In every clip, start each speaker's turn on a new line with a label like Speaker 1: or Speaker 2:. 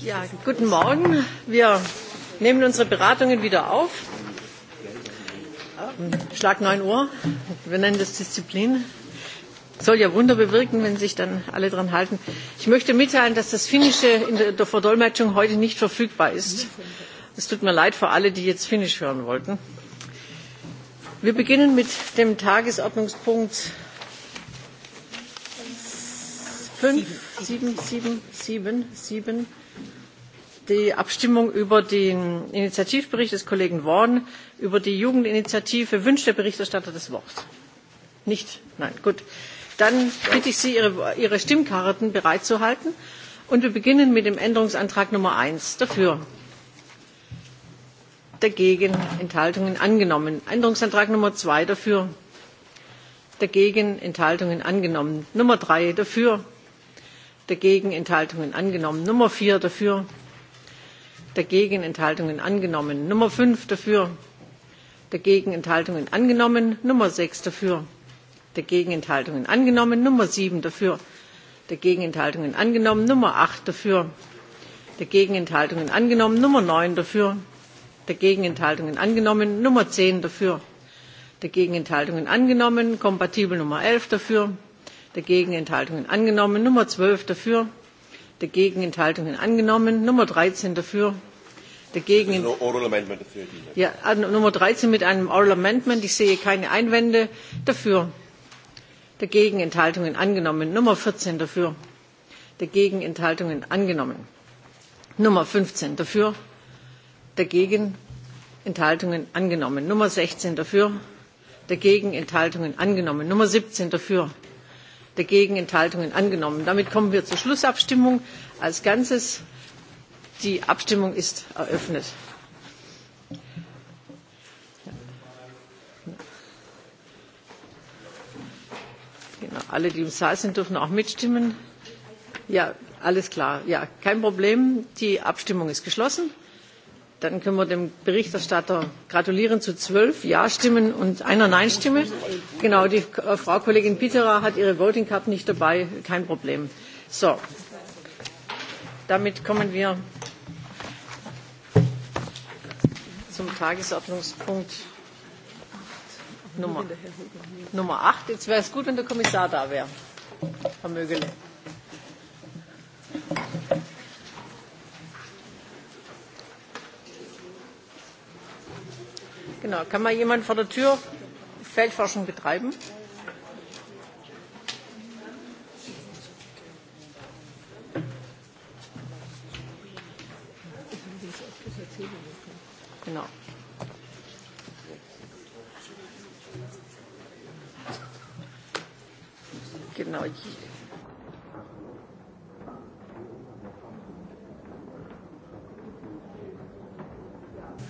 Speaker 1: Ja, guten Morgen. Wir nehmen unsere Beratungen wieder auf. Schlag 9 Uhr. Wir nennen das Disziplin. Soll ja Wunder bewirken, wenn sich dann alle dran halten. Ich möchte mitteilen, dass das Finnische in der, der Verdolmetschung heute nicht verfügbar ist. Es tut mir leid für alle, die jetzt Finnisch hören wollten. Wir beginnen mit dem Tagesordnungspunkt fünf, sieben, sieben, sieben, sieben. Die Abstimmung über den Initiativbericht des Kollegen Worn über die Jugendinitiative. Wünscht der Berichterstatter das Wort? Nicht? Nein, gut. Dann bitte ich Sie, Ihre, Ihre Stimmkarten bereitzuhalten. Und wir beginnen mit dem Änderungsantrag Nummer 1. Dafür. Dagegen. Enthaltungen angenommen. Änderungsantrag Nummer 2. Dafür. Dagegen. Enthaltungen angenommen. Nummer 3. Dafür dagegen Enthaltungen angenommen. Nummer 4 dafür, dagegen Enthaltungen angenommen. Nummer 5 dafür, dagegen Enthaltungen angenommen. Nummer 6 dafür, dagegen Enthaltungen angenommen. Nummer 7 dafür, dagegen Enthaltungen angenommen. Nummer 8 dafür, dagegen Enthaltungen angenommen. Nummer 9 dafür, dagegen Enthaltungen angenommen. Nummer 10 dafür, dagegen Enthaltungen angenommen. Kompatibel Nummer 11 dafür, dagegen Enthaltungen angenommen. Nummer 12 dafür, dagegen Enthaltungen angenommen. Nummer 13 dafür, dagegen.
Speaker 2: Oral Amendment 13.
Speaker 1: Ja, Nummer 13 mit einem Oral Amendment. Ich sehe keine Einwände. Dafür, dagegen Enthaltungen angenommen. Nummer 14 dafür, dagegen Enthaltungen angenommen. Nummer 15 dafür, dagegen Enthaltungen angenommen. Nummer 16 dafür, dagegen Enthaltungen angenommen. Nummer 17 dafür, dagegen Enthaltungen angenommen. Damit kommen wir zur Schlussabstimmung als Ganzes. Die Abstimmung ist eröffnet. Genau, alle, die im Saal sind, dürfen auch mitstimmen. Ja, alles klar. Ja, kein Problem. Die Abstimmung ist geschlossen. Dann können wir dem Berichterstatter gratulieren zu zwölf Ja-Stimmen und einer Nein-Stimme. Genau, die äh, Frau Kollegin Pitera hat ihre Voting Card nicht dabei, kein Problem. So, damit kommen wir zum Tagesordnungspunkt Nummer, Nummer 8. Jetzt wäre es gut, wenn der Kommissar da wäre, Herr Mögele. Genau. Kann mal jemand vor der Tür Feldforschung betreiben? Genau. Genau.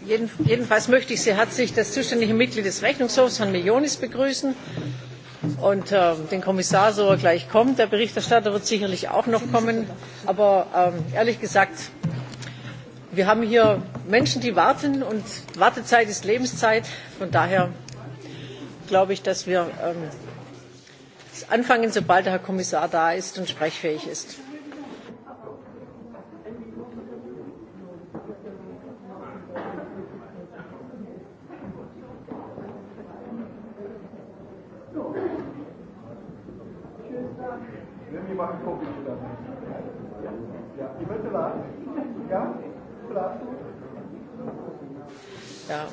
Speaker 1: jedenfalls möchte ich sehr herzlich das zuständige Mitglied des Rechnungshofs, Herrn Milionis, begrüßen und äh, den Kommissar, so er gleich kommt. Der Berichterstatter wird sicherlich auch noch kommen. Aber ähm, ehrlich gesagt, wir haben hier Menschen, die warten und Wartezeit ist Lebenszeit. Von daher glaube ich, dass wir ähm, anfangen, sobald der Herr Kommissar da ist und sprechfähig ist.
Speaker 3: Neem je maar een
Speaker 4: Ja, ja, je bent Ja, te
Speaker 1: Ja.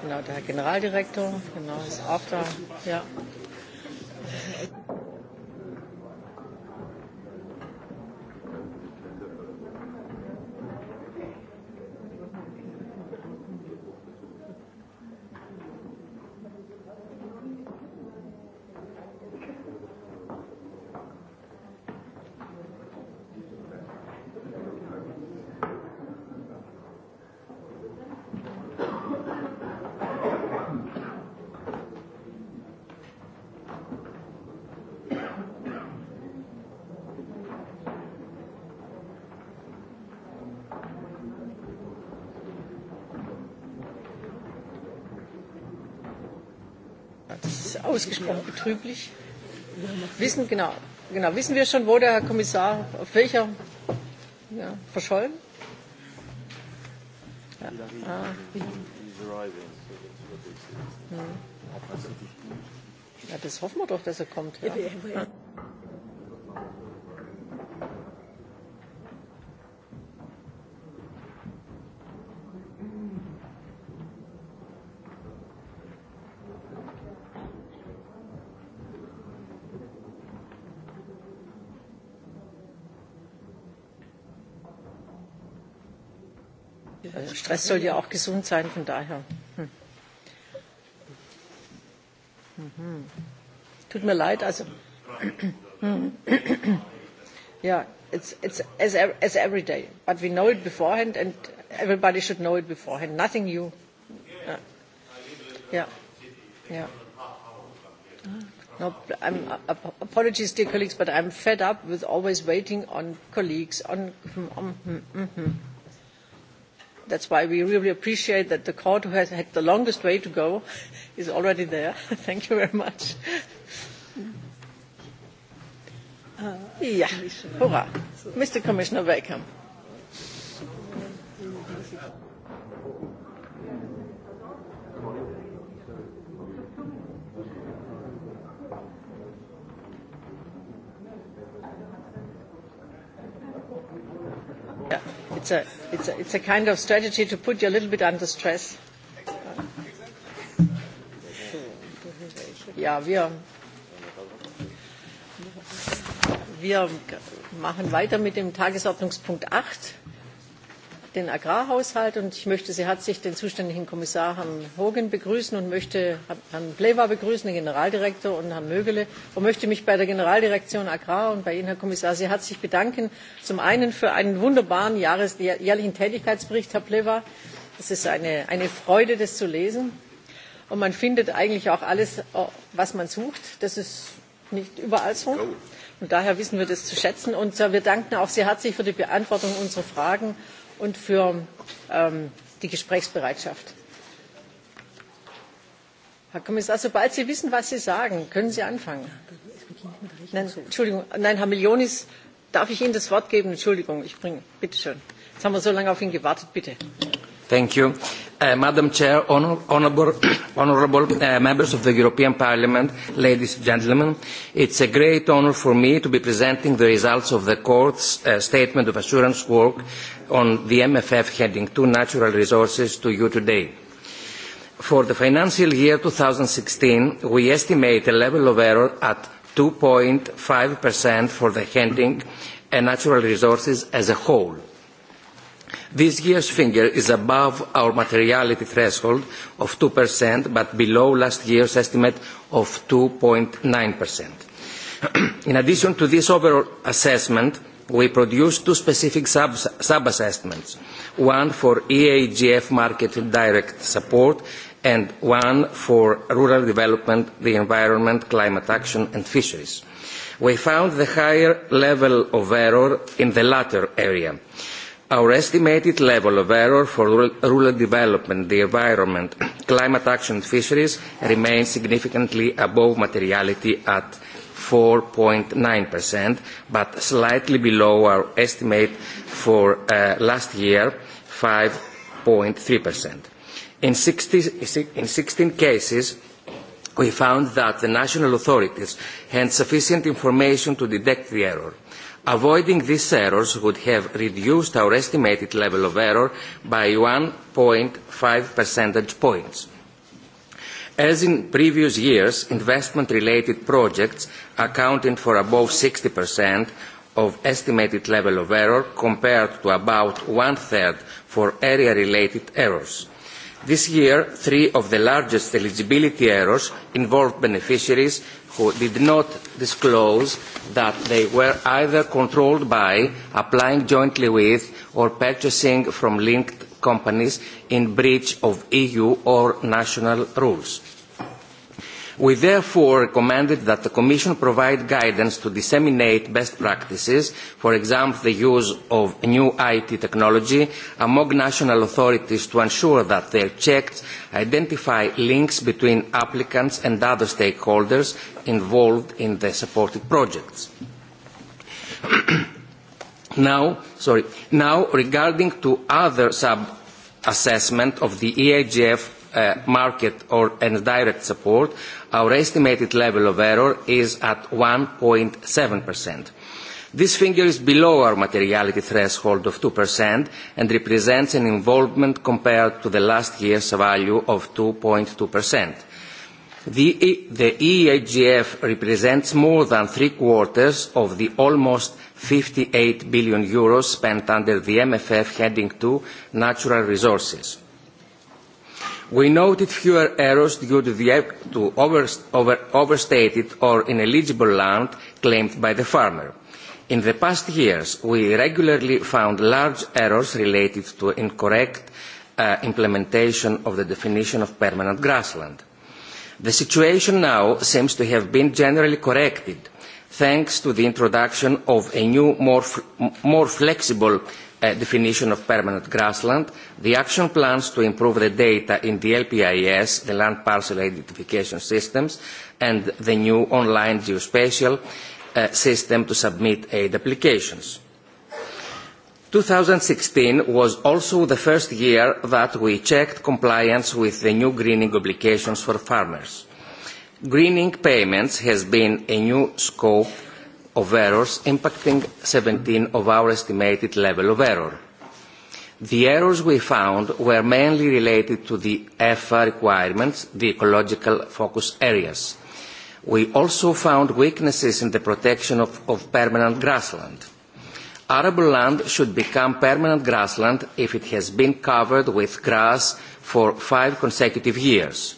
Speaker 1: Genau, der Herr Generaldirektor, genau, ist auch da. Ja. ausgesprochen betrüblich. Wissen, genau, genau, wissen wir schon, wo der Herr Kommissar, auf welcher, ja, verschollen? Ja. Ah. Ja, das hoffen wir doch, dass er kommt. Ja. Stress soll ja auch gesund sein, von daher. Hm. Mhm. Tut mir leid, also. yeah, it's, it's as, as every day, but we know it beforehand and everybody should know it beforehand. Nothing new. Ja. Ja. No, I'm, apologies, dear colleagues, but I'm fed up with always waiting on colleagues. On, on, on, on, on. That's why we really appreciate that the court, who has had the longest way to go, is already there. Thank you very much. Mm. Uh, yeah. Hurrah. Mr. Commissioner, welcome. it's a, it's a, it's a kind of strategy to put you a little bit under stress. Ja, wir, wir machen weiter mit dem Tagesordnungspunkt 8 den Agrarhaushalt und ich möchte sehr herzlich den zuständigen Kommissar Herrn Hogan begrüßen und möchte Herrn Pleva begrüßen, den Generaldirektor und Herrn Mögele und möchte mich bei der Generaldirektion Agrar und bei Ihnen, Herr Kommissar, sehr herzlich bedanken. Zum einen für einen wunderbaren Jahres jährlichen Tätigkeitsbericht, Herr Pleva. Es ist eine, eine Freude, das zu lesen. Und man findet eigentlich auch alles, äh, was man sucht. Das ist nicht überall so. Und daher wissen wir das zu schätzen. Und wir danken auch sehr herzlich für die Beantwortung unserer Fragen und für ähm, die Gesprächsbereitschaft. Herr Kommissar, sobald Sie wissen, was Sie sagen, können Sie anfangen. Nein, Entschuldigung, nein, Herr Milionis, darf ich Ihnen das Wort geben? Entschuldigung, ich bringe, bitteschön. Jetzt haben wir so lange auf ihn gewartet, bitte. Mhm.
Speaker 5: Thank you. Uh, Madam Chair, honor, honorable, honorable uh, members of the European Parliament, ladies and gentlemen, it's a great honor for me to be presenting the results of the Court's uh, Statement of Assurance work on the MFF Heading 2 Natural Resources to you today. For the financial year 2016, we estimate a level of error at 2.5% for the heading and uh, natural resources as a whole. This year's figure is above our materiality threshold of 2%, but below last year's estimate of 2.9%. In addition to this overall assessment, we produced two specific sub-assessments, sub one for EAGF market direct support and one for rural development, the environment, climate action and fisheries. We found the higher level of error in the latter area. Our estimated level of error for rural development, the environment, climate action and fisheries remains significantly above materiality at 4.9%, but slightly below our estimate for uh, last year, 5.3%. In 16, in 16 cases, we found that the national authorities had sufficient information to detect the error Avoiding these errors would have reduced our estimated level of error by 1.5 percentage points. As in previous years, investment-related projects accounted for above 60% of estimated level of error, compared to about one-third for area-related errors. This year, three of the largest eligibility errors involved beneficiaries who did not disclose that they were either controlled by, applying jointly with, or purchasing from linked companies in breach of EU or national rules. We therefore recommended that the Commission provide guidance to disseminate best practices, for example, the use of new IT technology among national authorities to ensure that their checks identify links between applicants and other stakeholders involved in the supported projects. now, sorry, now regarding to other sub-assessment of the EAGF uh, market or and direct support, our estimated level of error is at 1.7%. This figure is below our materiality threshold of 2% and represents an involvement compared to the last year's value of 2.2%. The, e, the EAGF represents more than three-quarters of the almost 58 billion euros spent under the MFF heading to natural resources. We noted fewer errors due to, the, to over, over, overstated or ineligible land claimed by the farmer. In the past years, we regularly found large errors related to incorrect uh, implementation of the definition of permanent grassland. The situation now seems to have been generally corrected, thanks to the introduction of a new, more, more flexible uh, definition of permanent grassland, the action plans to improve the data in the LPIS, the land parcel identification systems, and the new online geospatial uh, system to submit aid applications. 2016 was also the first year that we checked compliance with the new greening obligations for farmers. Greening payments has been a new scope of errors impacting 17 of our estimated level of error. The errors we found were mainly related to the EFA requirements, the ecological focus areas. We also found weaknesses in the protection of, of permanent grassland. Arable land should become permanent grassland if it has been covered with grass for five consecutive years.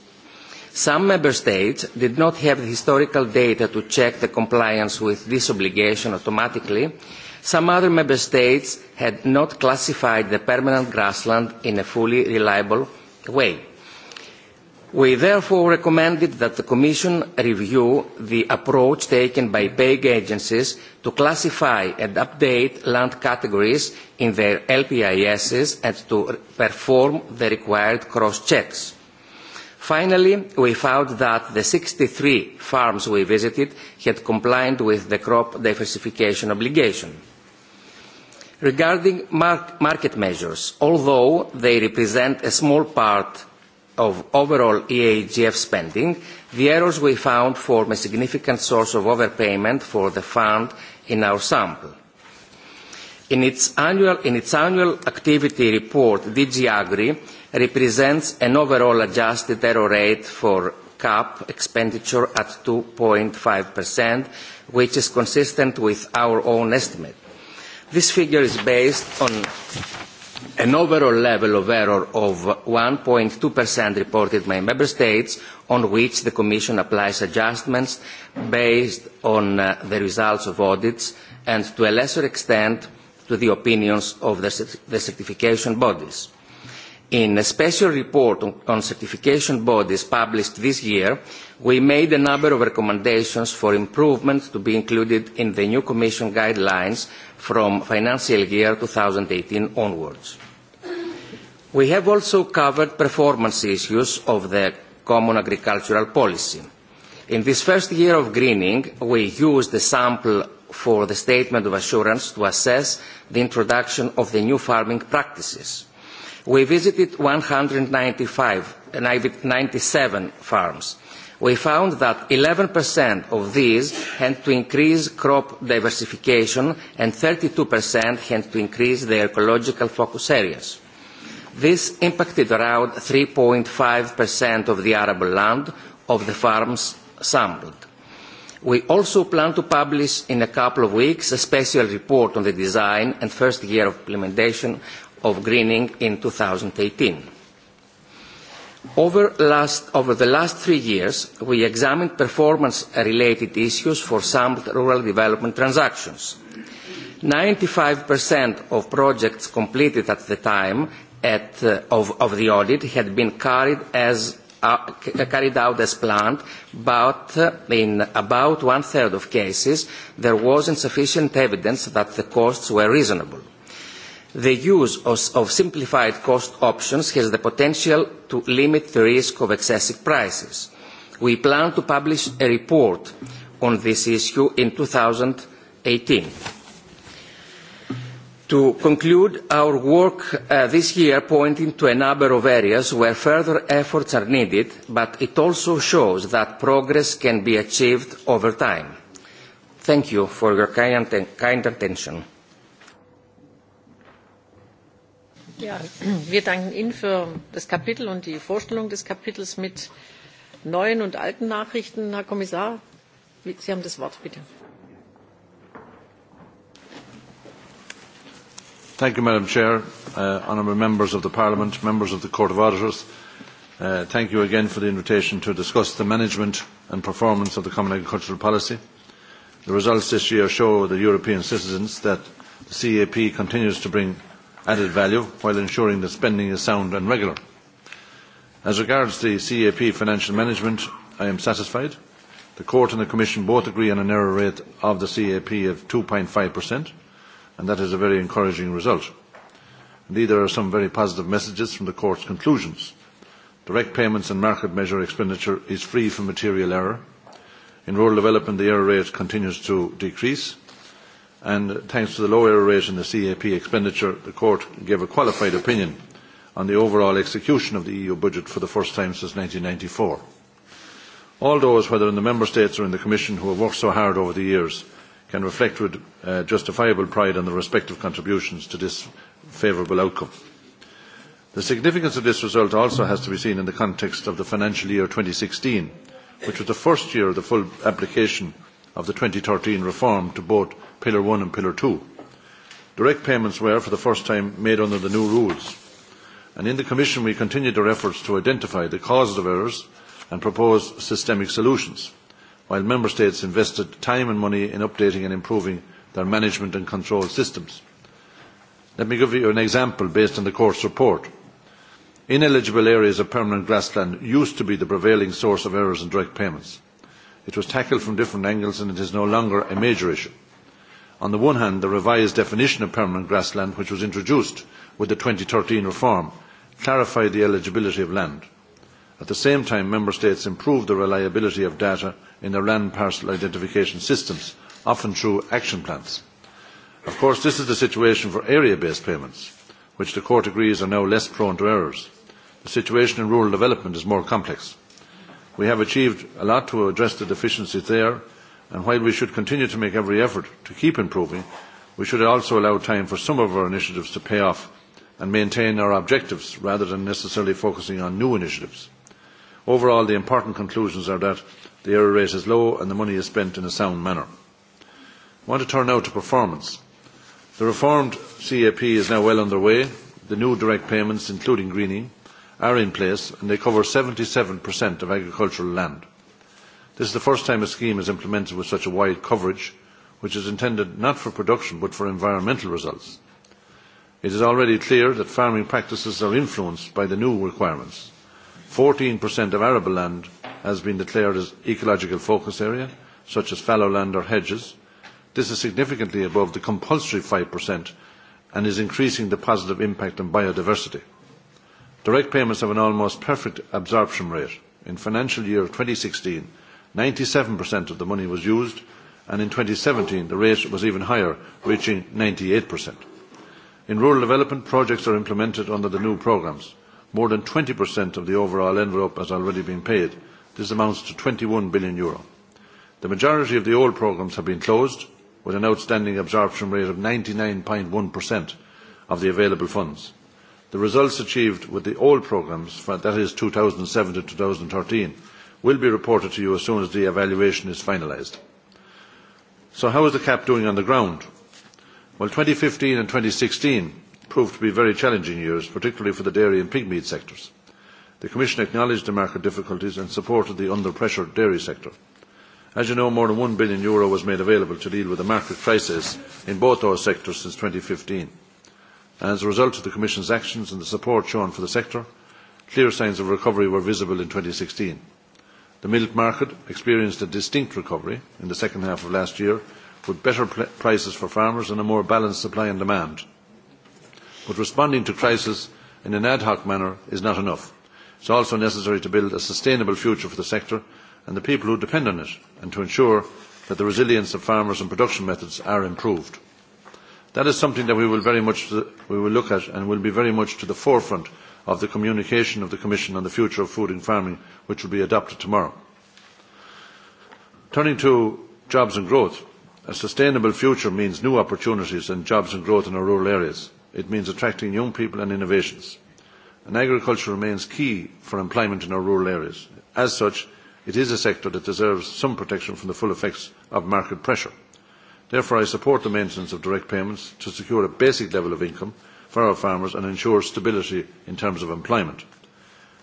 Speaker 5: Some member states did not have the historical data to check the compliance with this obligation automatically. Some other member states had not classified the permanent grassland in a fully reliable way. We therefore recommended that the Commission review the approach taken by paying agencies to classify and update land categories in their LPISs and to perform the required cross-checks. Finally, we found that the 63 farms we visited had complied with the crop diversification obligation. Regarding market measures, although they represent a small part of overall EAGF spending, the errors we found form a significant source of overpayment for the fund in our sample. In its annual, in its annual activity report, DG Agri represents an overall adjusted error rate for cap expenditure at 2.5%, which is consistent with our own estimate. This figure is based on an overall level of error of 1.2% reported by member states, on which the Commission applies adjustments based on uh, the results of audits and, to a lesser extent, to the opinions of the, cert the certification bodies. In a special report on certification bodies published this year, we made a number of recommendations for improvements to be included in the new Commission guidelines from financial year 2018 onwards. We have also covered performance issues of the Common Agricultural Policy. In this first year of greening, we used the sample for the Statement of Assurance to assess the introduction of the new farming practices. We visited 195, 97 farms. We found that 11% of these had to increase crop diversification and 32% had to increase their ecological focus areas. This impacted around 3.5% of the arable land of the farms sampled. We also plan to publish in a couple of weeks a special report on the design and first year of implementation of greening in 2018. Over, last, over the last three years, we examined performance-related issues for some rural development transactions. 95% of projects completed at the time uh, of, the audit had been carried, uh, out as planned, but uh, in about one-third of cases, there was insufficient evidence that the costs were reasonable. The use of, of simplified cost options has the potential to limit the risk of excessive prices. We plan to publish a report on this issue in 2018. To conclude, our work uh, this year pointed to a number of areas where further efforts are needed, but it also shows that progress can be achieved over time. Thank you for your kind, kind attention.
Speaker 1: Ja, wir danken Ihnen für das Kapitel und die Vorstellung des Kapitels mit neuen und alten Nachrichten. Herr Kommissar, Sie haben das Wort, bitte.
Speaker 6: Thank you, Madam Chair, uh, honourable members of the Parliament, members of the Court of Auditors. Uh, thank you again for the invitation to discuss the management and performance of the Common Agricultural Policy. The results this year show the European citizens that the CAP continues to bring added value while ensuring that spending is sound and regular. As regards the CAP financial management, I am satisfied. The Court and the Commission both agree on an error rate of the CAP of 2.5%, and that is a very encouraging result. Indeed, there are some very positive messages from the Court's conclusions. Direct payments and market measure expenditure is free from material error. In rural development, the error rate continues to decrease and thanks to the low error rate in the cap expenditure the court gave a qualified opinion on the overall execution of the eu budget for the first time since. one thousand nine hundred and ninety four all those whether in the member states or in the commission who have worked so hard over the years can reflect with uh, justifiable pride on their respective contributions to this favourable outcome. the significance of this result also has to be seen in the context of the financial year two thousand and sixteen which was the first year of the full application of the 2013 reform to both Pillar one and Pillar two, Direct payments were, for the first time, made under the new rules. And in the Commission, we continued our efforts to identify the causes of errors and propose systemic solutions, while Member States invested time and money in updating and improving their management and control systems. Let me give you an example based on the Court's report. Ineligible areas of permanent grassland used to be the prevailing source of errors in direct payments. It was tackled from different angles and it is no longer a major issue. On the one hand, the revised definition of permanent grassland, which was introduced with the 2013 reform, clarified the eligibility of land. At the same time, Member States improved the reliability of data in their land parcel identification systems, often through action plans. Of course, this is the situation for area-based payments, which the Court agrees are now less prone to errors. The situation in rural development is more complex. We have achieved a lot to address the deficiencies there, and while we should continue to make every effort to keep improving, we should also allow time for some of our initiatives to pay off and maintain our objectives rather than necessarily focusing on new initiatives. Overall, the important conclusions are that the error rate is low and the money is spent in a sound manner. I want to turn now to performance. The reformed CAP is now well underway. The new direct payments, including greening, are in place and they cover seventy seven of agricultural land. This is the first time a scheme is implemented with such a wide coverage, which is intended not for production but for environmental results. It is already clear that farming practices are influenced by the new requirements. 14% of arable land has been declared as ecological focus area, such as fallow land or hedges. This is significantly above the compulsory 5% and is increasing the positive impact on biodiversity. Direct payments have an almost perfect absorption rate. In financial year 2016, 97% of the money was used, and in 2017 the rate was even higher, reaching 98%. In rural development, projects are implemented under the new programmes. More than 20% of the overall envelope has already been paid. This amounts to 21 billion euro. The majority of the old programmes have been closed, with an outstanding absorption rate of 99.1% of the available funds. The results achieved with the old programmes, that is 2007 to 2013, will be reported to you as soon as the evaluation is finalised. So how is the CAP doing on the ground? Well, 2015 and 2016 proved to be very challenging years, particularly for the dairy and pigmeat sectors. The Commission acknowledged the market difficulties and supported the under pressure dairy sector. As you know, more than one billion euro was made available to deal with the market crisis in both those sectors since 2015. As a result of the Commission's actions and the support shown for the sector, clear signs of recovery were visible in 2016. The milk market experienced a distinct recovery in the second half of last year, with better prices for farmers and a more balanced supply and demand. But responding to crisis in an ad hoc manner is not enough. It is also necessary to build a sustainable future for the sector and the people who depend on it, and to ensure that the resilience of farmers and production methods are improved. That is something that we will very much uh, we will look at and will be very much to the forefront of the communication of the Commission on the future of food and farming, which will be adopted tomorrow. Turning to jobs and growth, a sustainable future means new opportunities and jobs and growth in our rural areas. It means attracting young people and innovations. And agriculture remains key for employment in our rural areas. As such, it is a sector that deserves some protection from the full effects of market pressure therefore i support the maintenance of direct payments to secure a basic level of income for our farmers and ensure stability in terms of employment.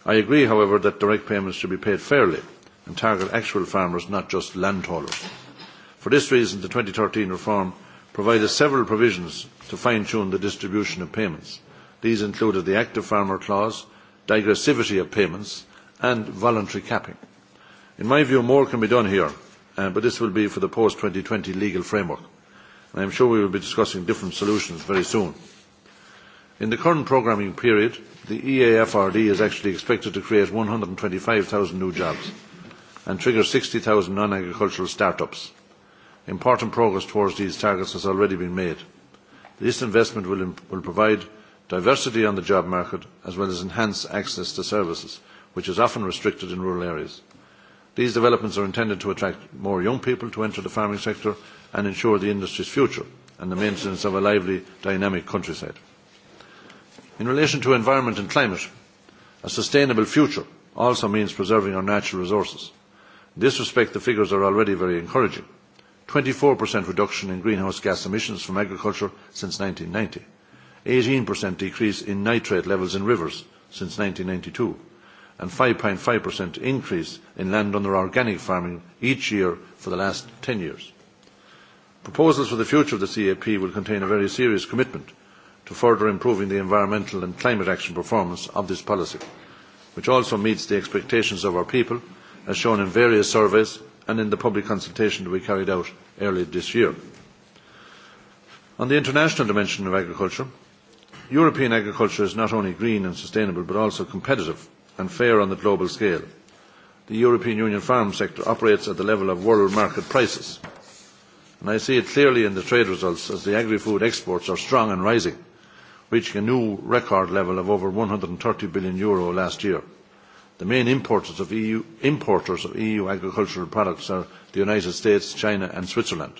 Speaker 6: i agree however that direct payments should be paid fairly and target actual farmers not just landholders. for this reason the two thousand and thirteen reform provided several provisions to fine tune the distribution of payments. these included the active farmer clause digressivity of payments and voluntary capping. in my view more can be done here Uh, but this will be for the post two thousand and twenty legal framework. And am sure we will be discussing different solutions very soon. In the current programming period, the EAFRD is actually expected to create 125,000 new jobs and trigger 60,000 non-agricultural start-ups. Important progress towards these targets has already been made. This investment will, will provide diversity on the job market as well as enhance access to services, which is often restricted in rural areas. These developments are intended to attract more young people to enter the farming sector and ensure the industry's future and the maintenance of a lively, dynamic countryside. In relation to environment and climate, a sustainable future also means preserving our natural resources. In this respect, the figures are already very encouraging. 24% reduction in greenhouse gas emissions from agriculture since 1990, 18% decrease in nitrate levels in rivers since 1992, and 5.5% increase in land under organic farming each year for the last 10 years. Proposals for the future of the CAP will contain a very serious commitment to further improving the environmental and climate action performance of this policy, which also meets the expectations of our people, as shown in various surveys and in the public consultation that we carried out earlier this year. On the international dimension of agriculture, European agriculture is not only green and sustainable but also competitive and fair on the global scale. The European Union farm sector operates at the level of world market prices. And I see it clearly in the trade results as the agri-food exports are strong and rising, reaching a new record level of over 130 billion euro last year. The main importers of EU, importers of EU agricultural products are the United States, China and Switzerland.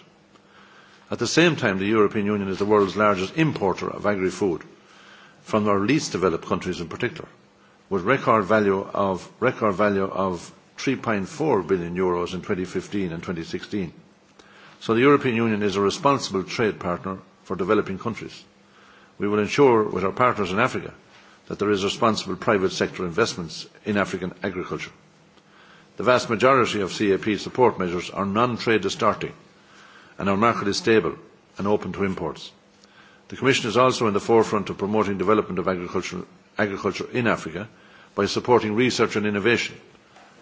Speaker 6: At the same time, the European Union is the world's largest importer of agri-food, from our least developed countries in particular with record value of record value of 3.4 billion euros in 2015 and 2016. So the European Union is a responsible trade partner for developing countries. We will ensure with our partners in Africa that there is responsible private sector investments in African agriculture. The vast majority of CAP support measures are non-trade distorting and our market is stable and open to imports. The Commission is also in the forefront of promoting development of agriculture, agriculture in Africa by supporting research and innovation,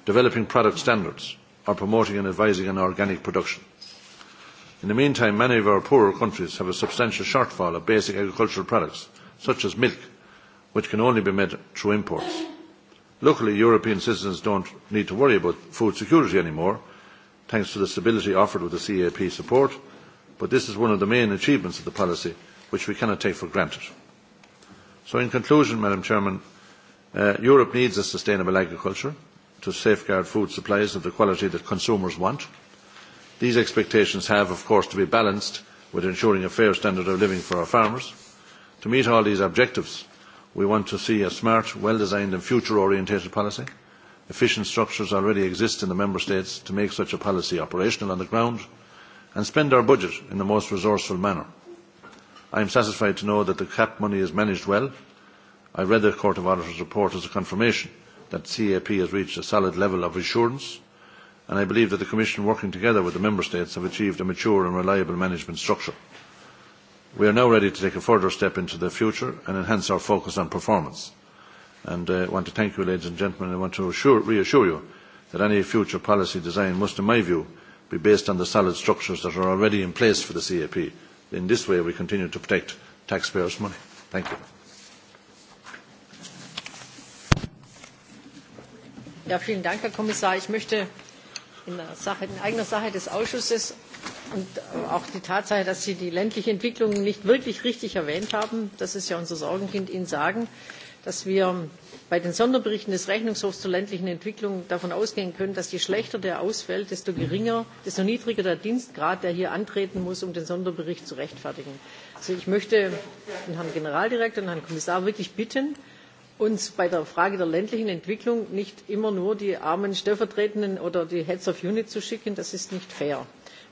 Speaker 6: developing product standards, or promoting and advising on organic production. In the meantime, many of our poorer countries have a substantial shortfall of basic agricultural products, such as milk, which can only be met through imports. Luckily, European citizens don't need to worry about food security anymore, thanks to the stability offered with the CAP support, but this is one of the main achievements of the policy, which we cannot take for granted. So in conclusion, Madam Chairman, Uh, Europe needs a sustainable agriculture to safeguard food supplies of the quality that consumers want. These expectations have, of course, to be balanced with ensuring a fair standard of living for our farmers. To meet all these objectives, we want to see a smart, well-designed and future-orientated policy. Efficient structures already exist in the Member States to make such a policy operational on the ground and spend our budget in the most resourceful manner. I am satisfied to know that the CAP money is managed well I read the Court of Auditors report as a confirmation that CAP has reached a solid level of assurance, and I believe that the Commission, working together with the Member States, have achieved a mature and reliable management structure. We are now ready to take a further step into the future and enhance our focus on performance. And uh, I want to thank you, ladies and gentlemen, and I want to assure, reassure you that any future policy design must, in my view, be based on the solid structures that are already in place for the CAP. In this way, we continue to protect taxpayers' money. Thank you.
Speaker 1: vielen Dank, Herr Kommissar. Ich möchte in, der Sache, in eigener Sache des Ausschusses und auch die Tatsache, dass Sie die ländliche Entwicklung nicht wirklich richtig erwähnt haben, das ist ja unser Sorgenkind, Ihnen sagen, dass wir bei den Sonderberichten des Rechnungshofs zur ländlichen Entwicklung davon ausgehen können, dass je schlechter der ausfällt, desto geringer, desto niedriger der Dienstgrad, der hier antreten muss, um den Sonderbericht zu rechtfertigen. Also ich möchte den Herrn Generaldirektor und den Herrn Kommissar wirklich bitten, uns bei der Frage der ländlichen Entwicklung nicht immer nur die armen Stellvertretenden oder die Heads of Unit zu schicken, das ist nicht fair.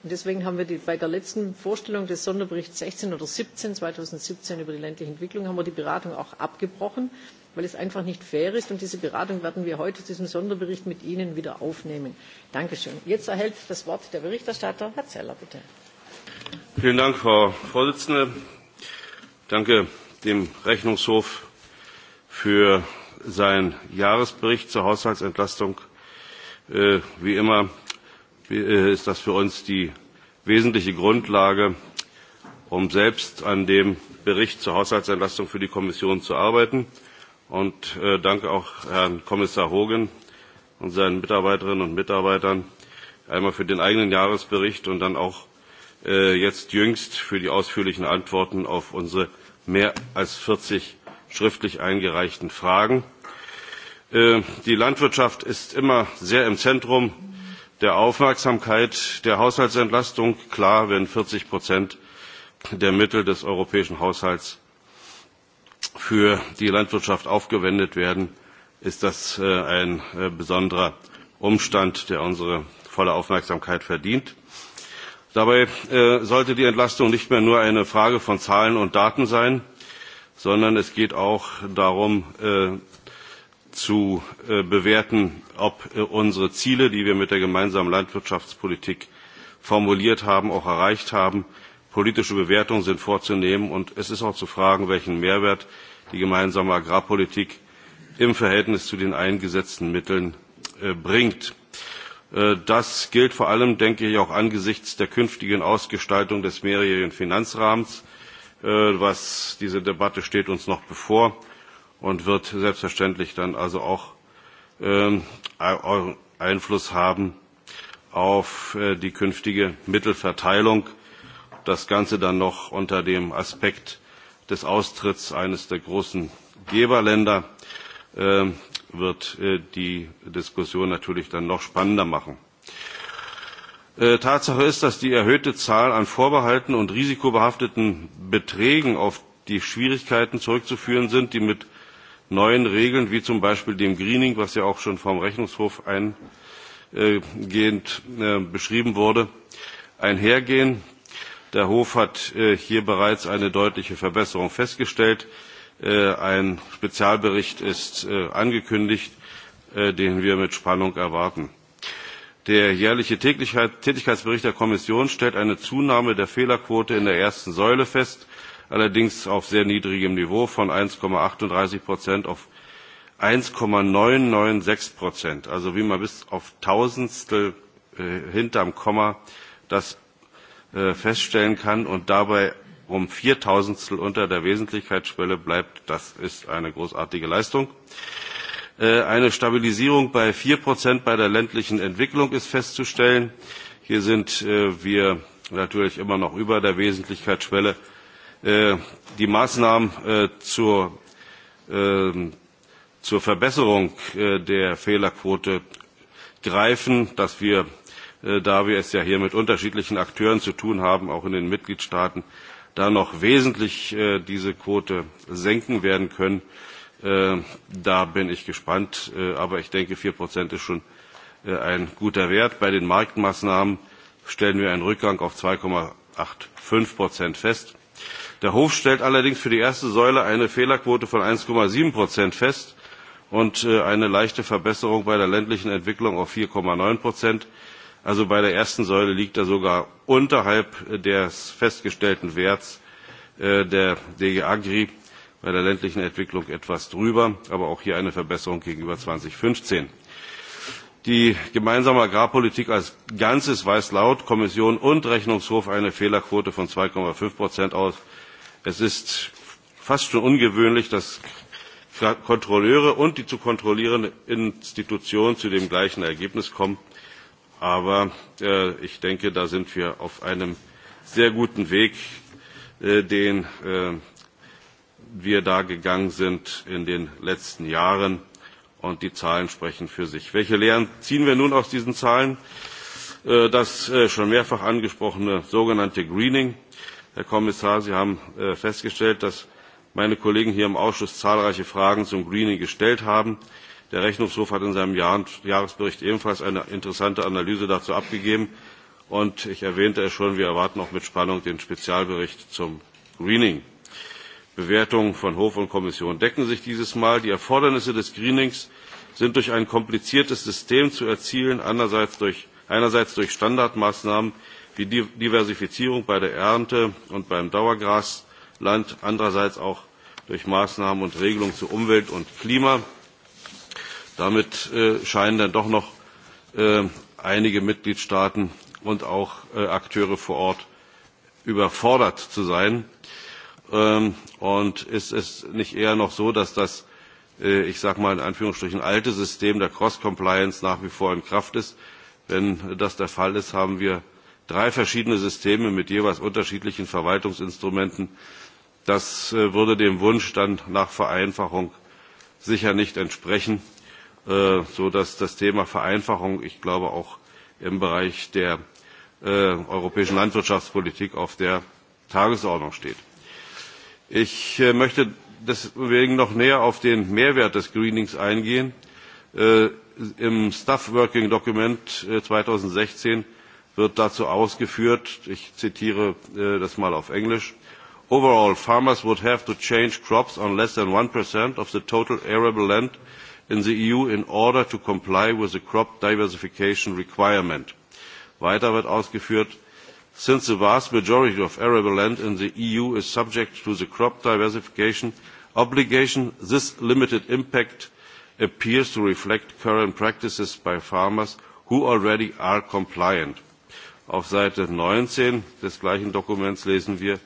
Speaker 1: Und deswegen haben wir bei der letzten Vorstellung des Sonderberichts sechzehn oder siebzehn zweitausendsiebzehn über die ländliche Entwicklung, die Beratung auch abgebrochen, weil es einfach nicht fair ist. Und diese Beratung werden wir heute zu diesem Sonderbericht mit Ihnen wieder aufnehmen. danke schön. Jetzt erhält das Wort der Berichterstatter, Herr Zeller, bitte.
Speaker 7: Vielen Dank, Frau Vorsitzende. Danke dem Rechnungshof für seinen Jahresbericht zur Haushaltsentlastung. Äh, wie immer äh, ist das für uns die wesentliche Grundlage, um selbst an dem Bericht zur Haushaltsentlastung für die Kommission zu arbeiten. Und äh, danke auch Herrn Kommissar Hogan und seinen Mitarbeiterinnen und Mitarbeitern einmal für den eigenen Jahresbericht und dann auch jetzt jüngst für die ausführlichen Antworten auf unsere mehr als 40 schriftlich eingereichten Fragen. Äh, die Landwirtschaft ist immer sehr im Zentrum der Aufmerksamkeit der Haushaltsentlastung. Klar, wenn 40 Prozent der Mittel des europäischen Haushalts für die Landwirtschaft aufgewendet werden, ist das äh, ein äh, besonderer Umstand, der unsere volle Aufmerksamkeit verdient. Dabei sollte die Entlastung nicht mehr nur eine Frage von Zahlen und Daten sein, sondern es geht auch darum äh, zu äh, bewerten, ob äh, unsere Ziele, die wir mit der gemeinsamen Landwirtschaftspolitik formuliert haben, auch erreicht haben. Politische Bewertungen sind vorzunehmen und es ist auch zu fragen, welchen Mehrwert die gemeinsame Agrarpolitik im Verhältnis zu den eingesetzten Mitteln bringt. Das gilt vor allem, denke ich, auch angesichts der künftigen Ausgestaltung des mehrjährigen Finanzrahmens Äh, was diese Debatte steht uns noch bevor und wird selbstverständlich dann also auch ähm, Einfluss haben auf äh, die künftige Mittelverteilung. Das Ganze dann noch unter dem Aspekt des Austritts eines der großen Geberländer ähm, wird äh, die Diskussion natürlich dann noch spannender machen. Äh, Tatsache ist, dass die erhöhte Zahl an Vorbehalten und risikobehafteten Beträgen auf die Schwierigkeiten zurückzuführen sind, die mit neuen Regeln wie zum Beispiel dem Greening, was ja auch schon vom Rechnungshof eingehend äh, beschrieben wurde, einhergehen. Der Hof hat äh, hier bereits eine deutliche Verbesserung festgestellt. Ein Spezialbericht ist angekündigt, den wir mit Spannung erwarten. Der jährliche Tätigkeitsbericht der Kommission stellt eine Zunahme der Fehlerquote in der ersten Säule fest, allerdings auf sehr niedrigem Niveau von 1,38 Prozent auf 1,996 Prozent, also wie man bis auf Tausendstel äh, hinterm Komma das äh, feststellen kann und dabei um Viertausendstel unter der Wesentlichkeitsschwelle bleibt. Das ist eine großartige Leistung. Äh, Äh, eine Stabilisierung bei vier Prozent bei der ländlichen Entwicklung ist festzustellen. Hier sind äh, wir natürlich immer noch über der Wesentlichkeitsschwelle. Äh, die Maßnahmen zur, ähm, zur Verbesserung der Fehlerquote greifen, dass wir, da wir es ja hier mit unterschiedlichen Akteuren zu tun haben, auch in den Mitgliedstaaten, da noch wesentlich diese Quote senken werden können Äh, da bin ich gespannt. Äh, aber ich denke, 4% ist schon äh, ein guter Wert. Bei den Marktmaßnahmen stellen wir einen Rückgang auf 2,85% fest. Der Hof stellt allerdings für die erste Säule eine Fehlerquote von 1,7% fest und eine leichte Verbesserung bei der ländlichen Entwicklung auf 4,9%. Also bei der ersten Säule liegt er sogar unterhalb des festgestellten Werts der DG Agri bei der ländlichen Entwicklung etwas drüber, aber auch hier eine Verbesserung gegenüber 2015. Die gemeinsame Agrarpolitik als Ganzes weist laut Kommission und Rechnungshof eine Fehlerquote von 2,5 Prozent aus. Es ist fast schon ungewöhnlich, dass Kontrolleure und die zu kontrollierende Institution zu dem gleichen Ergebnis kommen. Aber äh, ich denke, da sind wir auf einem sehr guten Weg, äh, den äh, wir da gegangen sind in den letzten Jahren. Und die Zahlen sprechen für sich. Welche Lehren ziehen wir nun aus diesen Zahlen? Äh, das äh, schon mehrfach angesprochene sogenannte Greening. Herr Kommissar, Sie haben äh, festgestellt, dass meine Kollegen hier im Ausschuss zahlreiche Fragen zum Greening gestellt haben. Der Rechnungshof hat in seinem Jahresbericht ebenfalls eine interessante Analyse dazu abgegeben. Und ich erwähnte es schon, wir erwarten auch mit Spannung den Spezialbericht zum Greening bewertungen von hof und kommission decken sich dieses mal. die erfordernisse des greenings sind durch ein kompliziertes system zu erzielen einerseits durch, einerseits durch standardmaßnahmen wie diversifizierung bei der ernte und beim dauergrasland andererseits auch durch maßnahmen und regelungen zu umwelt und klima. damit äh, scheinen dann doch noch äh, einige mitgliedstaaten und auch äh, akteure vor ort überfordert zu sein Ähm, und ist es nicht eher noch so, dass das, äh, ich sage mal in Anführungsstrichen, alte System der Cross-Compliance nach wie vor in Kraft ist? Wenn das der Fall ist, haben wir drei verschiedene Systeme mit jeweils unterschiedlichen Verwaltungsinstrumenten. Das äh, würde dem Wunsch dann nach Vereinfachung sicher nicht entsprechen, äh, sodass das Thema Vereinfachung, ich glaube, auch im Bereich der europäischen Landwirtschaftspolitik auf der Tagesordnung steht. Ich äh, möchte deswegen noch näher auf den Mehrwert des Greenings eingehen. Äh, Im Staff Working Document 2016 äh, wird dazu ausgeführt, ich zitiere das mal auf Englisch, Overall, farmers would have to change crops on less than 1% of the total arable land in the EU in order to comply with the crop diversification requirement. Weiter wird ausgeführt, since the vast majority of arable land in the EU is subject to the crop diversification obligation, this limited impact appears to reflect current practices by farmers who already are compliant. Auf Seite 19 des gleichen Dokuments lesen wir,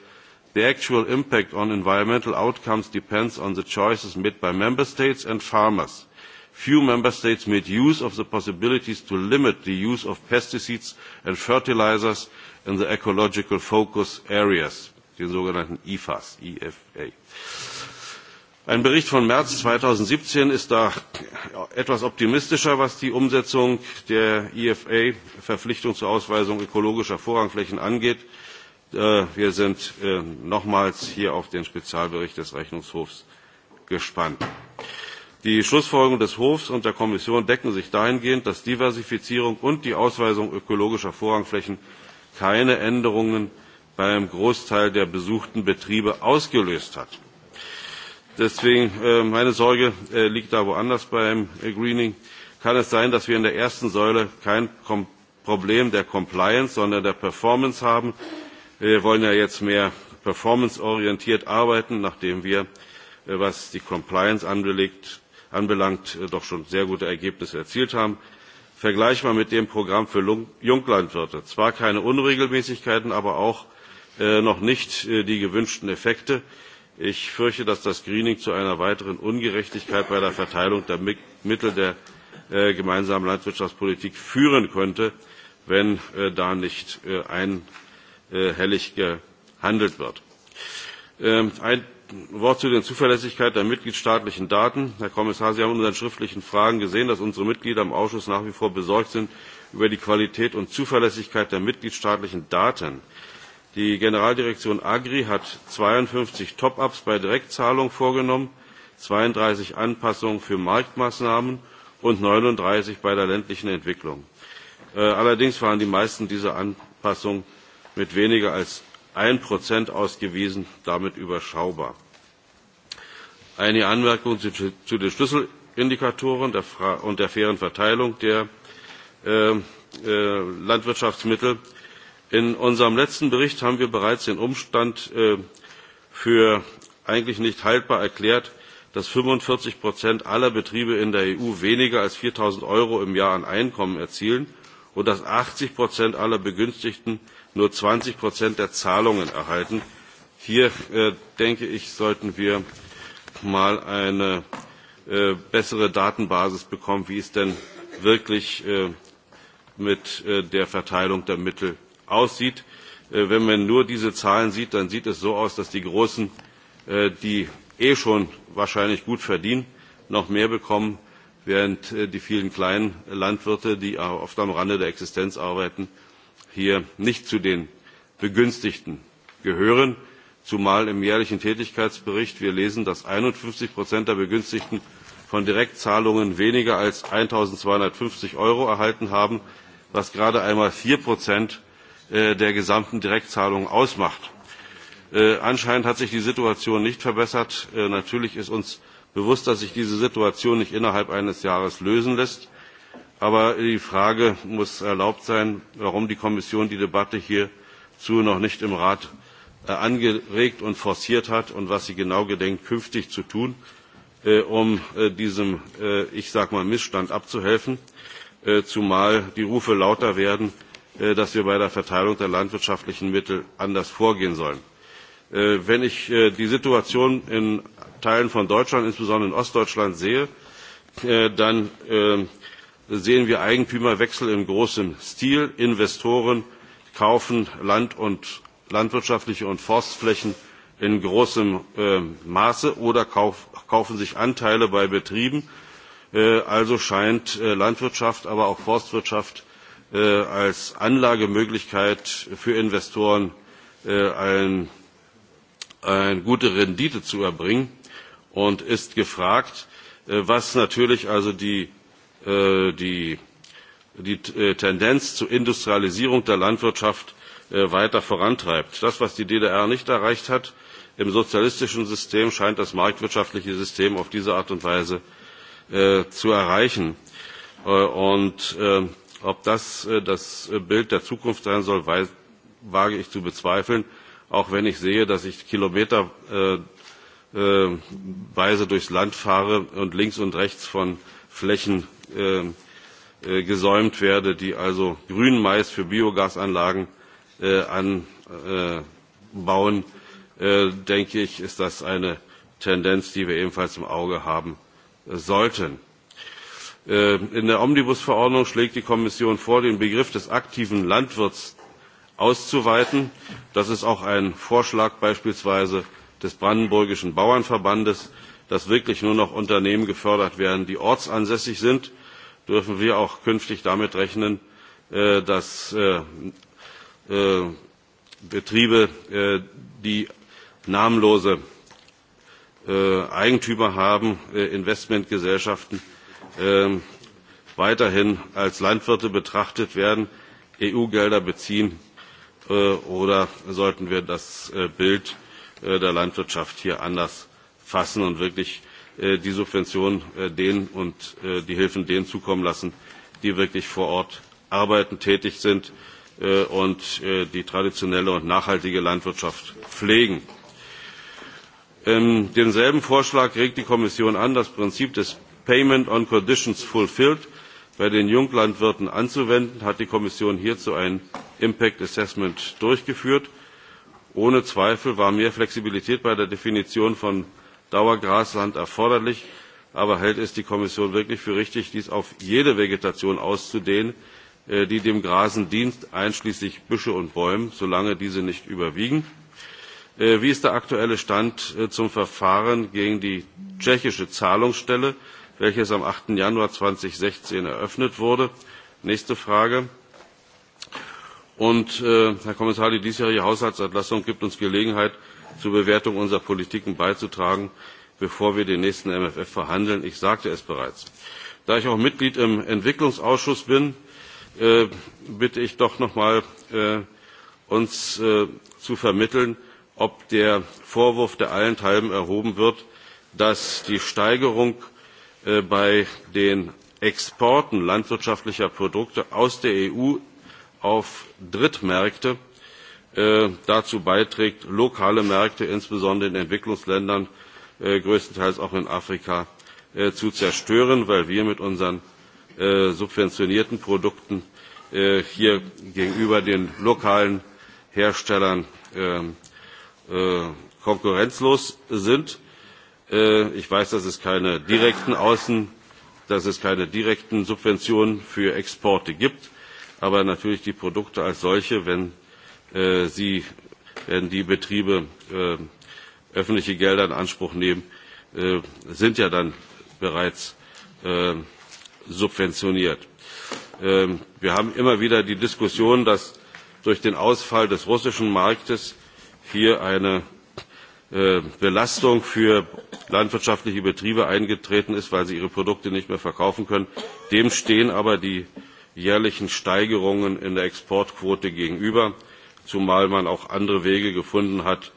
Speaker 7: the actual impact on environmental outcomes depends on the choices made by member states and farmers. Few member states made use of the possibilities to limit the use of pesticides and fertilisers." in the ecological focus areas, den sogenannten IFAs. IFA. Ein Bericht von März 2017 ist da etwas optimistischer, was die Umsetzung der IFA, Verpflichtung zur Ausweisung ökologischer Vorrangflächen angeht. Äh, wir sind äh, nochmals hier auf den Spezialbericht des Rechnungshofs gespannt. Die Schlussfolgerungen des Hofs und der Kommission decken sich dahingehend, dass Diversifizierung und die Ausweisung ökologischer Vorrangflächen keine änderungen beim großteil der besuchten betriebe ausgelöst hat. deswegen äh, meine sorge äh, liegt da woanders beim äh, greening kann es sein dass wir in der ersten säule kein problem der compliance sondern der performance haben? wir wollen ja jetzt mehr performanceorientiert arbeiten nachdem wir was die compliance anbelangt doch schon sehr gute ergebnisse erzielt haben vergleichbar mit dem Programm für Junglandwirte. Zwar keine Unregelmäßigkeiten, aber auch äh, noch nicht äh, die gewünschten Effekte. Ich fürchte, dass das Greening zu einer weiteren Ungerechtigkeit bei der Verteilung der Mittel der äh, gemeinsamen Landwirtschaftspolitik führen könnte, wenn da nicht einhellig gehandelt wird. Ähm, ein Wort zu der Zuverlässigkeit der mitgliedstaatlichen Daten. Herr Kommissar, Sie haben in unseren schriftlichen Fragen gesehen, dass unsere Mitglieder im Ausschuss nach wie vor besorgt sind über die Qualität und Zuverlässigkeit der mitgliedstaatlichen Daten. Die Generaldirektion Agri hat 52 Top-ups bei Direktzahlung vorgenommen, 32 Anpassungen für Marktmaßnahmen und 39 bei der ländlichen Entwicklung. Äh, allerdings waren die meisten dieser Anpassungen mit weniger als 1% ausgewiesen, damit überschaubar. Eine Anmerkung zu, den Schlüsselindikatoren und der fairen Verteilung der ähm, äh, Landwirtschaftsmittel. In unserem letzten Bericht haben wir bereits den Umstand äh, für eigentlich nicht haltbar erklärt, dass 45 Prozent aller Betriebe in der EU weniger als 4.000 Euro im Jahr an Einkommen erzielen und dass 80 Prozent aller Begünstigten nur 20 Prozent der Zahlungen erhalten. Hier, äh, denke ich, sollten wir mal eine äh, bessere Datenbasis bekommen, wie es denn wirklich äh, mit äh, der Verteilung der Mittel aussieht. wenn man nur diese Zahlen sieht, dann sieht es so aus, dass die Großen, die eh schon wahrscheinlich gut verdienen, noch mehr bekommen, während die vielen kleinen Landwirte, die oft am Rande der Existenz arbeiten, hier nicht zu den Begünstigten gehören zumal wir im jährlichen tätigkeitsbericht lesen dass einundfünfzig der begünstigten von direktzahlungen weniger als eins zweihundertfünfzig euro erhalten haben was gerade einmal vier äh, der gesamten direktzahlungen ausmacht. Äh, anscheinend hat sich die situation nicht verbessert. Äh, natürlich ist uns bewusst dass sich diese situation nicht innerhalb eines jahres lösen lässt aber die frage muss erlaubt sein warum die kommission die debatte hierzu noch nicht im rat Äh, angeregt und forciert hat und was sie genau gedenkt künftig zu tun äh, um äh, diesem ich sag mal missstand abzuhelfen zumal die rufe lauter werden dass wir bei der verteilung der landwirtschaftlichen mittel anders vorgehen sollen. wenn ich die situation in teilen von deutschland insbesondere in ostdeutschland sehe dann sehen wir eigentümerwechsel im großen stil investoren kaufen land und landwirtschaftliche und forstflächen in großem äh, maße oder kaufen sich anteile bei betrieben. Äh, also scheint äh, landwirtschaft aber auch forstwirtschaft als anlagemöglichkeit für investoren eine gute rendite zu erbringen und ist gefragt was natürlich also die, die, die tendenz zur industrialisierung der landwirtschaft Äh, weiter vorantreibt. das was die ddr nicht erreicht hat im sozialistischen system scheint das marktwirtschaftliche system auf diese art und weise äh, zu erreichen. Äh, und ob das das bild der zukunft sein soll wage ich zu bezweifeln auch wenn ich sehe dass ich kilometerweise durchs land fahre und links und rechts von flächen gesäumt werde die also grünen mais für biogasanlagen Äh, anbauen, äh, äh, denke ich, ist das eine Tendenz, die wir ebenfalls im Auge haben sollten. In der Omnibusverordnung schlägt die Kommission vor, den Begriff des aktiven Landwirts auszuweiten. Das ist auch ein Vorschlag beispielsweise des Brandenburgischen Bauernverbandes, dass wirklich nur noch Unternehmen gefördert werden, die ortsansässig sind. Dürfen wir auch künftig damit rechnen, dass Äh, Betriebe, äh, die namenlose äh, Eigentümer haben, Investmentgesellschaften, weiterhin als Landwirte betrachtet werden, EU-Gelder beziehen oder sollten wir das Bild der Landwirtschaft hier anders fassen und wirklich die Subventionen denen und die Hilfen denen zukommen lassen, die wirklich vor Ort arbeiten, tätig sind Äh, und äh, die traditionelle und nachhaltige Landwirtschaft pflegen. In ähm, demselben Vorschlag regt die Kommission an, das Prinzip des Payment on Conditions Fulfilled bei den Junglandwirten anzuwenden, hat die Kommission hierzu ein Impact Assessment durchgeführt. Ohne Zweifel war mehr Flexibilität bei der Definition von Dauergrasland erforderlich, aber hält es die Kommission wirklich für richtig, dies auf jede Vegetation auszudehnen, Äh, die dem Grasen dient, einschließlich Büsche und bäume, solange diese nicht überwiegen. Äh, wie ist der aktuelle Stand äh, zum Verfahren gegen die tschechische Zahlungsstelle, welches am 8. Januar 2016 eröffnet wurde? Nächste Frage. Und Herr Kommissar, die diesjährige Haushaltsentlastung gibt uns Gelegenheit, zur Bewertung unserer Politiken beizutragen, bevor wir den nächsten MFF verhandeln. Ich sagte es bereits. Da ich auch Mitglied im Entwicklungsausschuss bin, Äh, bitte ich doch noch mal äh, uns äh, zu vermitteln, ob der Vorwurf, der allenthalben erhoben wird, dass die Steigerung bei den Exporten landwirtschaftlicher Produkte aus der EU auf Drittmärkte dazu beiträgt, lokale Märkte, insbesondere in Entwicklungsländern, größtenteils auch in Afrika, zu zerstören, weil wir mit unseren Äh, subventionierten Produkten äh, hier gegenüber den lokalen Herstellern ähm, äh, konkurrenzlos sind. ich weiß, dass es keine direkten Außen, dass es keine direkten Subventionen für Exporte gibt, aber natürlich die Produkte als solche, wenn sie wenn die Betriebe öffentliche Gelder in Anspruch nehmen, sind ja dann bereits äh, subventioniert. Ähm, wir haben immer wieder die Diskussion, dass durch den Ausfall des russischen Marktes hier eine äh, Belastung für landwirtschaftliche Betriebe eingetreten ist, weil sie ihre Produkte nicht mehr verkaufen können. Dem stehen aber die jährlichen Steigerungen in der Exportquote gegenüber, zumal man auch andere Wege gefunden hat,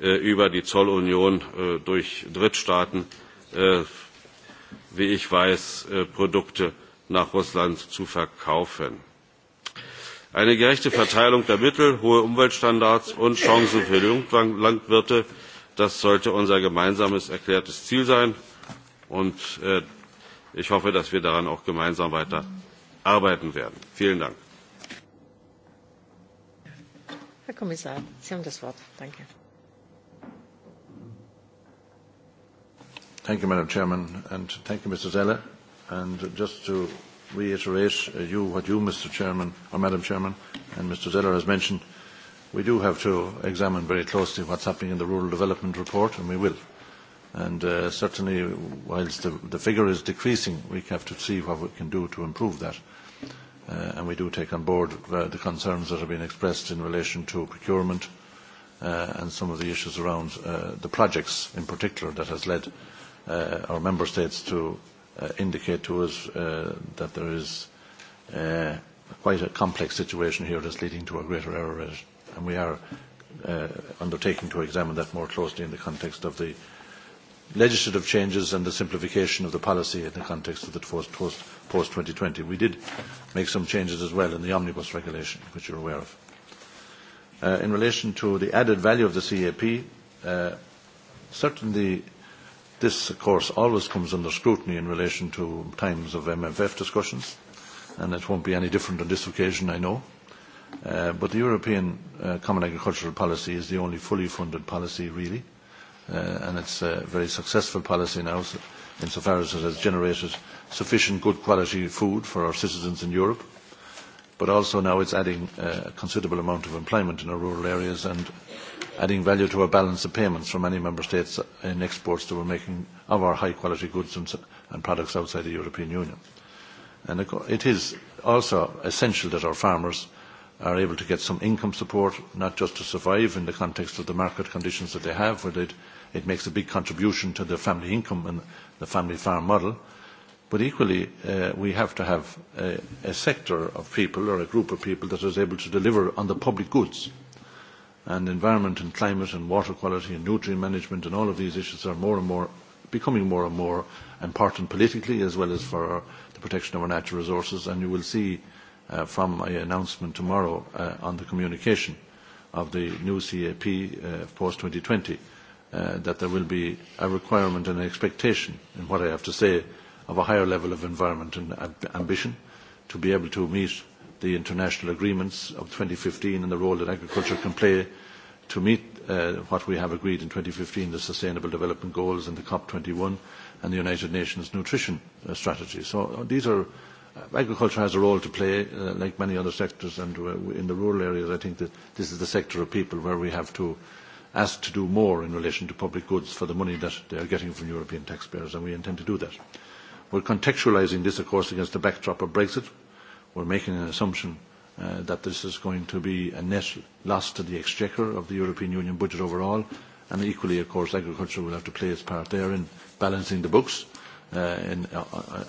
Speaker 7: äh, über die Zollunion äh, durch Drittstaaten wie ich weiß, äh, Produkte nach Russland zu verkaufen. Eine gerechte Verteilung der Mittel, hohe Umweltstandards und Chancen für Landwirte, das sollte unser gemeinsames erklärtes Ziel sein. Und äh, ich hoffe, dass wir daran auch gemeinsam weiter arbeiten werden. Vielen Dank.
Speaker 1: Herr Kommissar, Sie haben das Wort. Danke.
Speaker 6: Thank you, Madam Chairman, and thank you, Mr. Zeller. And just to reiterate uh, you, what you, Mr. Chairman, or Madam Chairman, and Mr. Zeller has mentioned, we do have to examine very closely what's happening in the rural development report, and we will. And uh, certainly, whilst the, the figure is decreasing, we have to see what we can do to improve that. Uh, and we do take on board uh, the concerns that have been expressed in relation to procurement uh, and some of the issues around uh, the projects in particular that has led uh, our member states to uh, indicate to us uh, that there is uh, quite a complex situation here that's leading to a greater error rate. And we are uh, undertaking to examine that more closely in the context of the legislative changes and the simplification of the policy in the context of the post-2020. Post we did make some changes as well in the omnibus regulation, which you're aware of. Uh, in relation to the added value of the CAP, uh, certainly This, of course, always comes under scrutiny in relation to times of MFF discussions, and it won't be any different on this occasion, I know. Uh, but the European uh, Common Agricultural Policy is the only fully funded policy, really, uh, and it's a very successful policy now insofar as it has generated sufficient good quality food for our citizens in Europe but also now it's adding uh, a considerable amount of employment in our rural areas and adding value to our balance of payments from many member states in exports that we're making of our high quality goods and, products outside the European Union. And it is also essential that our farmers are able to get some income support, not just to survive in the context of the market conditions that they have, where it makes a big contribution to the family income and the family farm model, But equally, uh, we have to have a, a sector of people or a group of people that is able to deliver on the public goods. And environment and climate and water quality and nutrient management and all of these issues are more and more becoming more and more important politically as well as for the protection of our natural resources. And you will see uh, from my announcement tomorrow uh, on the communication of the new CAP uh, post-2020 uh, that there will be a requirement and an expectation in what I have to say of a higher level of environment and ambition to be able to meet the international agreements of 2015 and the role that agriculture can play to meet uh, what we have agreed in 2015, the Sustainable Development Goals and the COP21 and the United Nations Nutrition uh, Strategy. So uh, these are, uh, agriculture has a role to play, uh, like many other sectors, and uh, in the rural areas I think that this is the sector of people where we have to ask to do more in relation to public goods for the money that they are getting from European taxpayers, and we intend to do that. We're contextualising this, of course, against the backdrop of Brexit. We're making an assumption uh, that this is going to be a net loss to the exchequer of the European Union budget overall. And equally, of course, agriculture will have to play its part there in balancing the books. Uh, in, uh, uh, uh,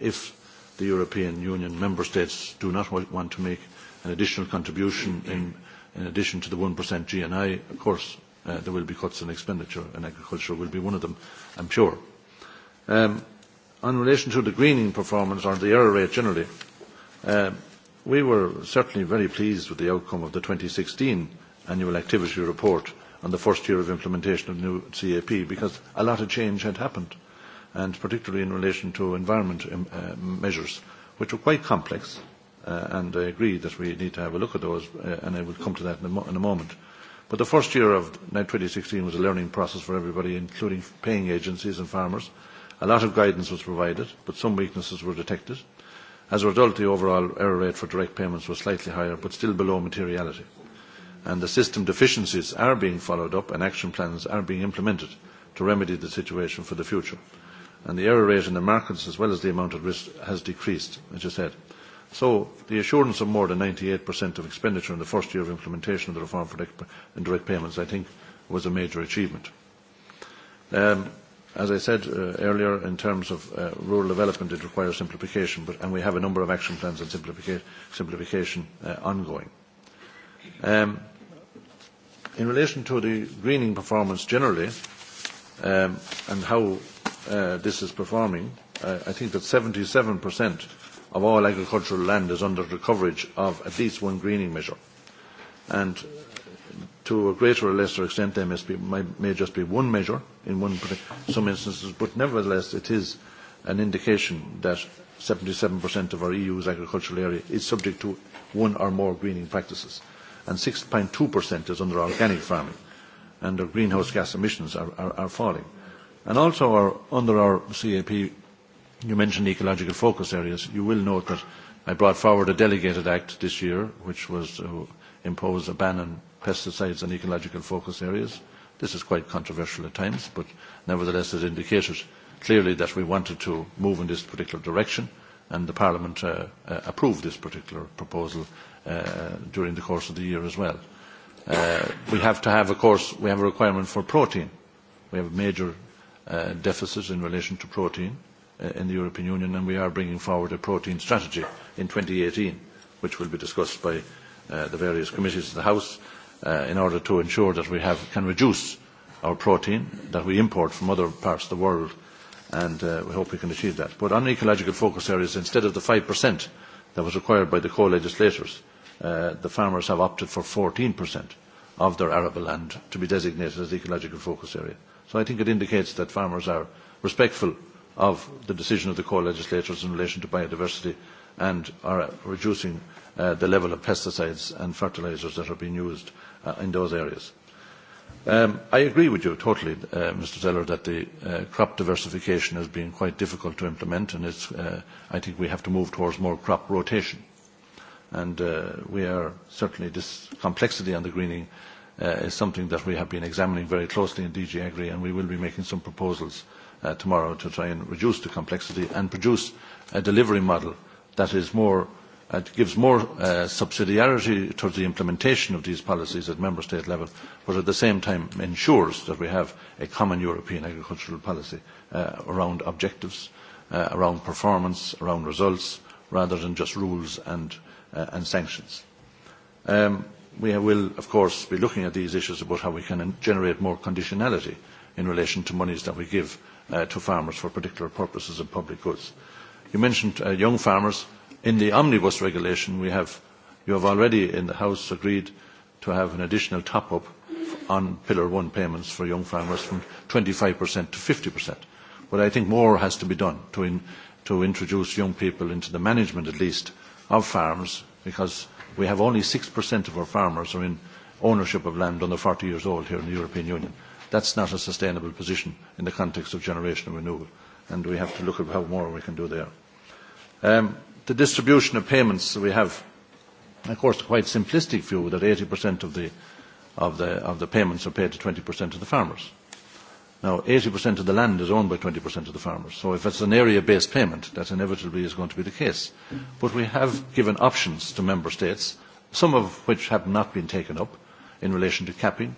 Speaker 6: if the European Union member states do not want to make an additional contribution in, in addition to the 1% GNI, of course, uh, there will be cuts in expenditure, and agriculture will be one of them, I'm sure. Um, in relation to the greening performance or the error rate generally, uh, we were certainly very pleased with the outcome of the two thousand and sixteen annual activity report on the first year of implementation of new CAP because a lot of change had happened, and particularly in relation to environment um, uh, measures, which were quite complex, uh, and I agree that we need to have a look at those, uh, and I will come to that in a, mo- in a moment. But the first year of now 2016 was a learning process for everybody, including paying agencies and farmers, uh, A lot of guidance was provided, but some weaknesses were detected. As a result, the overall error rate for direct payments was slightly higher, but still below materiality. And the system deficiencies are being followed up and action plans are being implemented to remedy the situation for the future. And the error rate in the markets, as well as the amount of risk, has decreased, as you said. So the assurance of more than 98% of expenditure in the first year of implementation of the reform for direct, direct payments, I think, was a major achievement. Um, As I said uh, earlier, in terms of uh, rural development, it requires simplification, but, and we have a number of action plans on simplifica simplification uh, ongoing. Um, in relation to the greening performance generally um, and how uh, this is performing, uh, I think that 77% of all agricultural land is under the coverage of at least one greening measure. And to a greater or lesser extent, be, may, may just be one measure in one, some instances, but nevertheless it is an indication that 77% of our EU's agricultural area is subject to one or more greening practices, and 6.2% is under organic farming, and our greenhouse gas emissions are, are, are falling. And also our, under our CAP, you mentioned ecological focus areas. You will note that I brought forward a delegated act this year, which was to impose a ban on pesticides and ecological focus areas. This is quite controversial at times, but nevertheless it indicated clearly that we wanted to move in this particular direction and the Parliament uh, uh, approved this particular proposal uh, during the course of the year as well. Uh, we have to have, of course, we have a requirement for protein. We have a major uh, deficit in relation to protein uh, in the European Union and we are bringing forward a protein strategy in 2018 which will be discussed by uh, the various committees of the House uh, in order to ensure that we have, can reduce our protein that we import from other parts of the world, and uh, we hope we can achieve that. But on ecological focus areas, instead of the 5% that was required by the co-legislators, uh, the farmers have opted for 14% of their arable land to be designated as ecological focus area. So I think it indicates that farmers are respectful of the decision of the co-legislators in relation to biodiversity and are reducing uh, the level of pesticides and fertilisers that are being used uh, in those areas. Um, I agree with you totally, uh, Mr. Zeller, that the uh, crop diversification has been quite difficult to implement, and it's, uh, I think we have to move towards more crop rotation. And uh, we are certainly this complexity on the greening uh, is something that we have been examining very closely in DG Agri, and we will be making some proposals uh, tomorrow to try and reduce the complexity and produce a delivery model uh, that gives more uh, subsidiarity towards the implementation of these policies at member state level, but at the same time ensures that we have a common European agricultural policy uh, around objectives, uh, around performance, around results, rather than just rules and, uh, and sanctions. Um, we will, of course, be looking at these issues about how we can generate more conditionality in relation to monies that we give uh, to farmers for particular purposes of public goods. Uh, You mentioned uh, young farmers. In the omnibus regulation, we have, you have already in the House agreed to have an additional top-up on Pillar 1 payments for young farmers from 25% to 50%. But I think more has to be done to, in, to introduce young people into the management, at least, of farms, because we have only 6% of our farmers are in ownership of land under 40 years old here in the European Union. That's not a sustainable position in the context of generational renewal, and we have to look at how more we can do there. Um, the distribution of payments we have, of course, a quite simplistic view that 80% of the, of, the, of the payments are paid to 20% of the farmers. Now, 80% of the land is owned by 20% of the farmers. So if it's an area-based payment, that inevitably is going to be the case. But we have given options to member states, some of which have not been taken up, in relation to capping,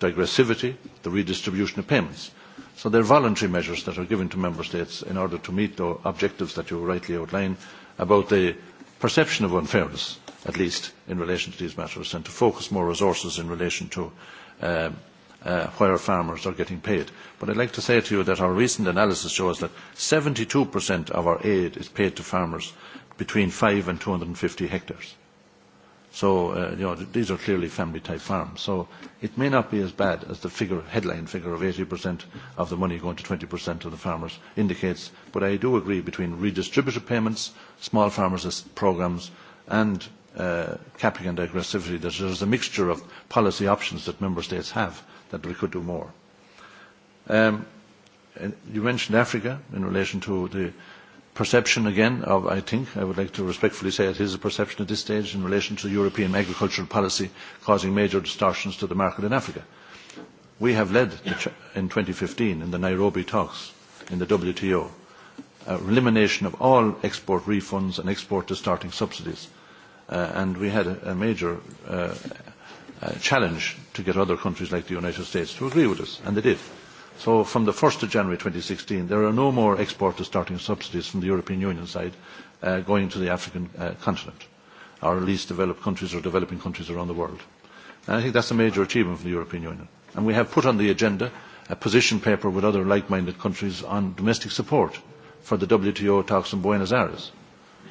Speaker 6: digressivity, the redistribution of payments. So they're voluntary measures that are given to member states in order to meet the objectives that you rightly outline about the perception of unfairness, at least in relation to these matters, and to focus more resources in relation to uh, uh, where farmers are getting paid. But I'd like to say to you that our recent analysis shows that 72% of our aid is paid to farmers between 5 and 250 hectares. So, uh, you know, these are clearly family-type farms. So it may not be as bad as the figure, headline figure of 80% of the money going to 20% of the farmers indicates. But I do agree between redistributive payments, small farmers' programs, and uh, capping and aggressivity, that there's a mixture of policy options that member states have that we could do more. Um, you mentioned Africa in relation to the perception again of, I think, I would like to respectfully say it is a perception at this stage in relation to European agricultural policy causing major distortions to the market in Africa. We have led in 2015 in the Nairobi talks in the WTO uh, elimination of all export refunds and export distorting subsidies. Uh, and we had a, a major uh, uh, challenge to get other countries like the United States to agree with us, and they did. So from the 1st of January sixteen there are no more export distorting subsidies from the European Union side uh, going to the African uh, continent, or least developed countries or developing countries around the world. And I think that is a major achievement for the European Union. And we have put on the agenda a position paper with other like-minded countries on domestic support for the WTO talks in Buenos Aires.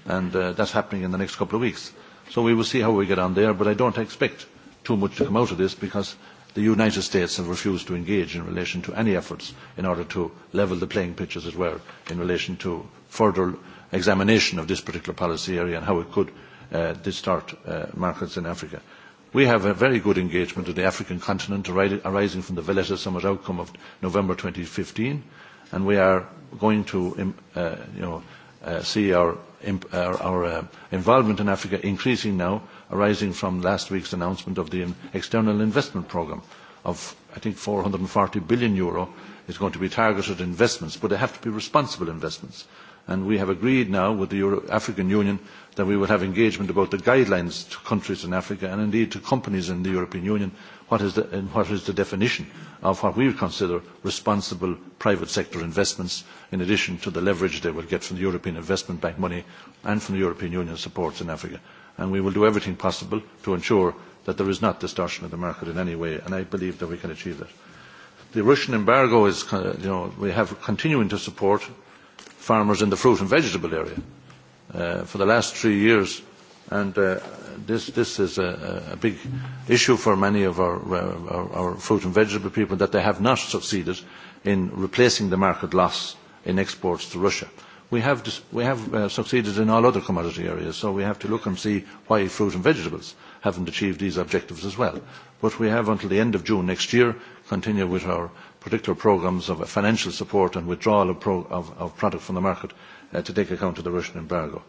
Speaker 6: And uh, is happening in the next couple of weeks. So we will see how we get on there, but I do not expect too much to come out of this because the United States have refused to engage in relation to any efforts in order to level the playing pitch, as it were, in relation to further examination of this particular policy area and how it could uh, distort uh, markets in Africa. We have a very good engagement of the African continent arising from the Valletta Summit outcome of November 2015, and we are going to uh, you know, uh, see our, our, our uh, involvement in Africa increasing now arising from last week's announcement of the external investment programme of, I think, 440 billion euro is going to be targeted investments, but they have to be responsible investments. And we have agreed now with the Euro African Union that we will have engagement about the guidelines to countries in Africa and indeed to companies in the European Union what is the, and what is the definition of what we would consider responsible private sector investments in addition to the leverage they will get from the European Investment Bank money and from the European Union supports in Africa and we will do everything possible to ensure that there is not distortion of the market in any way, and I believe that we can achieve that. The Russian embargo is, uh, you know, we have continuing to support farmers in the fruit and vegetable area uh, for the last three years, and uh, this, this is a, a big issue for many of our, uh, our, our fruit and vegetable people that they have not succeeded in replacing the market loss in exports to Russia. Uh, we have, we have uh, succeeded in all other commodity areas, so we have to look and see why fruit and vegetables haven't achieved these objectives as well. But we have until the end of June next year continue with our particular programmes of financial support and withdrawal of, pro- of, of product from the market uh, to take account of the Russian embargo.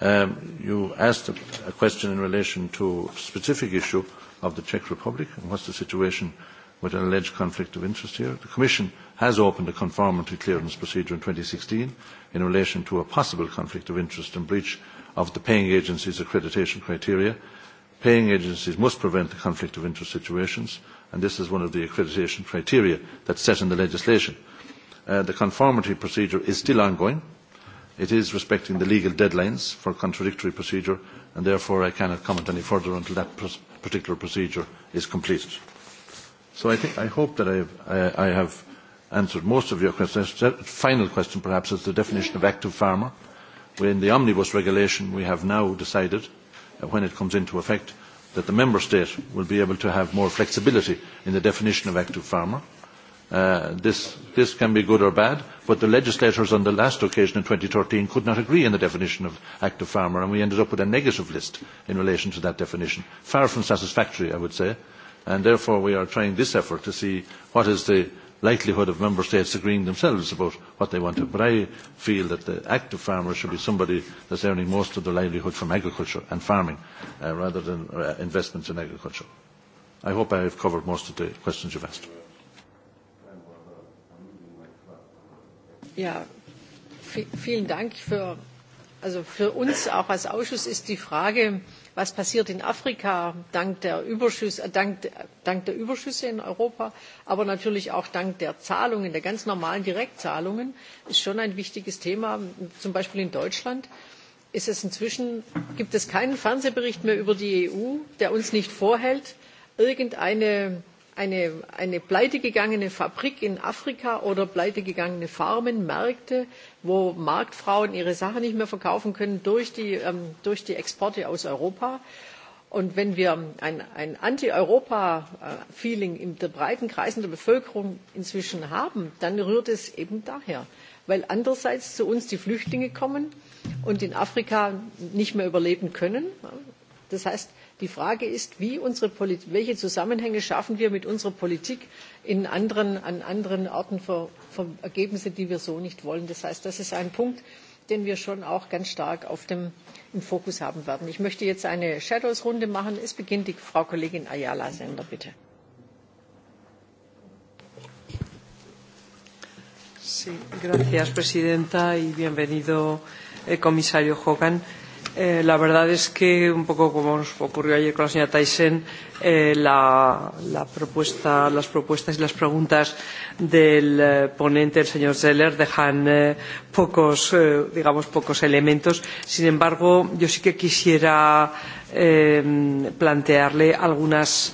Speaker 6: Um, you asked a, a question in relation to a specific issue of the Czech Republic and what's the situation with an alleged conflict of interest here. The Commission has opened a conformity clearance procedure in 2016 in relation to a possible conflict of interest and breach of the paying agency's accreditation criteria. Paying agencies must prevent the conflict of interest situations, and this is one of the accreditation criteria that's set in the legislation. Uh, the conformity procedure is still ongoing. It is respecting the legal deadlines for contradictory procedure, and therefore I cannot comment any further until that particular procedure is completed. So I, think, I hope that I have, I, I have answered most of your questions. Final question perhaps is the definition of active farmer. In the omnibus regulation, we have now decided, uh, when it comes into effect, that the member state will be able to have more flexibility in the definition of active farmer. Uh, this, this can be good or bad, but the legislators on the last occasion in 2013 could not agree on the definition of active farmer, and we ended up with a negative list in relation to that definition. Far from satisfactory, I would say, and therefore we are trying this effort to see what is the likelihood of member states agreeing themselves about what they want to. But I feel that the active farmer should be somebody that's earning most of their livelihood from agriculture and farming uh, rather than uh, investments in agriculture. I hope I have covered most of the questions you've asked.
Speaker 1: Ja, vielen Dank für Also für uns auch als Ausschuss ist die Frage, was passiert in Afrika dank der, Überschüsse, äh, dank, dank der Überschüsse in Europa, aber natürlich auch dank der Zahlungen, der ganz normalen Direktzahlungen, ist schon ein wichtiges Thema. Zum Beispiel in Deutschland ist es inzwischen, gibt es keinen Fernsehbericht mehr über die EU, der uns nicht vorhält, irgendeine eine, eine pleitegegangene Fabrik in Afrika oder pleitegegangene Farmen, Märkte, wo Marktfrauen ihre Sachen nicht mehr verkaufen können durch die, ähm, durch die Exporte aus Europa. Und wenn wir ein, ein Anti-Europa-Feeling in den breiten Kreisen der Bevölkerung inzwischen haben, dann rührt es eben daher. Weil andererseits zu uns die Flüchtlinge kommen und in Afrika nicht mehr überleben können. Das heißt, die frage ist welche zusammenhänge schaffen wir mit unserer politik an anderen orten für, ergebnisse die wir so nicht wollen. das heißt das ist ein punkt den wir schon auch ganz stark im fokus haben werden. ich möchte jetzt eine schattenrunde machen. es beginnt die frau kollegin ayala sender bitte.
Speaker 8: Sí, presidenta, bienvenido, eh, comisario Hogan. Eh, la verdad es que, un poco como nos ocurrió ayer con la señora Tyson, eh, la, la propuesta, las propuestas y las preguntas del eh, ponente, el señor Zeller, dejan eh, pocos, eh, digamos, pocos elementos. Sin embargo, yo sí que quisiera eh, plantearle algunas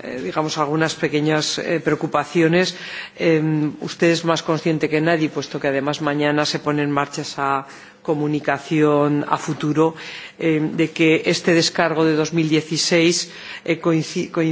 Speaker 8: eh, digamos algunas pequeñas eh, preocupaciones. Eh, usted es más consciente que nadie puesto que además mañana se pone en marcha esa comunicación a futuro eh, de que este descargo de dos mil dieciseis eh,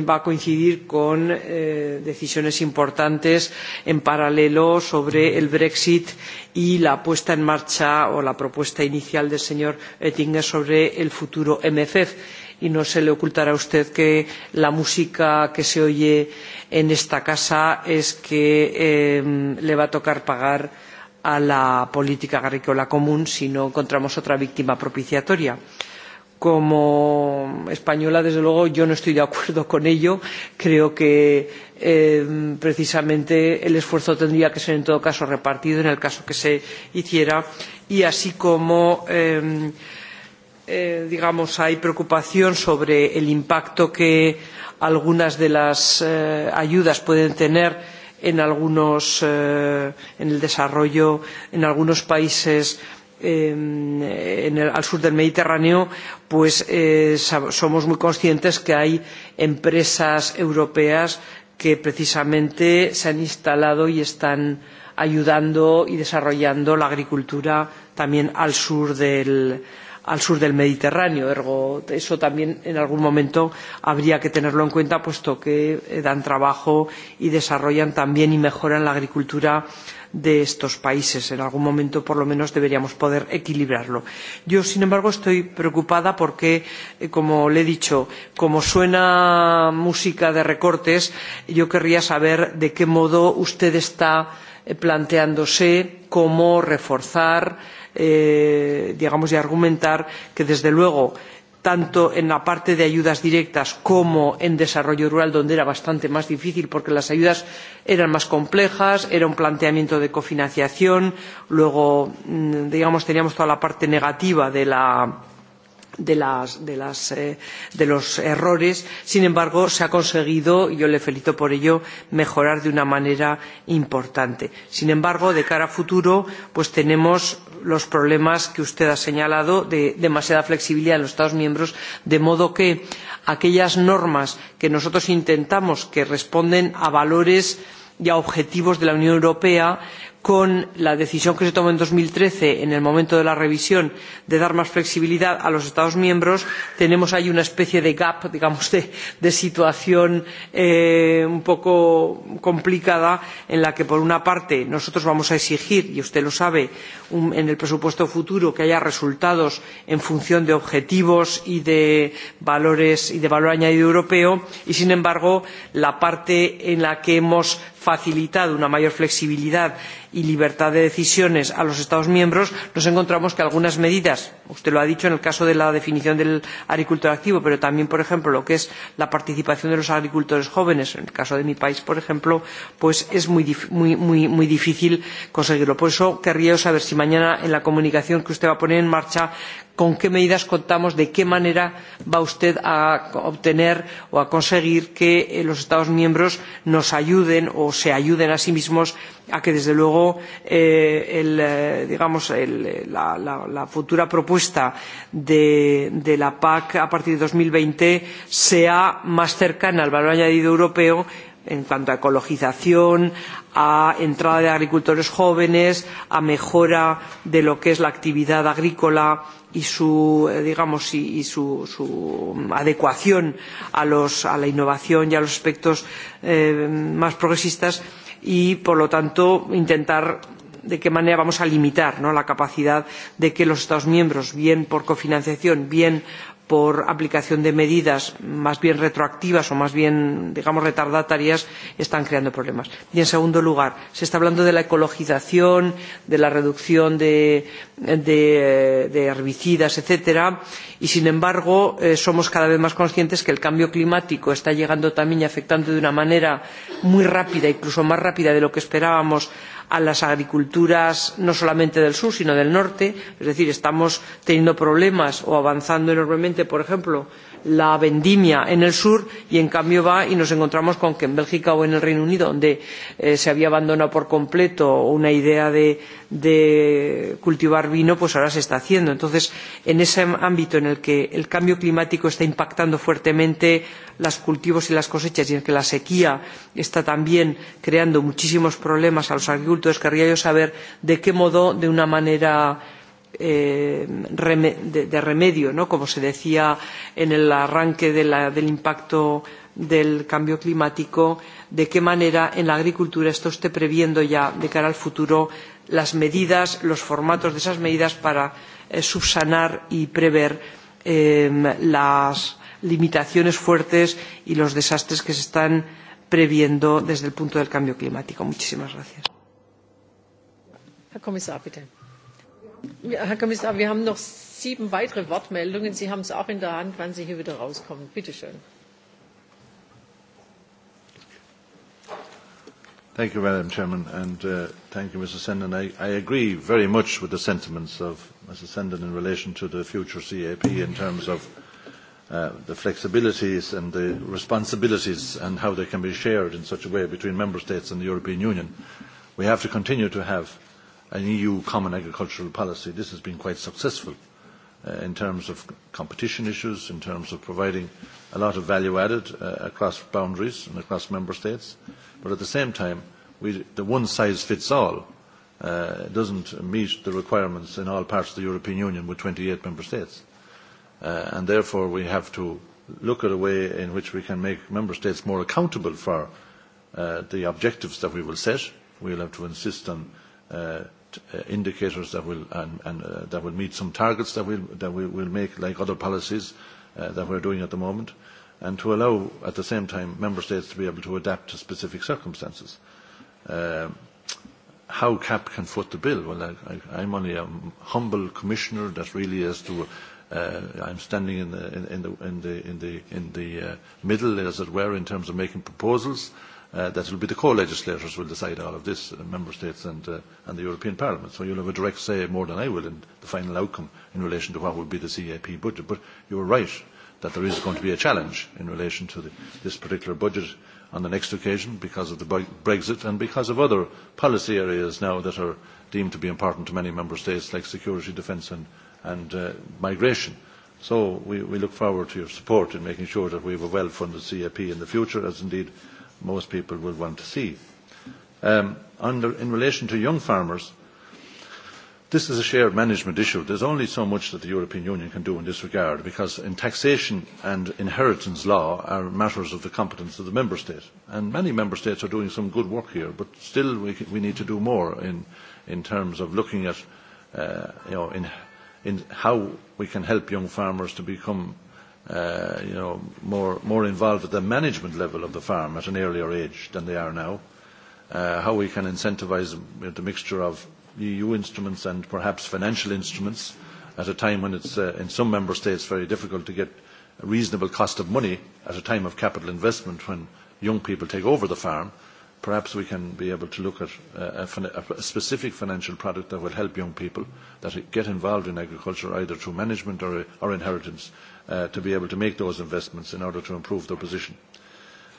Speaker 8: va a coincidir con eh, decisiones importantes en paralelo sobre el brexit y la puesta en marcha o la propuesta inicial del señor oettinger sobre el futuro mfp e y no se le ocultará a usted que la música que se oye en esta casa es que eh, le va a tocar pagar a la política agrícola común si no encontramos otra víctima propiciatoria. Como española, desde luego, yo no estoy de acuerdo con ello. Creo que eh, precisamente el esfuerzo tendría que ser, en todo caso, repartido en el caso que se hiciera. Y así como. Eh, eh, digamos, hay preocupación sobre el impacto que algunas de las eh, ayudas pueden tener en algunos eh, en el desarrollo en algunos países eh, en el, al sur del Mediterráneo, pues eh, somos muy conscientes que hay empresas europeas que precisamente se han instalado y están ayudando y desarrollando la agricultura también al sur del Mediterráneo al sur del Mediterráneo. Ergo, eso también en algún momento habría que tenerlo en cuenta, puesto que eh, dan trabajo y desarrollan también y mejoran la agricultura de estos países. En algún momento, por lo menos, deberíamos poder equilibrarlo. Yo, sin embargo, estoy preocupada porque, eh, como le he dicho, como suena música de recortes, yo querría saber de qué modo usted está eh, planteándose cómo reforzar eh, digamos y argumentar que desde luego tanto en la parte de ayudas directas como en desarrollo rural donde era bastante más difícil porque las ayudas eran más complejas era un planteamiento de cofinanciación luego mm, digamos teníamos toda la parte negativa de la de, las, de, las, eh, de los errores. Sin embargo, se ha conseguido, y yo le felicito por ello, mejorar de una manera importante. Sin embargo, de cara a futuro, pues tenemos los problemas que usted ha señalado de demasiada flexibilidad en los estados miembros de modo que aquellas normas que nosotros intentamos que responden a valores y a objetivos de la unión europea con la decisión que se tomó en dos mil trece en el momento de la revisión de dar más flexibilidad a los estados miembros tenemos ahí una especie de gap digamos de, de situación eh, un poco complicada en la que por una parte nosotros vamos a exigir y usted lo sabe un, en el presupuesto futuro que haya resultados en función de objetivos y de valores y de valor añadido europeo y sin embargo la parte en la que hemos facilitado una mayor flexibilidad y libertad de decisiones a los Estados miembros, nos encontramos que algunas medidas, usted lo ha dicho en el caso de la definición del agricultor activo, pero también, por ejemplo, lo que es la participación de los agricultores jóvenes, en el caso de mi país, por ejemplo, pues es muy, muy, muy, muy difícil conseguirlo. Por eso querría saber si mañana en la comunicación que usted va a poner en marcha con qué medidas contamos de qué manera va usted a obtener o a conseguir que eh, los estados miembros nos ayuden o se ayuden a sí mismos a que desde luego eh, el, eh, digamos, el, eh, la, la, la futura propuesta de, de la pac a partir de dos mil veinte sea más cercana al valor añadido europeo y en cuanto a ecologización, a entrada de agricultores jóvenes, a mejora de lo que es la actividad agrícola y su, eh, digamos, y, y su, su adecuación a, los, a la innovación y a los aspectos eh, más progresistas y, por lo tanto, intentar de qué manera vamos a limitar ¿no? la capacidad de que los Estados miembros, bien por cofinanciación, bien por aplicación de medidas más bien retroactivas o más bien digamos retardatarias están creando problemas. y en segundo lugar se está hablando de la ecologización de la reducción de, de, de herbicidas etc. y sin embargo eh, somos cada vez más conscientes que el cambio climático está llegando también y afectando de una manera muy rápida incluso más rápida de lo que esperábamos a las agriculturas no solamente del sur sino del norte es decir estamos teniendo problemas o avanzando enormemente por ejemplo en la vendimia en el sur y en cambio va y nos encontramos con que en bélgica o en el reino unido donde eh, se había abandonado por completo una idea de, de cultivar vino pues ahora se está haciendo. entonces en ese ámbito en el que el cambio climático está impactando fuertemente los cultivos y las cosechas y en el que la sequía está también creando muchísimos problemas a los agricultores querría yo saber de qué modo de una manera eh, de, de remedio, ¿no? como se decía en el arranque de la, del impacto del cambio climático, de qué manera en la agricultura esto esté previendo ya de cara al futuro las medidas, los formatos de esas medidas para eh, subsanar y prever eh, las limitaciones fuertes y los desastres que se están previendo desde el punto del cambio climático. Muchísimas gracias.
Speaker 1: Herr Kommissar, bitte. Herr Kommissar, wir haben noch sieben weitere Wortmeldungen. Sie haben es auch in der Hand, wann Sie hier wieder rauskommen. Bitte schön.
Speaker 6: Thank you, Madam Chairman, and uh, thank you, Mrs. Senden. I, I agree very much with the sentiments of Mrs. Senden in relation to the future CAP in terms of uh, the flexibilities and the responsibilities and how they can be shared in such a way between member states and the European Union. We have to continue to have an EU common agricultural policy. This has been quite successful uh, in terms of competition issues, in terms of providing a lot of value added uh, across boundaries and across member states. But at the same time, we, the one size fits all uh, doesn't meet the requirements in all parts of the European Union with 28 member states. Uh, and therefore, we have to look at a way in which we can make member states more accountable for uh, the objectives that we will set. We'll have to insist on uh, Uh, indicators that will, and, and, uh, that will meet some targets that, we'll, that we will make, like other policies uh, that we're doing at the moment, and to allow, at the same time, member states to be able to adapt to specific circumstances. Uh, how CAP can foot the bill? Well, I, I, I'm only a humble commissioner that really is to Uh, I'm standing in the, in, in the, in the, in the uh, middle, as it were, in terms of making proposals. Uh, uh, that will be the co-legislators will decide all of this, the uh, member states and, uh, and the European Parliament. So you'll have a direct say more than I will in the final outcome in relation to what will be the CAP budget. But you are right that there is going to be a challenge in relation to the, this particular budget on the next occasion because of the Brexit and because of other policy areas now that are deemed to be important to many member states like security, defence and, and uh, migration. So we, we look forward to your support in making sure that we have a well-funded CAP in the future as indeed most people would want to see. Um, the, in relation to young farmers, this is a shared management issue. There's only so much that the European Union can do in this regard because in taxation and inheritance law are matters of the competence of the member state. And many member states are doing some good work here, but still we, we need to do more in, in terms of looking at uh, you know, in, in how we can help young farmers to become Uh, you know, more, more involved at the management level of the farm at an earlier age than they are now. Uh, how we can incentivise you know, the mixture of EU instruments and perhaps financial instruments at a time when it's uh, in some member states very difficult to get a reasonable cost of money at a time of capital investment when young people take over the farm. Perhaps we can be able to look at uh, a, a, a specific financial product that will help young people that get involved in agriculture either through management or, or inheritance Uh, to be able to make those investments in order to improve their position.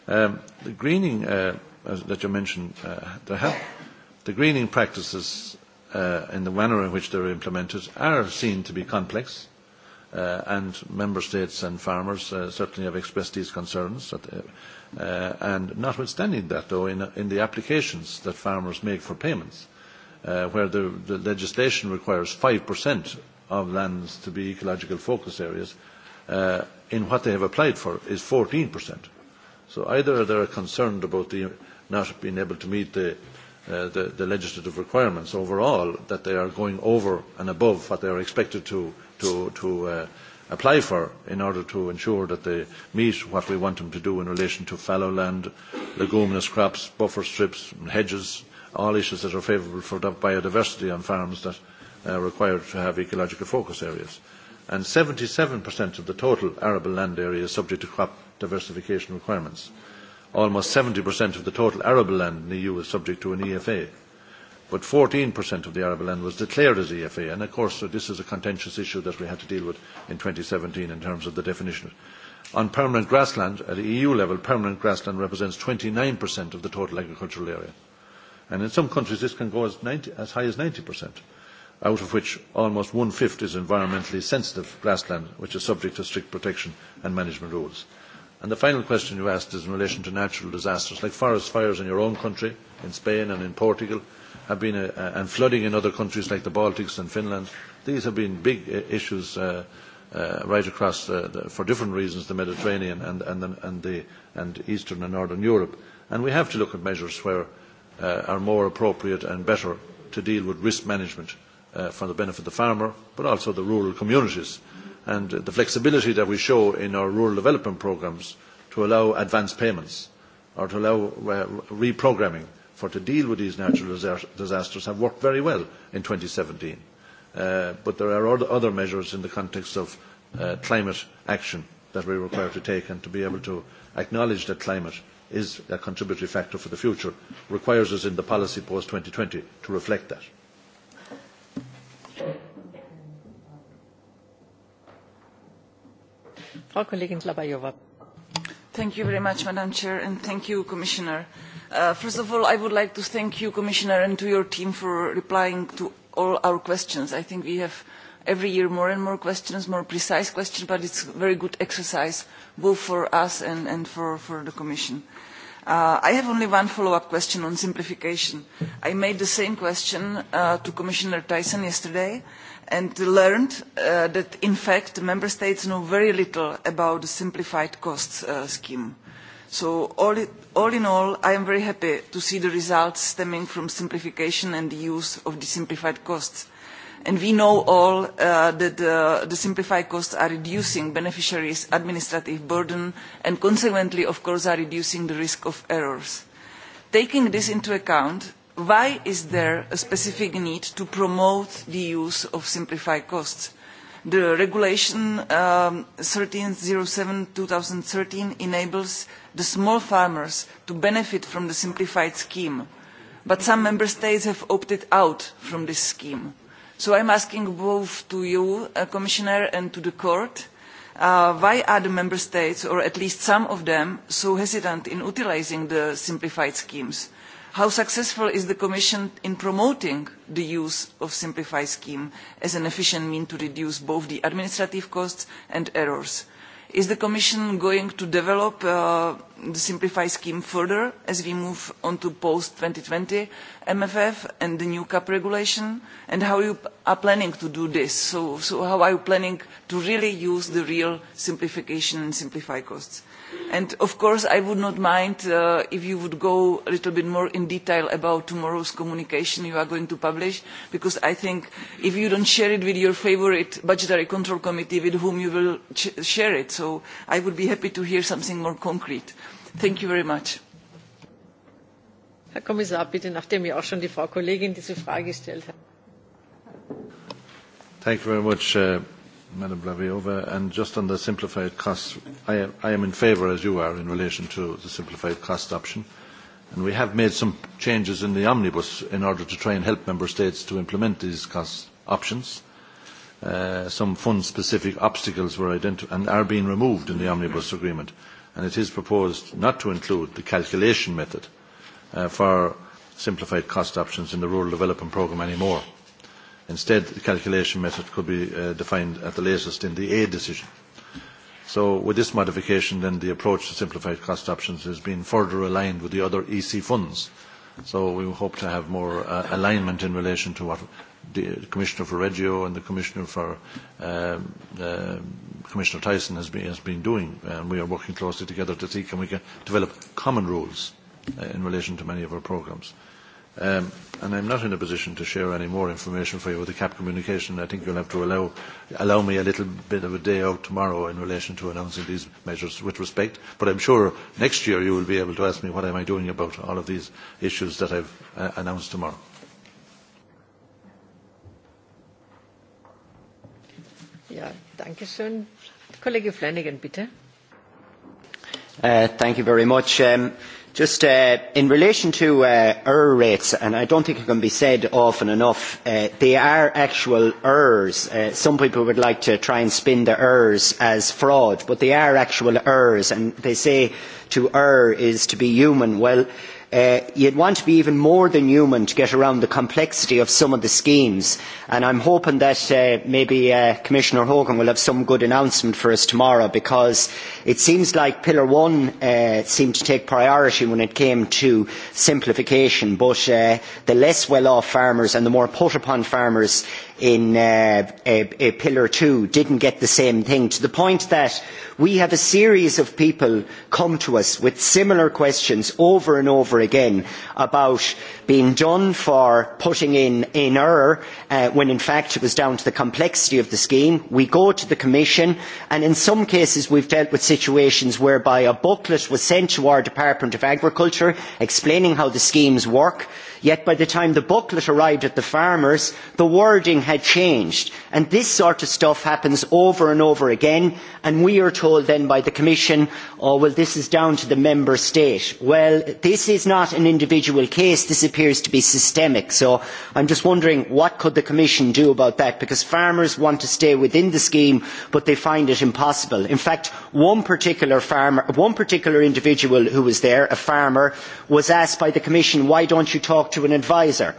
Speaker 6: Um, the greening uh, that you mentioned, uh, there have, the greening practices uh, in the manner in which they're implemented are seen to be complex, uh, and member states and farmers uh, certainly have expressed these concerns. That, uh, uh, and notwithstanding that, though, in, in the applications that farmers make for payments, uh, where the, the legislation requires 5% of lands to be ecological focus areas, Uh, in what they have applied for is 14%. So either they're concerned about the, not being able to meet the, uh, the, the legislative requirements overall, that they are going over and above what they are expected to, to, to uh, apply for in order to ensure that they meet what we want them to do in relation to fallow land, leguminous crops, buffer strips, and hedges, all issues that are favourable for biodiversity on farms that are uh, required to have ecological focus areas and seventy 77% of the total arable land area is subject to crop diversification requirements. Almost 70% of the total arable land in the EU is subject to an EFA, but 14% of the arable land was declared as EFA, and of course so this is a contentious issue that we had to deal with in seventeen in terms of the definition. On permanent grassland, at EU e level, permanent grassland represents 29% of the total agricultural area. And in some countries, this can go as, 90, as high as 90% out of which almost one-fifth is environmentally sensitive grassland, which is subject to strict protection and management rules. And the final question you asked is in relation to natural disasters, like forest fires in your own country, in Spain and in Portugal, have been uh, uh, and flooding in other countries like the Baltics and Finland. These have been big uh, issues uh, uh, right across, uh, the, for different reasons, the Mediterranean and, and, the, and, the, and Eastern and Northern Europe. And we have to look at measures where uh, are more appropriate and better to deal with risk management Uh, for the benefit of the farmer, but also the rural communities. And the flexibility that we show in our rural development programmes to allow advance payments or to allow uh, reprogramming for to deal with these natural disasters have worked very well in 2017. Uh, but there are other measures in the context of uh, climate action that we require to take and to be able to acknowledge that climate is a contributory factor for the future requires us in the policy post 2020 to reflect that.
Speaker 1: Frau Kollegin Labajova.
Speaker 9: Thank you very much, Madam Chair, and thank you, Commissioner. Uh, first of all, I would like to thank you, Commissioner, and to your team for replying to all our questions. I think we have every year more and more questions, more precise questions, but it's a very good exercise both for us and, and for, for the Commission. Uh, I have only one follow-up question on simplification. I made the same question uh, to Commissioner Tyson yesterday, uh, and learned uh, that in fact member states know very little about the simplified costs uh, scheme. So all, it, all in all, I am very happy to see the results stemming from simplification and the use of the simplified costs. And we know all uh, that uh, the simplified costs are reducing beneficiaries' administrative burden and consequently, of course, are reducing the risk of errors. Taking this into account, why is there a specific need to promote the use of simplified costs? The regulation um, 1307-2013 enables the small farmers to benefit from the simplified scheme, but some member states have opted out from this scheme. So I'm asking both to you, uh, Commissioner, and to the Court, uh, why are the member states, or at least some of them, so hesitant in utilising the simplified schemes? How successful is the Commission in promoting the use of Simplify scheme as an efficient means to reduce both the administrative costs and errors? Is the Commission going to develop uh, the Simplify scheme further as we move on to post-2020 MFF and the new CAP regulation? And how you are planning to do this? So, so how are you planning to really use the real simplification and Simplify costs? And of course, I would not mind uh, if you would go a little bit more in detail about tomorrow's communication you are going to publish, because I think if you don't share it with your favorite budgetary control committee with whom you will share it, so I would be happy to hear something more
Speaker 1: concrete. Thank you very much. Herr Kommissar, bitte, nachdem ja auch schon die Frau Kollegin diese Frage gestellt hat.
Speaker 6: Thank you very much, uh... Madam Blaviova, and just on the simplified costs, I, I am in favour, as you are, in relation to the simplified cost option. And we have made some changes in the omnibus in order to try and help member states to implement these cost options. Uh, some fund-specific obstacles were identified and are being removed in the omnibus agreement. And it is proposed not to include the calculation method uh, for simplified cost options in the rural development programme anymore. Instead, the calculation method could be uh, defined at the latest in the aid decision. So with this modification, then the approach to simplified cost options has been further aligned with the other EC funds. So we hope to have more uh, alignment in relation to what the Commissioner for Regio and the Commissioner for um, uh, Commissioner Tyson has been, has been doing. And we are working closely together to see can we can develop common rules uh, in relation to many of our programmes. Um, and I'm not in a position to share any more information for you with the CAP communication. I think you'll have to allow, allow me a little bit of a day out tomorrow in relation to announcing these measures with respect. But I'm sure next year you will be able to ask me what am I doing about all of these issues that I've uh, announced tomorrow.
Speaker 1: Ja, danke schön. Kollege Flanagan, bitte.
Speaker 10: Uh, thank you very much. Um, Just uh, in relation to uh, error rates, and I don't think it can be said often enough, uh, they are actual errors. Uh, some people would like to try and spin the errors as fraud, but they are actual errors, and they say to err is to be human. Well, you uh, you'd want to be even more than human to get around the complexity of some of the schemes. And I'm hoping that uh, maybe uh, Commissioner Hogan will have some good announcement for us tomorrow because it seems like Pillar One seemed to take priority when it came to simplification. But the less well-off farmers and the more put-upon farmers in uh, a, a Pillar two didn't get the same thing, to the point that we have a series of people come to us with similar questions over and over again about being done for putting in an error uh, when in fact it was down to the complexity of the scheme. We go to the Commission and in some cases we've dealt with situations whereby a booklet was sent to our Department of Agriculture explaining how the schemes work Yet by the time the booklet arrived at the farmers, the wording had changed. And this sort of stuff happens over and over again. And we are told then by the Commission, oh, well, this is down to the member state. Well, this is not an individual case. This appears to be systemic. So I'm just wondering what could the Commission do about that? Because farmers want to stay within the scheme, but they find it impossible. In fact, one particular farmer, one particular individual who was there, a farmer, was asked by the Commission, why don't you talk to an advisor.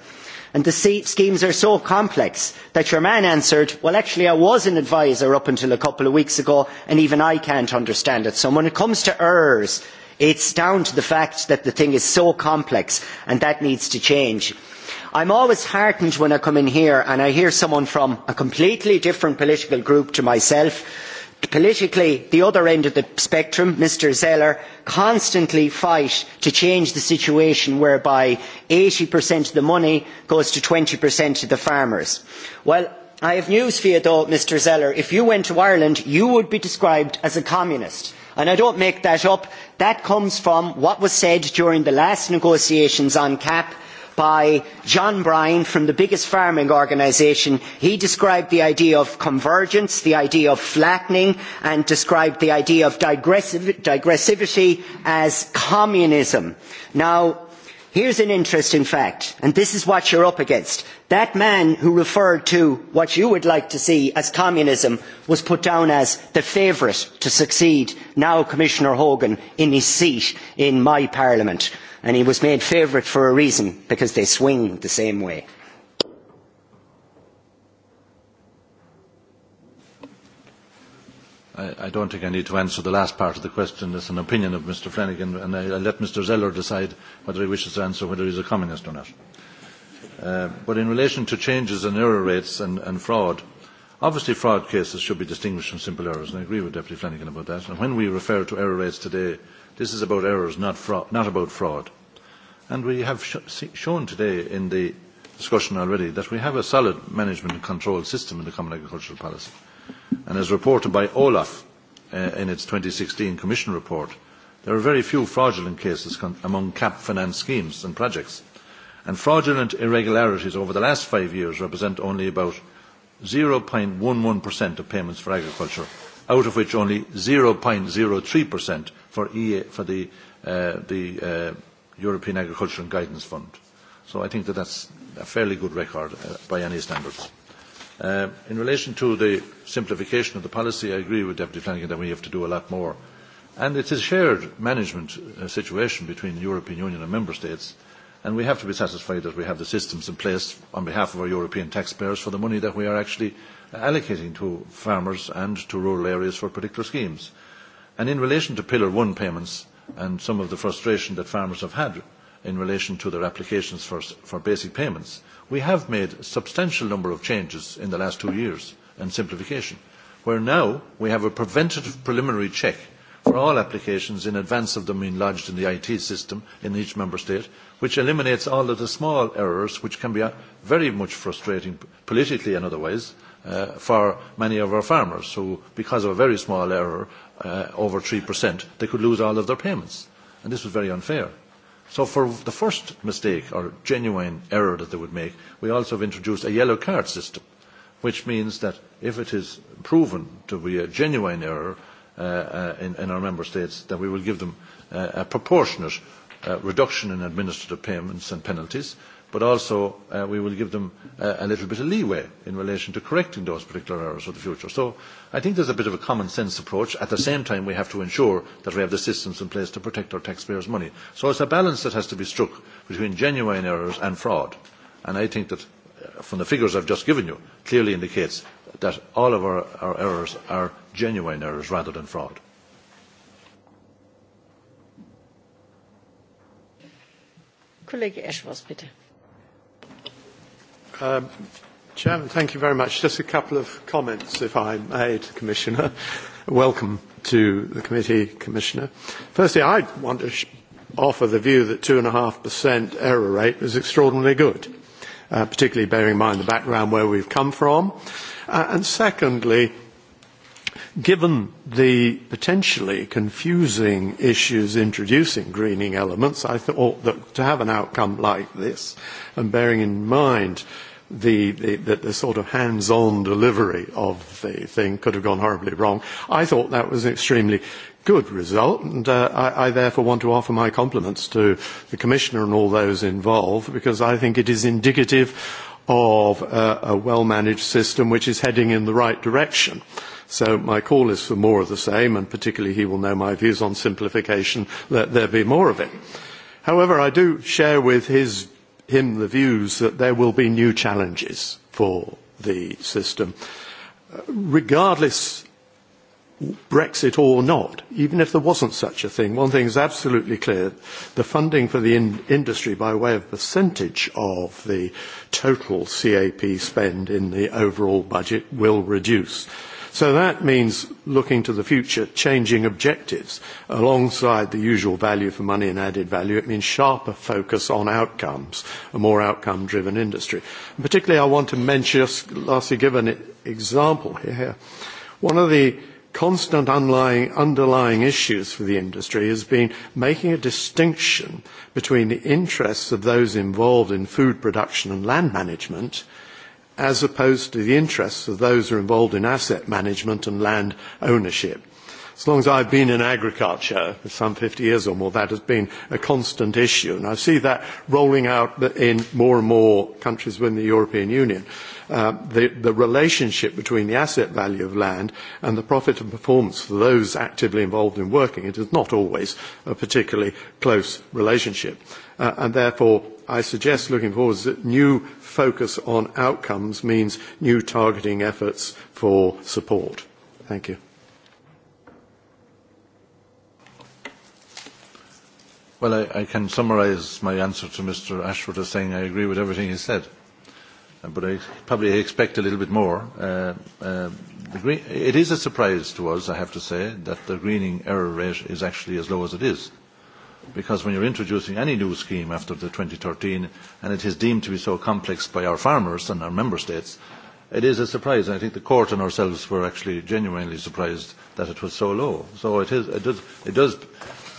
Speaker 10: And the schemes are so complex that your man answered, well, actually, I was an advisor up until a couple of weeks ago, and even I can't understand it. So when it comes to errors, it's down to the fact that the thing is so complex, and that needs to change. I'm always heartened when I come in here and I hear someone from a completely different political group to myself politically the other end of the spectrum mr zeller constantly fight to change the situation whereby eighty of the money goes to twenty of the farmers. well i have news for you though mr zeller if you went to ireland you would be described as a communist and i don't make that up that comes from what was said during the last negotiations on cap by John Bryan from the biggest farming organisation. He described the idea of convergence, the idea of flattening, and described the idea of digressiv digressivity as communism. Now, here's an interesting fact, and this is what you're up against. That man who referred to what you would like to see as communism was put down as the favourite to succeed now Commissioner Hogan in his seat in my parliament and he was made favourite for a reason because they swing the same way.
Speaker 6: I, I don't think I need to answer the last part of the question. It's an opinion of Mr Flanagan, and I, I let Mr Zeller decide whether he wishes to answer whether he's a communist or not. Uh, but in relation to changes in error rates and, and fraud, obviously fraud cases should be distinguished from simple errors, and I agree with Deputy Flanagan about that. And when we refer to error rates today, This is about errors, not, fraud, not about fraud. And we have sh shown today in the discussion already that we have a solid management and control system in the Common Agricultural Policy. And as reported by Olaf uh, in its 2016 Commission report, there are very few fraudulent cases among CAP finance schemes and projects. And fraudulent irregularities over the last five years represent only about 0.11% of payments for agriculture, out of which only 0.03% for, EA, for the, uh, the uh, European Agriculture and Guidance Fund. So I think that that's a fairly good record uh, by any standards. Uh, in relation to the simplification of the policy, I agree with Deputy Flanagan that we have to do a lot more. And it's a shared management uh, situation between the European Union and Member States, and we have to be satisfied that we have the systems in place on behalf of our European taxpayers for the money that we are actually allocating to farmers and to rural areas for particular schemes in relation to Pillar One payments and some of the frustration that farmers have had in relation to their applications for, for basic payments, we have made a substantial number of changes in the last two years and simplification, where now we have a preventative preliminary check for all applications in advance of them being lodged in the IT system in each member state, which eliminates all of the small errors which can be very much frustrating politically and otherwise, uh, for many of our farmers who, because of a very small error, uh, over 3%, they could lose all of their payments. And this was very unfair. So for the first mistake or genuine error that they would make, we also have introduced a yellow card system, which means that if it is proven to be a genuine error uh, uh in, in our member states, that we will give them uh, a proportionate uh, reduction in administrative payments and penalties, but also uh, we will give them uh, a little bit of leeway in relation to correcting those particular errors for the future. So I think there's a bit of a common sense approach. At the same time, we have to ensure that we have the systems in place to protect our taxpayers' money. So it's a balance that has to be struck between genuine errors and fraud. And I think that uh, from the figures I've just given you clearly indicates that all of our, our errors are genuine errors rather than fraud.
Speaker 1: Kollege Eschwas, bitte.
Speaker 11: Um, Chairman, thank you very much. Just a couple of comments, if I may, to Commissioner. Welcome to the committee, Commissioner. Firstly, I want to offer the view that 2.5% error rate is extraordinarily good, uh, particularly bearing in mind the background where we've come from. Uh, and secondly, Given the potentially confusing issues introducing greening elements, I thought that to have an outcome like this, and bearing in mind the, the, the, the sort of hands-on delivery of the thing could have gone horribly wrong, I thought that was an extremely good result, and uh, I, I therefore want to offer my compliments to the Commissioner and all those involved, because I think it is indicative of uh, a well-managed system which is heading in the right direction. So my call is for more of the same, and particularly he will know my views on simplification. Let there be more of it. However, I do share with his, him the views that there will be new challenges for the system, uh, regardless Brexit or not, even if there wasn't such a thing. One thing is absolutely clear. The funding for the in industry by way of percentage of the total CAP spend in the overall budget will reduce. So that means looking to the future, changing objectives alongside the usual value for money and added value. It means sharper focus on outcomes, a more outcome-driven industry. And particularly, I want to mention, just lastly, give an example here. One of the constant underlying, underlying issues for the industry has been making a distinction between the interests of those involved in food production and land management – as opposed to the interests of those who are involved in asset management and land ownership. As long as I've been in agriculture, for some 50 years or more, that has been a constant issue. And I see that rolling out in more and more countries within the European Union. Uh, the, the relationship between the asset value of land and the profit and performance for those actively involved in working it is not always a particularly close relationship. Uh, and therefore, I suggest looking forward to new focus on outcomes means new targeting efforts for support. Thank you.
Speaker 6: Well, I, I can summarise my answer to Mr Ashford as saying I agree with everything he said, uh, but I probably expect a little bit more. Uh, uh, green, it is a surprise to us, I have to say, that the greening error rate is actually as low as it is because when you're introducing any new scheme after the 2013 and it is deemed to be so complex by our farmers and our member states, it is a surprise. I think the court and ourselves were actually genuinely surprised that it was so low. So it, is, it does, it does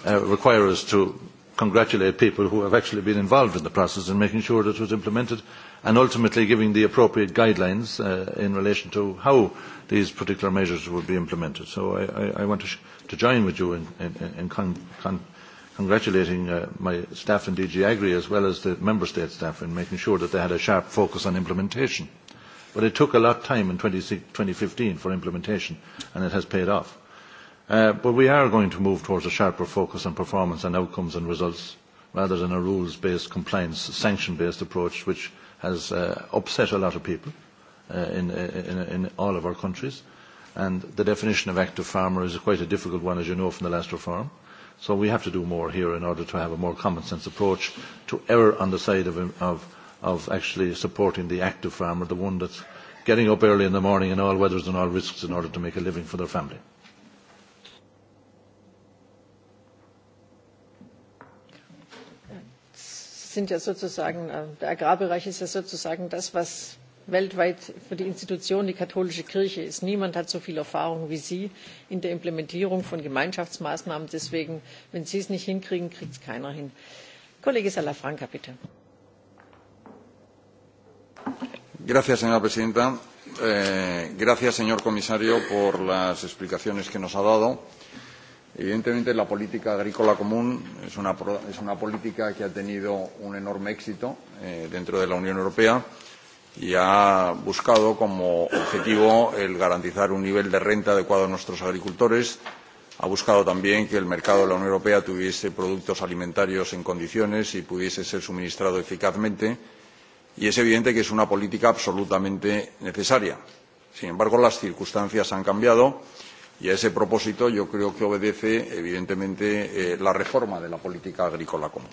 Speaker 6: uh, require us to congratulate people who have actually been involved in the process and making sure that it was implemented and ultimately giving the appropriate guidelines uh, in relation to how these particular measures would be implemented. So I, I, I want to, sh- to join with you in, in, in con- con- congratulating uh, my staff in DG Agri as well as the member state staff in making sure that they had a sharp focus on implementation. But it took a lot of time in 20, 2015 for implementation and it has paid off. Uh, but we are going to move towards a sharper focus on performance and outcomes and results rather than a rules-based compliance sanction-based approach which has uh, upset a lot of people uh, in, uh, in, in all of our countries. And the definition of active farmer is quite a difficult one, as you know from the last reform. Uh, So we have to do more here in order to have a more common sense approach to err on the side of, of, of actually supporting the active farmer, the one that's getting up early in the morning in all weathers and all risks in order to make a living for their family.
Speaker 1: sind ja sozusagen äh, der agrarbereich ist ja sozusagen das was weltweit für die Institution die katholische Kirche ist. Niemand hat so viel Erfahrung wie Sie in der Implementierung von Gemeinschaftsmaßnahmen. Deswegen, wenn Sie es nicht hinkriegen, kriegt es keiner hin. Kollege Salafranca, bitte.
Speaker 12: señora presidenta. Eh, gracias, señor comisario, por las explicaciones que nos ha dado. Evidentemente, la política agrícola común es una, es una política que ha tenido un enorme éxito eh, dentro de la Unión Europea y ha buscado como objetivo el garantizar un nivel de renta adecuado a nuestros agricultores. Ha buscado también que el mercado de la Unión Europea tuviese productos alimentarios en condiciones y pudiese ser suministrado eficazmente. Y es evidente que es una política absolutamente necesaria. Sin embargo, las circunstancias han cambiado y a ese propósito yo creo que obedece, evidentemente, eh, la reforma de la política agrícola común.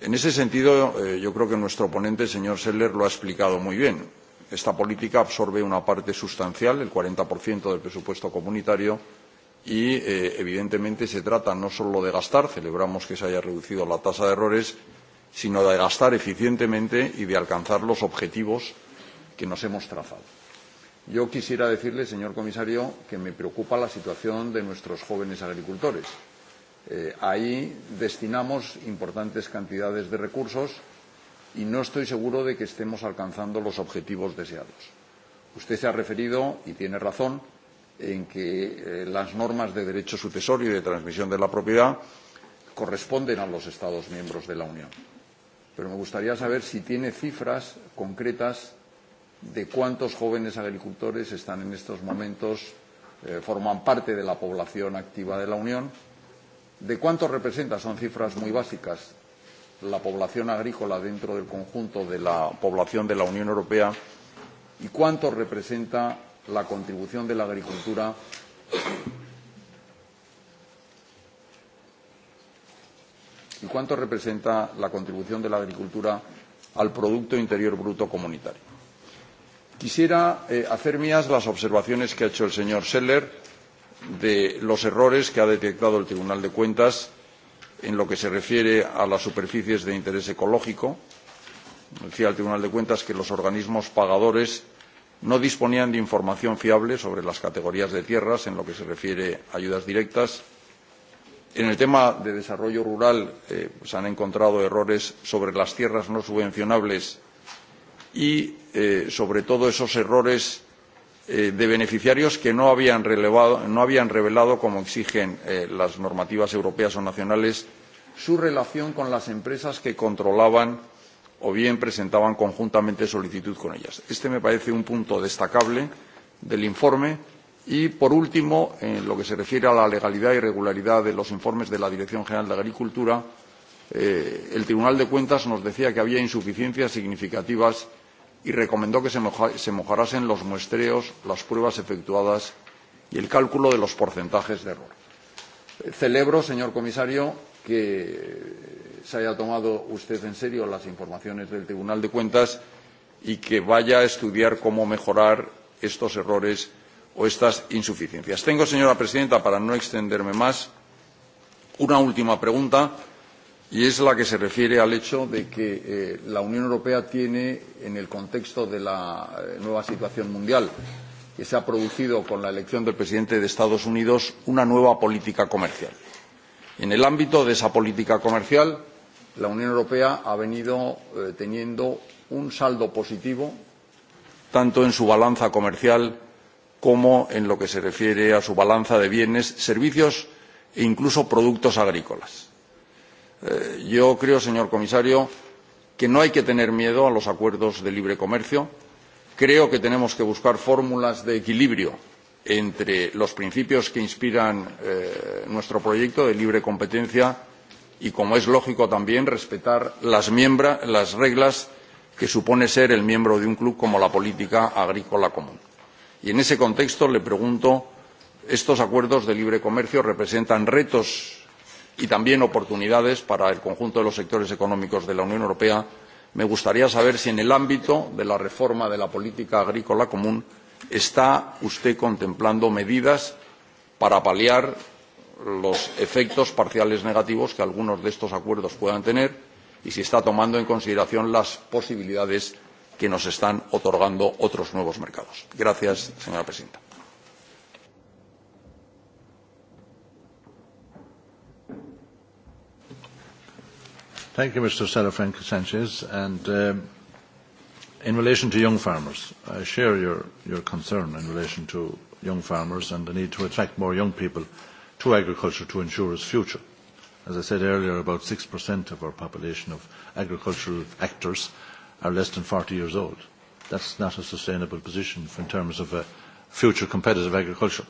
Speaker 12: En ese sentido, eh, yo creo que nuestro ponente, el señor Seller, lo ha explicado muy bien. Esta política absorbe una parte sustancial, el 40% del presupuesto comunitario, y eh, evidentemente se trata no solo de gastar, celebramos que se haya reducido la tasa de errores, sino de gastar eficientemente y de alcanzar los objetivos que nos hemos trazado. Yo quisiera decirle, señor comisario, que me preocupa la situación de nuestros jóvenes agricultores Eh, ahí destinamos importantes cantidades de recursos y no estoy seguro de que estemos alcanzando los objetivos deseados. Usted se ha referido, y tiene razón, en que eh, las normas de derecho sucesorio y de transmisión de la propiedad corresponden a los Estados miembros de la Unión. Pero me gustaría saber si tiene cifras concretas de cuántos jóvenes agricultores están en estos momentos, eh, forman parte de la población activa de la Unión de cuánto representa, son cifras muy básicas, la población agrícola dentro del conjunto de la población de la Unión Europea y cuánto representa la contribución de la agricultura y cuánto representa la contribución de la agricultura al Producto Interior Bruto Comunitario. Quisiera eh, hacer mías las observaciones que ha hecho el señor Seller de los errores que ha detectado el Tribunal de Cuentas en lo que se refiere a las superficies de interés ecológico. Decía el Tribunal de Cuentas que los organismos pagadores no disponían de información fiable sobre las categorías de tierras en lo que se refiere a ayudas directas. En el tema de desarrollo rural eh, se han encontrado errores sobre las tierras no subvencionables y, eh, sobre todo, esos errores Eh, de beneficiarios que no habían, relevado, no habían revelado, como exigen eh, las normativas europeas o nacionales, su relación con las empresas que controlaban o bien presentaban conjuntamente solicitud con ellas. Este me parece un punto destacable del informe. Y, por último, en lo que se refiere a la legalidad y regularidad de los informes de la Dirección General de Agricultura, eh, el Tribunal de Cuentas nos decía que había insuficiencias significativas y recomendó que se, mejorasen los muestreos, las pruebas efectuadas y el cálculo de los porcentajes de error. Celebro, señor comisario, que se haya tomado usted en serio las informaciones del Tribunal de Cuentas y que vaya a estudiar cómo mejorar estos errores o estas insuficiencias. Tengo, señora presidenta, para no extenderme más, una última pregunta y es la que se refiere al hecho de que eh, la Unión Europea tiene, en el contexto de la eh, nueva situación mundial que se ha producido con la elección del presidente de Estados Unidos, una nueva política comercial. En el ámbito de esa política comercial, la Unión Europea ha venido eh, teniendo un saldo positivo tanto en su balanza comercial como en lo que se refiere a su balanza de bienes, servicios e incluso productos agrícolas Eh, yo creo, señor comisario, que no hay que tener miedo a los acuerdos de libre comercio. Creo que tenemos que buscar fórmulas de equilibrio entre los principios que inspiran eh, nuestro proyecto de libre competencia y, como es lógico también, respetar las, miembra, las reglas que supone ser el miembro de un club como la política agrícola común. Y en ese contexto le pregunto, ¿estos acuerdos de libre comercio representan retos y también oportunidades para el conjunto de los sectores económicos de la Unión Europea, me gustaría saber si en el ámbito de la reforma de la política agrícola común está usted contemplando medidas para paliar los efectos parciales negativos que algunos de estos acuerdos puedan tener y si está tomando en consideración las posibilidades que nos están otorgando otros nuevos mercados. Gracias, señora presidenta.
Speaker 6: Thank you, Mr. Salafranca Sanchez. And um, in relation to young farmers, I share your, your concern in relation to young farmers and the need to attract more young people to agriculture to ensure its future. As I said earlier, about 6% of our population of agricultural actors are less than 40 years old. That's not a sustainable position in terms of a future competitive agriculture.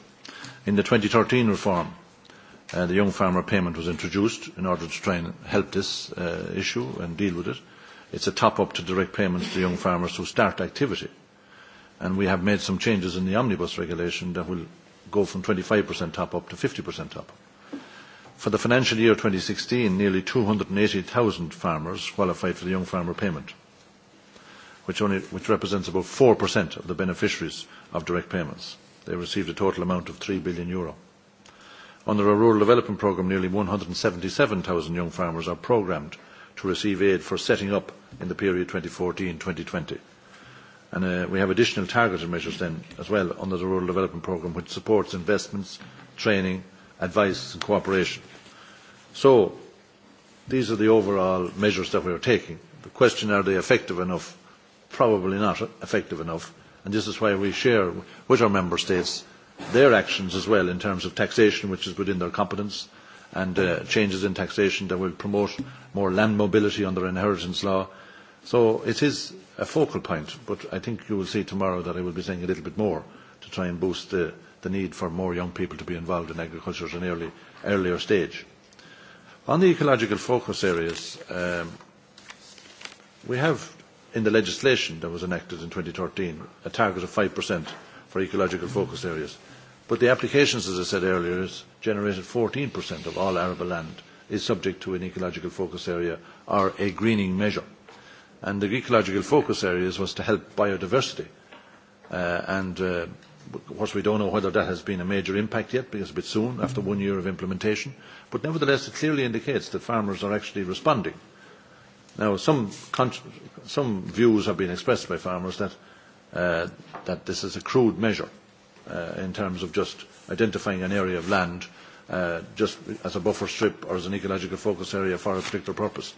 Speaker 6: In the 2013 reform, the Young Farmer Payment was introduced in order to try and help this uh, issue and deal with it. It's a top-up to direct payments to young farmers who start activity. And we have made some changes in the omnibus regulation that will go from 25% top-up to 50% top-up. For the financial year 2016, nearly 280,000 farmers qualified for the Young Farmer Payment, which, only, which represents about 4% of the beneficiaries of direct payments. They received a total amount of 3 billion euro. Under our rural development programme, nearly zero young farmers are programmed to receive aid for setting up in the period 2014-2020. And uh, we have additional targeted measures then as well under the Rural Development Programme which supports investments, training, advice and cooperation. So these are the overall measures that we are taking. The question are they effective enough? Probably not effective enough. And this is why we share with our member states their actions as well in terms of taxation, which is within their competence, and uh, changes in taxation that will promote more land mobility under inheritance law. So it is a focal point, but I think you will see tomorrow that I will be saying a little bit more to try and boost the, the need for more young people to be involved in agriculture at an early, earlier stage. On the ecological focus areas, um, we have in the legislation that was enacted in 2013 a target of 5% for ecological focus areas. But the applications, as I said earlier, is generated 14% of all arable land is subject to an ecological focus area or a greening measure. And the ecological focus areas was to help biodiversity. Uh, and uh, of course, we don't know whether that has been a major impact yet, because it's a bit soon, after one year of implementation. But nevertheless, it clearly indicates that farmers are actually responding. Now, some, some views have been expressed by farmers that, uh, that this is a crude measure uh, in terms of just identifying an area of land uh, just as a buffer strip or as an ecological focus area for a particular purpose.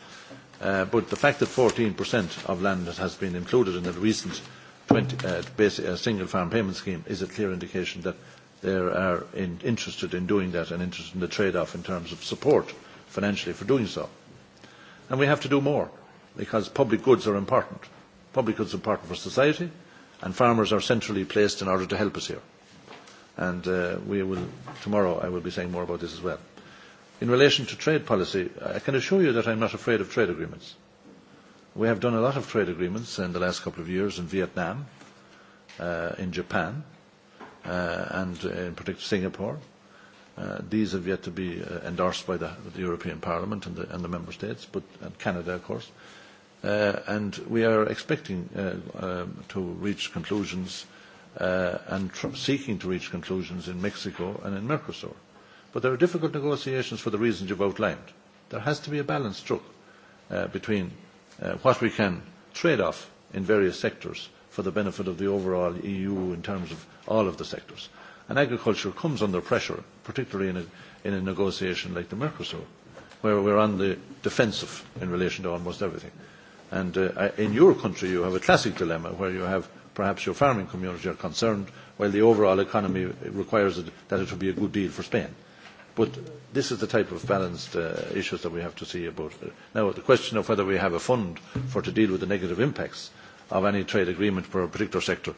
Speaker 6: Uh, but the fact that 14% of land that has been included in the recent 20, uh, basic, uh, single farm payment scheme is a clear indication that they are in, interested in doing that and interested in the trade-off in terms of support financially for doing so. And we have to do more because public goods are important. Public goods are important for society and farmers are centrally placed in order to help us here and uh, we will tomorrow I will be saying more about this as well. In relation to trade policy, I can assure you that I'm not afraid of trade agreements. We have done a lot of trade agreements in the last couple of years in Vietnam, uh, in Japan, uh, and in particular Singapore. Uh, these have yet to be uh, endorsed by the, the European Parliament and the, and the Member States, but and Canada, of course. Uh, and we are expecting uh, uh, to reach conclusions uh, Uh, and seeking to reach conclusions in Mexico and in Mercosur. But there are difficult negotiations for the reasons you've outlined. There has to be a balance struck uh, between uh, what we can trade off in various sectors for the benefit of the overall EU in terms of all of the sectors. And agriculture comes under pressure, particularly in a, in a negotiation like the Mercosur, where we're on the defensive in relation to almost everything. And uh, in your country, you have a classic dilemma where you have perhaps your farming community are concerned, while the overall economy requires it, that it would be a good deal for Spain. But this is the type of balanced uh, issues that we have to see about. Now, the question of whether we have a fund for to deal with the negative impacts of any trade agreement for a particular sector,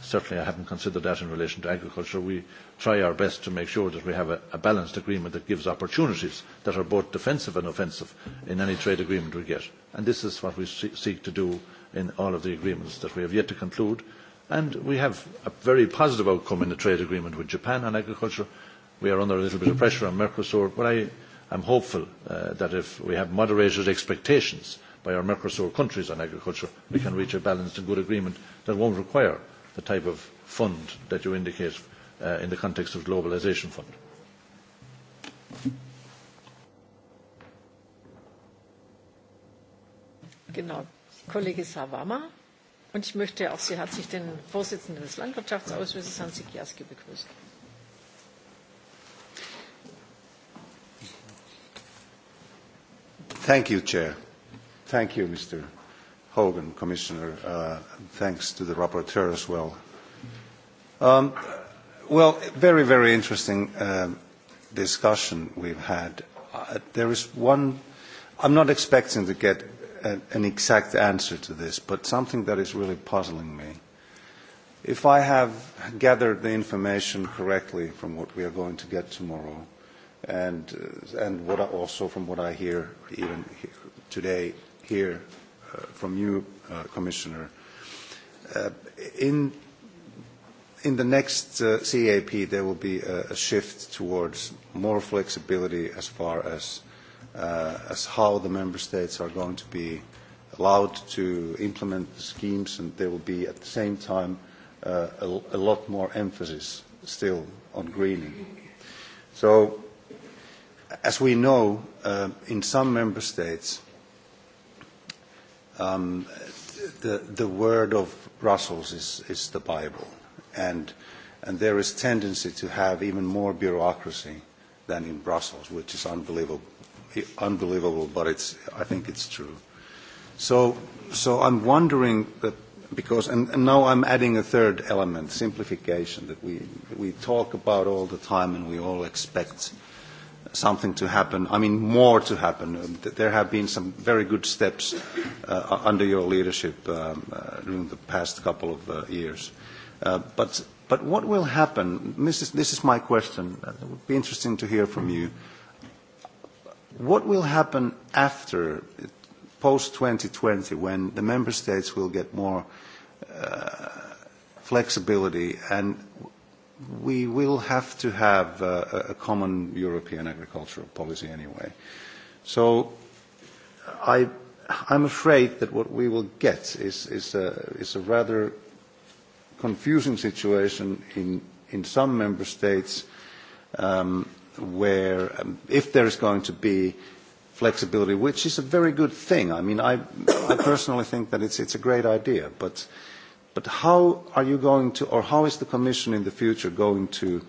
Speaker 6: certainly I haven't considered that in relation to agriculture. We try our best to make sure that we have a, a balanced agreement that gives opportunities that are both defensive and offensive in any trade agreement we get. And this is what we see, seek to do in all of the agreements that we have yet to conclude. And we have a very positive outcome in the trade agreement with Japan on agriculture. We are under a little bit of pressure on Mercosur, but I am hopeful uh, that if we have moderated expectations by our Mercosur countries on agriculture, we can reach a balanced and good agreement that won't require the type of fund that you indicate uh, in the context of globalisation fund.
Speaker 1: Genau. Kollege Savama, Und ich möchte auch sehr herzlich den Vorsitzenden des Landwirtschaftsausschusses, Herrn Sikiaski,
Speaker 13: begrüßen.
Speaker 4: Thank you, Chair. Thank you, Mr. Hogan, Commissioner. Uh, thanks to the rapporteur as well. Um, well, very, very interesting um, discussion we've had. Uh, there is one, I'm not expecting to get an exact answer to this, but something that is really puzzling me. If I have gathered the information correctly from what we are going to get tomorrow, and, uh, and what I, also from what I hear even here, today here uh, from you, uh, Commissioner, uh, in in the next uh, CAP, there will be a, a shift towards more flexibility as far as uh, as how the member states are going to be allowed to implement the schemes and there will be at the same time uh, a, a lot more emphasis still on greening. So as we know, uh, in some member states, um, the, the word of Brussels is, is the Bible. And, and there is tendency to have even more bureaucracy than in Brussels, which is unbelievable unbelievable, but it's, I think it's true. So, so I'm wondering that because, and, and now I'm adding a third element, simplification, that we, we talk about all the time and we all expect something to happen, I mean more to happen. Um, there have been some very good steps uh, under your leadership um, uh, during the past couple of uh, years. Uh, but, but what will happen? This is, this is my question. It uh, would be interesting to hear from you. Mm-hmm What will happen after, post-2020, when the member states will get more uh, flexibility and we will have to have a, uh, a common European agricultural policy anyway. So I, I'm afraid that what we will get is, is, a, is a rather confusing situation in, in some member states um, where um, if there is going to be flexibility, which is a very good thing. I mean, I, I personally think that it's, it's a great idea, but, but how are you going to, or how is the Commission in the future going to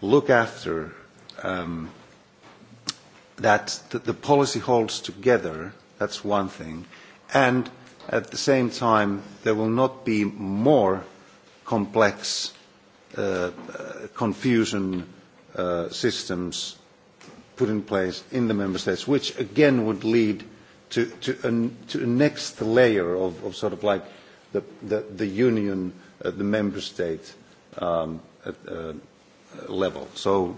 Speaker 4: look after um, that the, the policy holds together? That's one thing. And at the same time, there will not be more complex uh, uh confusion Uh, systems put in place in the member states, which again would lead to, to, an, to a next layer of, of sort of like the, the, the union, uh, the member state um, at, uh, level. So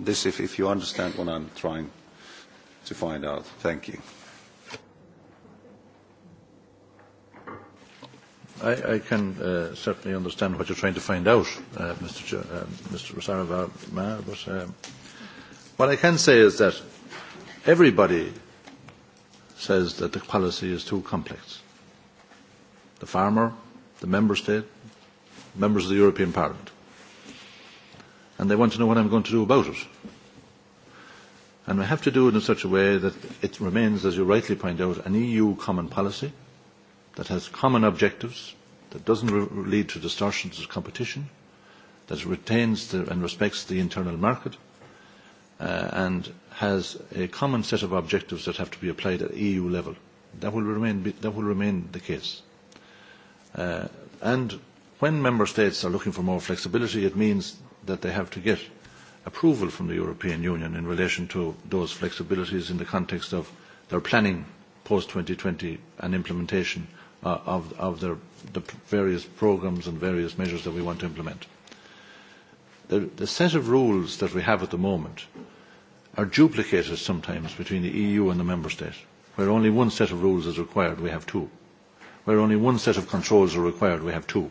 Speaker 4: this, if, if you understand what I'm trying to find out. Thank you.
Speaker 6: I, can uh, certainly understand what you're trying to find out, uh, Mr. Ch- uh, Mr. but um, what I can say is that everybody says that the policy is too complex. The farmer, the member state, members of the European Parliament. And they want to know what I'm going to do about it. And we have to do it in such a way that it remains, as you rightly point out, an EU common policy – that has common objectives, that doesn't re- lead to distortions of competition, that retains the, and respects the internal market, uh, and has a common set of objectives that have to be applied at EU level. That will remain, be, that will remain the case. Uh, and when member states are looking for more flexibility, it means that they have to get approval from the European Union in relation to those flexibilities in the context of their planning post-2020 and implementation Uh, of, the, various programs and various measures that we want to implement. The, set of rules that we have at the moment are duplicated sometimes between the EU and the member state. Where only one set of rules is required, we have two. Where only one set of controls are required, we have two.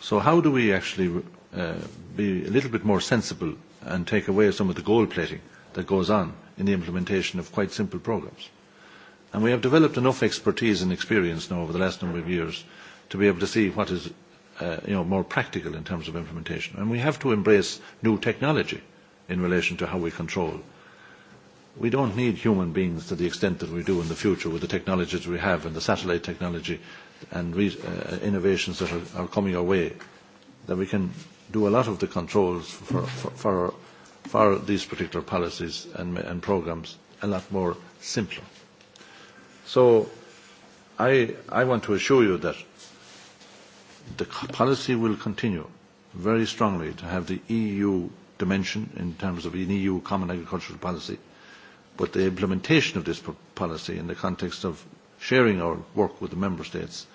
Speaker 6: So how do we actually uh, be a little bit more sensible and take away some of the gold plating that goes on in the implementation of quite simple programs? And we have developed enough expertise and experience now over the last number of years to be able to see what is uh, more practical in terms of implementation. And we have to embrace new technology in relation to how we control. We don't need human beings to the extent that we do in the future with the technologies we have and the satellite technology and re- uh, innovations that are, are coming our way, that we can do a lot of the controls for, for, for, for these particular policies and, and programs a lot more simpler. So I, I want to assure you that the policy will continue very strongly to have the EU dimension in terms of an EU common agricultural policy, but the implementation of this policy in the context of sharing our work with the member states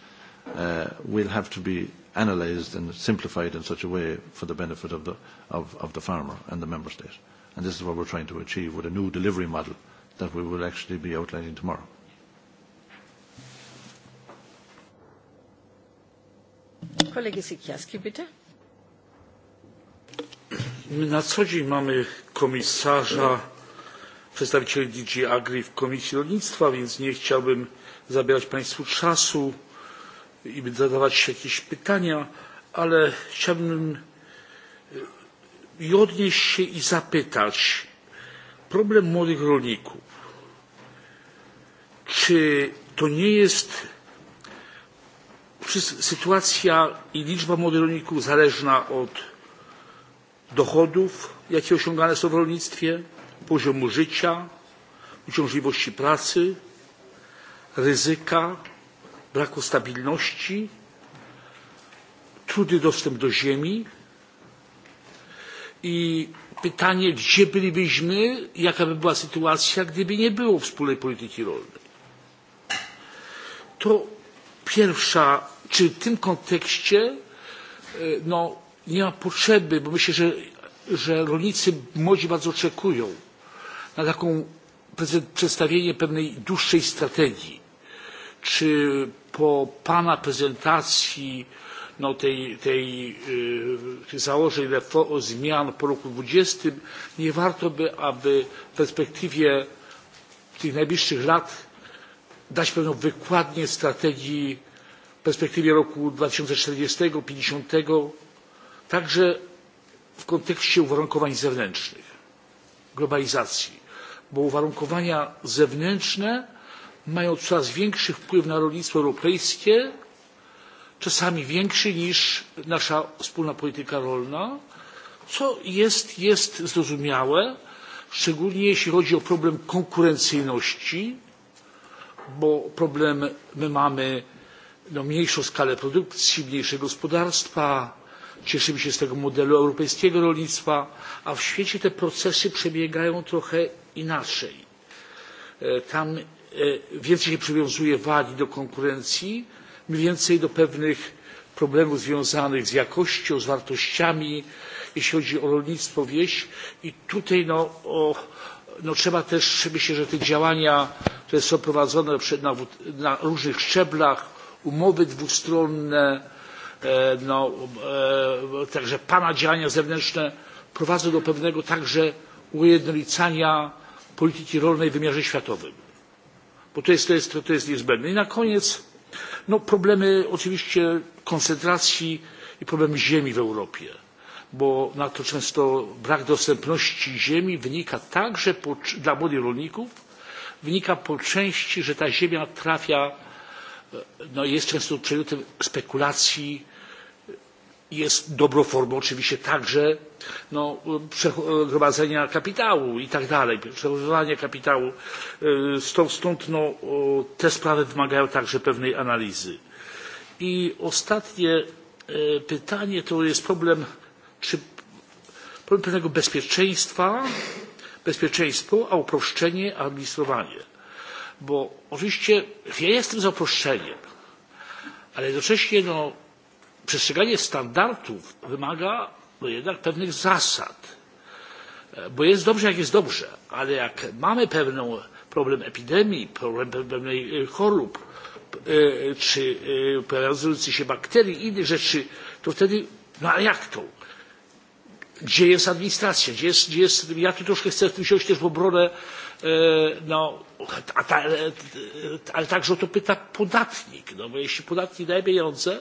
Speaker 6: uh, will have to be analysed and simplified in such a way for the benefit of the, of, of the farmer and the member state. And this is what we're trying to achieve with a new delivery model that we will actually be outlining tomorrow.
Speaker 14: Na co dzień mamy komisarza, przedstawicieli DG Agri w Komisji Rolnictwa, więc nie chciałbym zabierać Państwu czasu i zadawać jakieś pytania, ale chciałbym i odnieść się i zapytać problem młodych rolników. Czy to nie jest sytuacja i liczba młodych rolników zależna od dochodów jakie osiągane są w rolnictwie poziomu życia uciążliwości pracy ryzyka braku stabilności trudny dostęp do ziemi i pytanie gdzie bylibyśmy jaka by była sytuacja gdyby nie było wspólnej polityki rolnej. to pierwsza czy w tym kontekście e, no, nie ma potrzeby, bo myślę, że, że rolnicy młodzi bardzo oczekują na taką przedstawienie pewnej dłuższej strategii. Czy po Pana prezentacji no, tej, tej e, yy, założeń zmian po roku 2020 nie warto by, aby w perspektywie tych najbliższych lat dać pewną wykładnię strategii perspektywie roku dwa tysiące czterdzieści dwa tysiące pięćdziesiąt także w kontekście uwarunkowań zewnętrznych globalizacji bo uwarunkowania zewnętrzne mają coraz większy wpływ na rolnictwo europejskie czasami większy niż nasza wspólna polityka rolna co jest, jest zrozumiałe szczególnie jeśli chodzi o problem konkurencyjności bo problem my mamy no, mniejszą skalę produkcji, mniejsze gospodarstwa. Cieszymy się z tego modelu europejskiego rolnictwa, a w świecie te procesy przebiegają trochę inaczej. E, tam e, więcej się przywiązuje wagi do konkurencji, mniej więcej do pewnych problemów związanych z jakością, z wartościami, jeśli chodzi o rolnictwo, wieś. I tutaj no, o, no, trzeba też, myślę, że te działania, które są prowadzone na, na różnych szczeblach, umowy dwustronne, e, no, e, także pana działania zewnętrzne prowadzą do pewnego także ujednolicania polityki rolnej w wymiarze światowym. Bo to jest, to jest, to jest niezbędne. I na koniec no, problemy oczywiście koncentracji i problemy ziemi w Europie bo na to często brak dostępności ziemi wynika także po, dla młodych rolników wynika po części, że ta ziemia trafia no jest często przedmiotem spekulacji, jest dobrą formą oczywiście także no, gromadzenia kapitału i tak dalej, przechowywania kapitału. Stąd, stąd no, te sprawy wymagają także pewnej analizy. I ostatnie pytanie to jest problem, czy problem pewnego bezpieczeństwa, bezpieczeństwo, a uproszczenie, administrowanie Bo oczywiście ja jestem za uproszczeniem, ale jednocześnie no, przestrzeganie standardów wymaga no, jednak pewnych zasad. Bo jest dobrze, jak jest dobrze, ale jak mamy pewną problem epidemii, problem pewnej e, chorób, e, czy e, pojawiających się bakterii i innych rzeczy, to wtedy, no a jak to? Gdzie jest administracja? Gdzie jest, gdzie jest, ja tu troszkę chcę w tym wziąć też w obronę no, a ale także o to pyta podatnik, no bo jeśli podatnik daje pieniądze,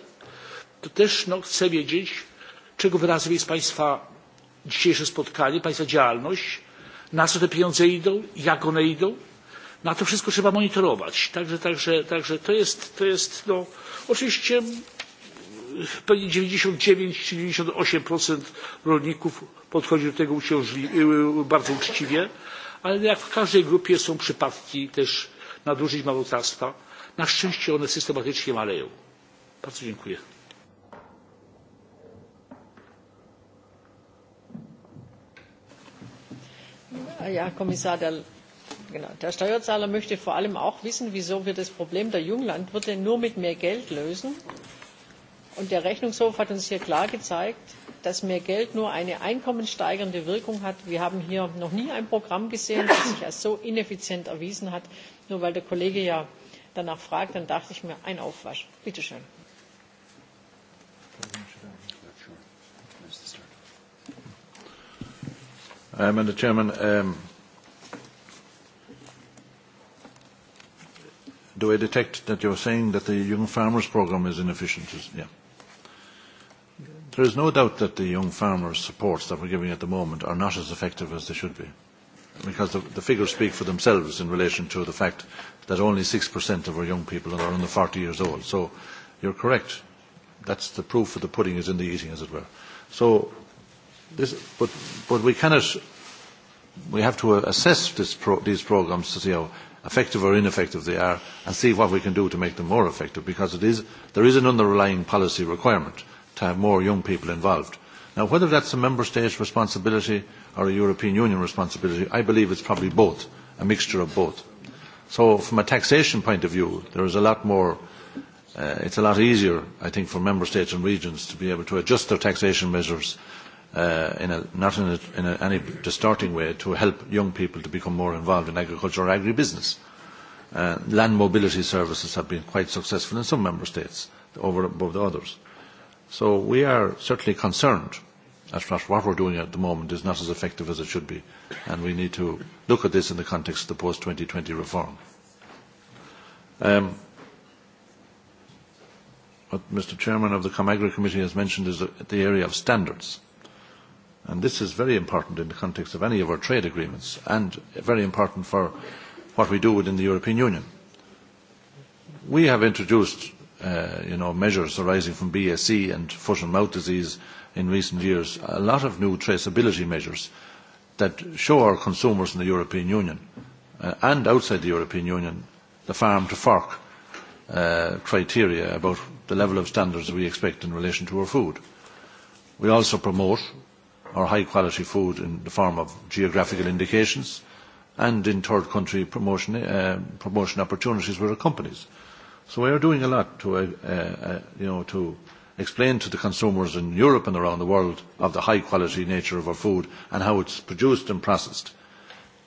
Speaker 14: to też no, chcę wiedzieć, czego wyrazem jest Państwa dzisiejsze spotkanie, Państwa działalność, na co te pieniądze idą, jak one idą. Na to wszystko trzeba monitorować. Także, także, także to jest, to jest no, oczywiście pewnie 99 czy 98% rolników podchodzi do tego bardzo uczciwie ale jak w każdej grupie są przypadki też nadużyć marnotrawstwa. Na szczęście one systematycznie maleją. Bardzo dziękuję.
Speaker 1: Herr Kommissar, der, genau, der Steuerzahler möchte vor allem auch wissen, wieso wir das Problem der Junglandwirte nur mit mehr Geld lösen. Und der Rechnungshof hat uns hier klar gezeigt, dass mehr Geld nur eine einkommenssteigernde Wirkung hat. Wir haben hier noch nie ein Programm gesehen, das sich als so ineffizient erwiesen hat. Nur weil der Kollege ja danach fragt, dann dachte ich mir, ein Aufwasch. Bitte
Speaker 15: schön.
Speaker 6: Uh, um, do I detect that you're saying that the young farmers program is inefficient? yeah. There is no doubt that the young farmers' supports that we're giving at the moment are not as effective as they should be, because the, the figures speak for themselves in relation to the fact that only 6% of our young people are under 40 years old. So you're correct. That's the proof of the pudding is in the eating, as it were. So this, but, but we cannot, we have to assess this pro, these programmes to see how effective or ineffective they are and see what we can do to make them more effective because it is, there is an underlying policy requirement to have more young people involved. Now, whether that's a member state responsibility or a European Union responsibility, I believe it's probably both, a mixture of both. So from a taxation point of view, there is a lot more, uh, it's a lot easier, I think, for member states and regions to be able to adjust their taxation measures uh, in a, not in, a, in a, any distorting way to help young people to become more involved in agriculture or agribusiness. Uh, land mobility services have been quite successful in some member states over above the others. So we are certainly concerned as as what we're doing at the moment is not as effective as it should be, and we need to look at this in the context of the post-2020 reform. Um, what Mr. Chairman of the Comagri Committee has mentioned is the area of standards. And this is very important in the context of any of our trade agreements and very important for what we do within the European Union. We have introduced Uh, you know, measures arising from BSE and foot and mouth disease in recent years, a lot of new traceability measures that show our consumers in the European Union uh, and outside the European Union the farm to fork uh, criteria about the level of standards we expect in relation to our food. We also promote our high quality food in the form of geographical indications and in third country promotion, uh, promotion opportunities with our companies. Uh, So we are doing a lot to, uh, uh, you know, to explain to the consumers in Europe and around the world of the high quality nature of our food and how it's produced and processed.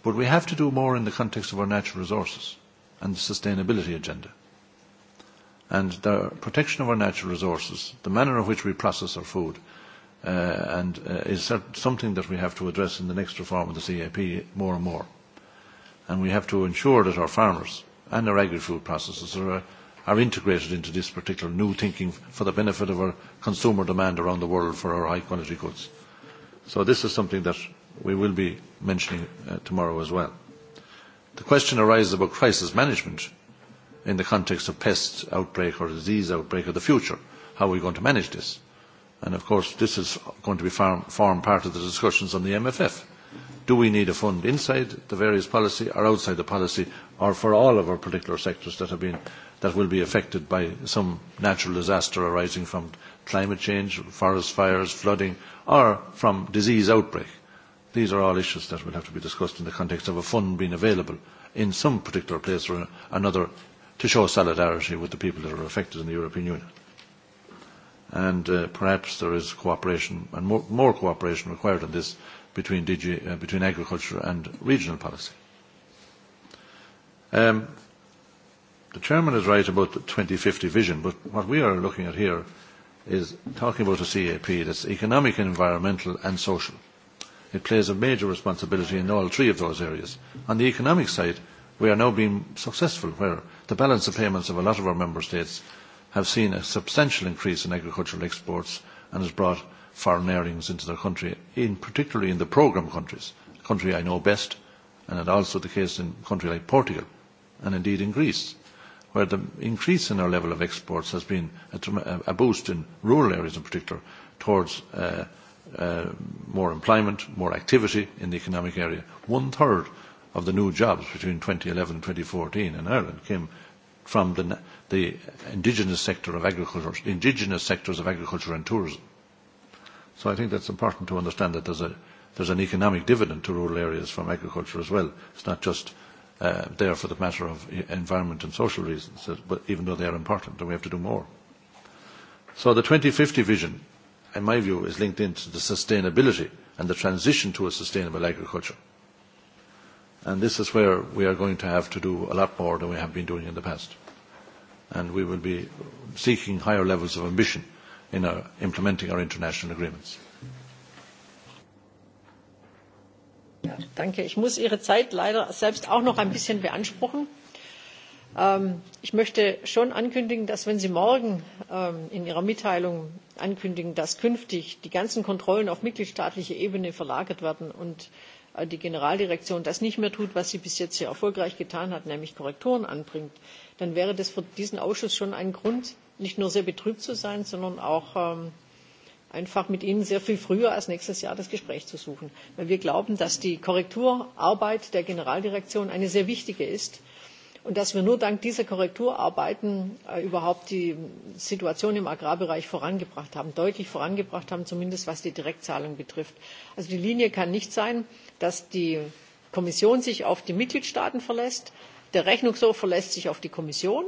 Speaker 6: But we have to do more in the context of our natural resources and the sustainability agenda. And the protection of our natural resources, the manner in which we process our food, uh, and uh, is something that we have to address in the next reform of the CAP more and more. And we have to ensure that our farmers and our agri-food processors are are integrated into this particular new thinking for the benefit of our consumer demand around the world for our high quality goods. So this is something that we will be mentioning uh, tomorrow as well. The question arises about crisis management in the context of pest outbreak or disease outbreak of the future. How are we going to manage this? And of course, this is going to be form, form part of the discussions on the MFF. Do we need a fund inside the various policy or outside the policy or for all of our particular sectors that have been uh, that will be affected by some natural disaster arising from climate change, forest fires, flooding, or from disease outbreak. These are all issues that will have to be discussed in the context of a fund being available in some particular place or another to show solidarity with the people that are affected in the European Union. And uh, perhaps there is cooperation and more, more cooperation required on this between, DG, uh, between agriculture and regional policy. Um, The chairman is right about the 2050 vision, but what we are looking at here is talking about a CAP that's economic, environmental and social. It plays a major responsibility in all three of those areas. On the economic side, we are now being successful where the balance of payments of a lot of our member states have seen a substantial increase in agricultural exports and has brought foreign earnings into their country, in particularly in the programme countries, a country I know best, and also the case in a country like Portugal, and indeed in Greece where the increase in our level of exports has been a, boost in rural areas in particular towards uh, uh, more employment, more activity in the economic area. One third of the new jobs between 2011 and 2014 in Ireland came from the, the indigenous sector of agriculture, indigenous sectors of agriculture and tourism. So I think that's important to understand that there's a there's an economic dividend to rural areas from agriculture as well. It's not just Uh, they there for the matter of environment and social reasons, uh, but even though they are important and we have to do more. So the 2050 vision, in my view, is linked into the sustainability and the transition to a sustainable agriculture. And this is where we are going to have to do a lot more than we have been doing in the past. And we will be seeking higher levels of ambition in our, implementing our international agreements.
Speaker 1: Danke. Ich muss Ihre Zeit leider selbst auch noch ein bisschen beanspruchen. Ähm, ich möchte schon ankündigen, dass wenn Sie morgen ähm, in Ihrer Mitteilung ankündigen, dass künftig die ganzen Kontrollen auf mitgliedstaatliche Ebene verlagert werden und äh, die Generaldirektion das nicht mehr tut, was sie bis jetzt sehr erfolgreich getan hat, nämlich Korrekturen anbringt, dann wäre das für diesen Ausschuss schon ein Grund, nicht nur sehr betrübt zu sein, sondern auch ähm, einfach mit Ihnen sehr viel früher als nächstes Jahr das Gespräch zu suchen. Weil wir glauben, dass die Korrekturarbeit der Generaldirektion eine sehr wichtige ist und dass wir nur dank dieser Korrekturarbeiten äh, überhaupt die Situation im Agrarbereich vorangebracht haben, deutlich vorangebracht haben, zumindest was die Direktzahlung betrifft. Also die Linie kann nicht sein, dass die Kommission sich auf die Mitgliedstaaten verlässt, der Rechnungshof verlässt sich auf die Kommission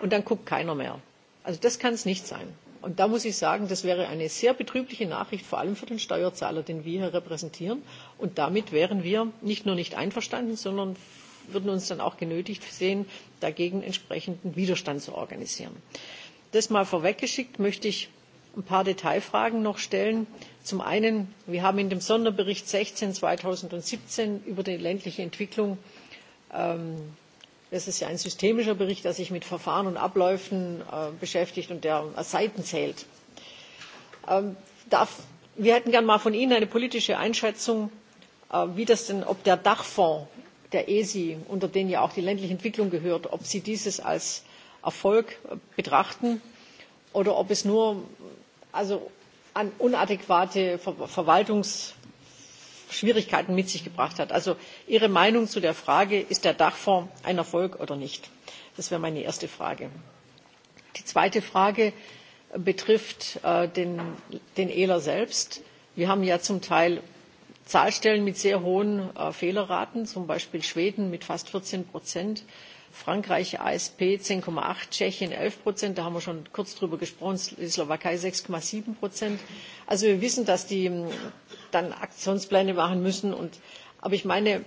Speaker 1: und dann guckt keiner mehr. Also das kann es nicht sein. Und da muss ich sagen, das wäre eine sehr betrübliche Nachricht, vor allem für den Steuerzahler, den wir hier repräsentieren. Und damit wären wir nicht nur nicht einverstanden, sondern würden uns dann auch genötigt sehen, dagegen entsprechenden Widerstand zu organisieren. Das mal vorweggeschickt möchte ich ein paar Detailfragen noch stellen. Zum einen, wir haben in dem Sonderbericht 16 2017 über die ländliche Entwicklung ähm, Das ist ja ein systemischer Bericht, der sich mit Verfahren und Abläufen äh, beschäftigt und der Seiten zählt. Ähm, wir hätten gerne mal von Ihnen eine politische Einschätzung, äh, wie das denn, ob der Dachfonds der ESI, unter den ja auch die ländliche Entwicklung gehört, ob Sie dieses als Erfolg äh, betrachten oder ob es nur also an unadäquate Ver Verwaltungs Schwierigkeiten mit sich gebracht hat. Also Ihre Meinung zu der Frage, ist der Dachfonds ein Erfolg oder nicht? Das wäre meine erste Frage. Die zweite Frage äh, betrifft äh, den, den ELA selbst. Wir haben ja zum Teil Zahlstellen mit sehr hohen äh, Fehlerraten, zum Beispiel Schweden mit fast 14 Prozent, Frankreich ASP 10,8, Tschechien 11 Prozent, da haben wir schon kurz drüber gesprochen, die Slowakei 6,7 Prozent. Also wir wissen, dass die dann Aktionspläne machen müssen. aber ich meine,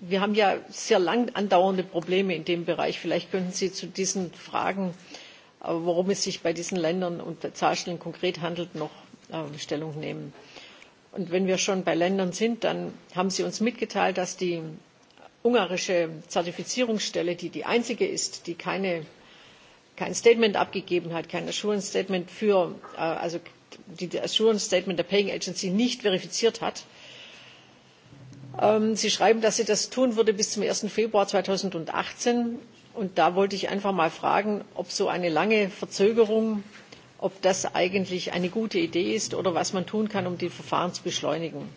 Speaker 1: wir haben ja sehr lang andauernde Probleme in dem Bereich. Vielleicht könnten Sie zu diesen Fragen, äh, worum es sich bei diesen Ländern und Zahlstellen konkret handelt, noch äh, Stellung nehmen. Und wenn wir schon bei Ländern sind, dann haben Sie uns mitgeteilt, dass die ungarische Zertifizierungsstelle, die die einzige ist, die keine, kein Statement abgegeben hat, kein Assurance Statement für, äh, also die, die Assurance Statement der Paying Agency nicht verifiziert hat. Ähm, sie schreiben, dass Sie das tun würde bis zum 1. Februar 2018. Und da wollte ich einfach mal fragen, ob so eine lange Verzögerung, ob das eigentlich eine gute Idee ist oder was man tun kann, um die Verfahren zu beschleunigen.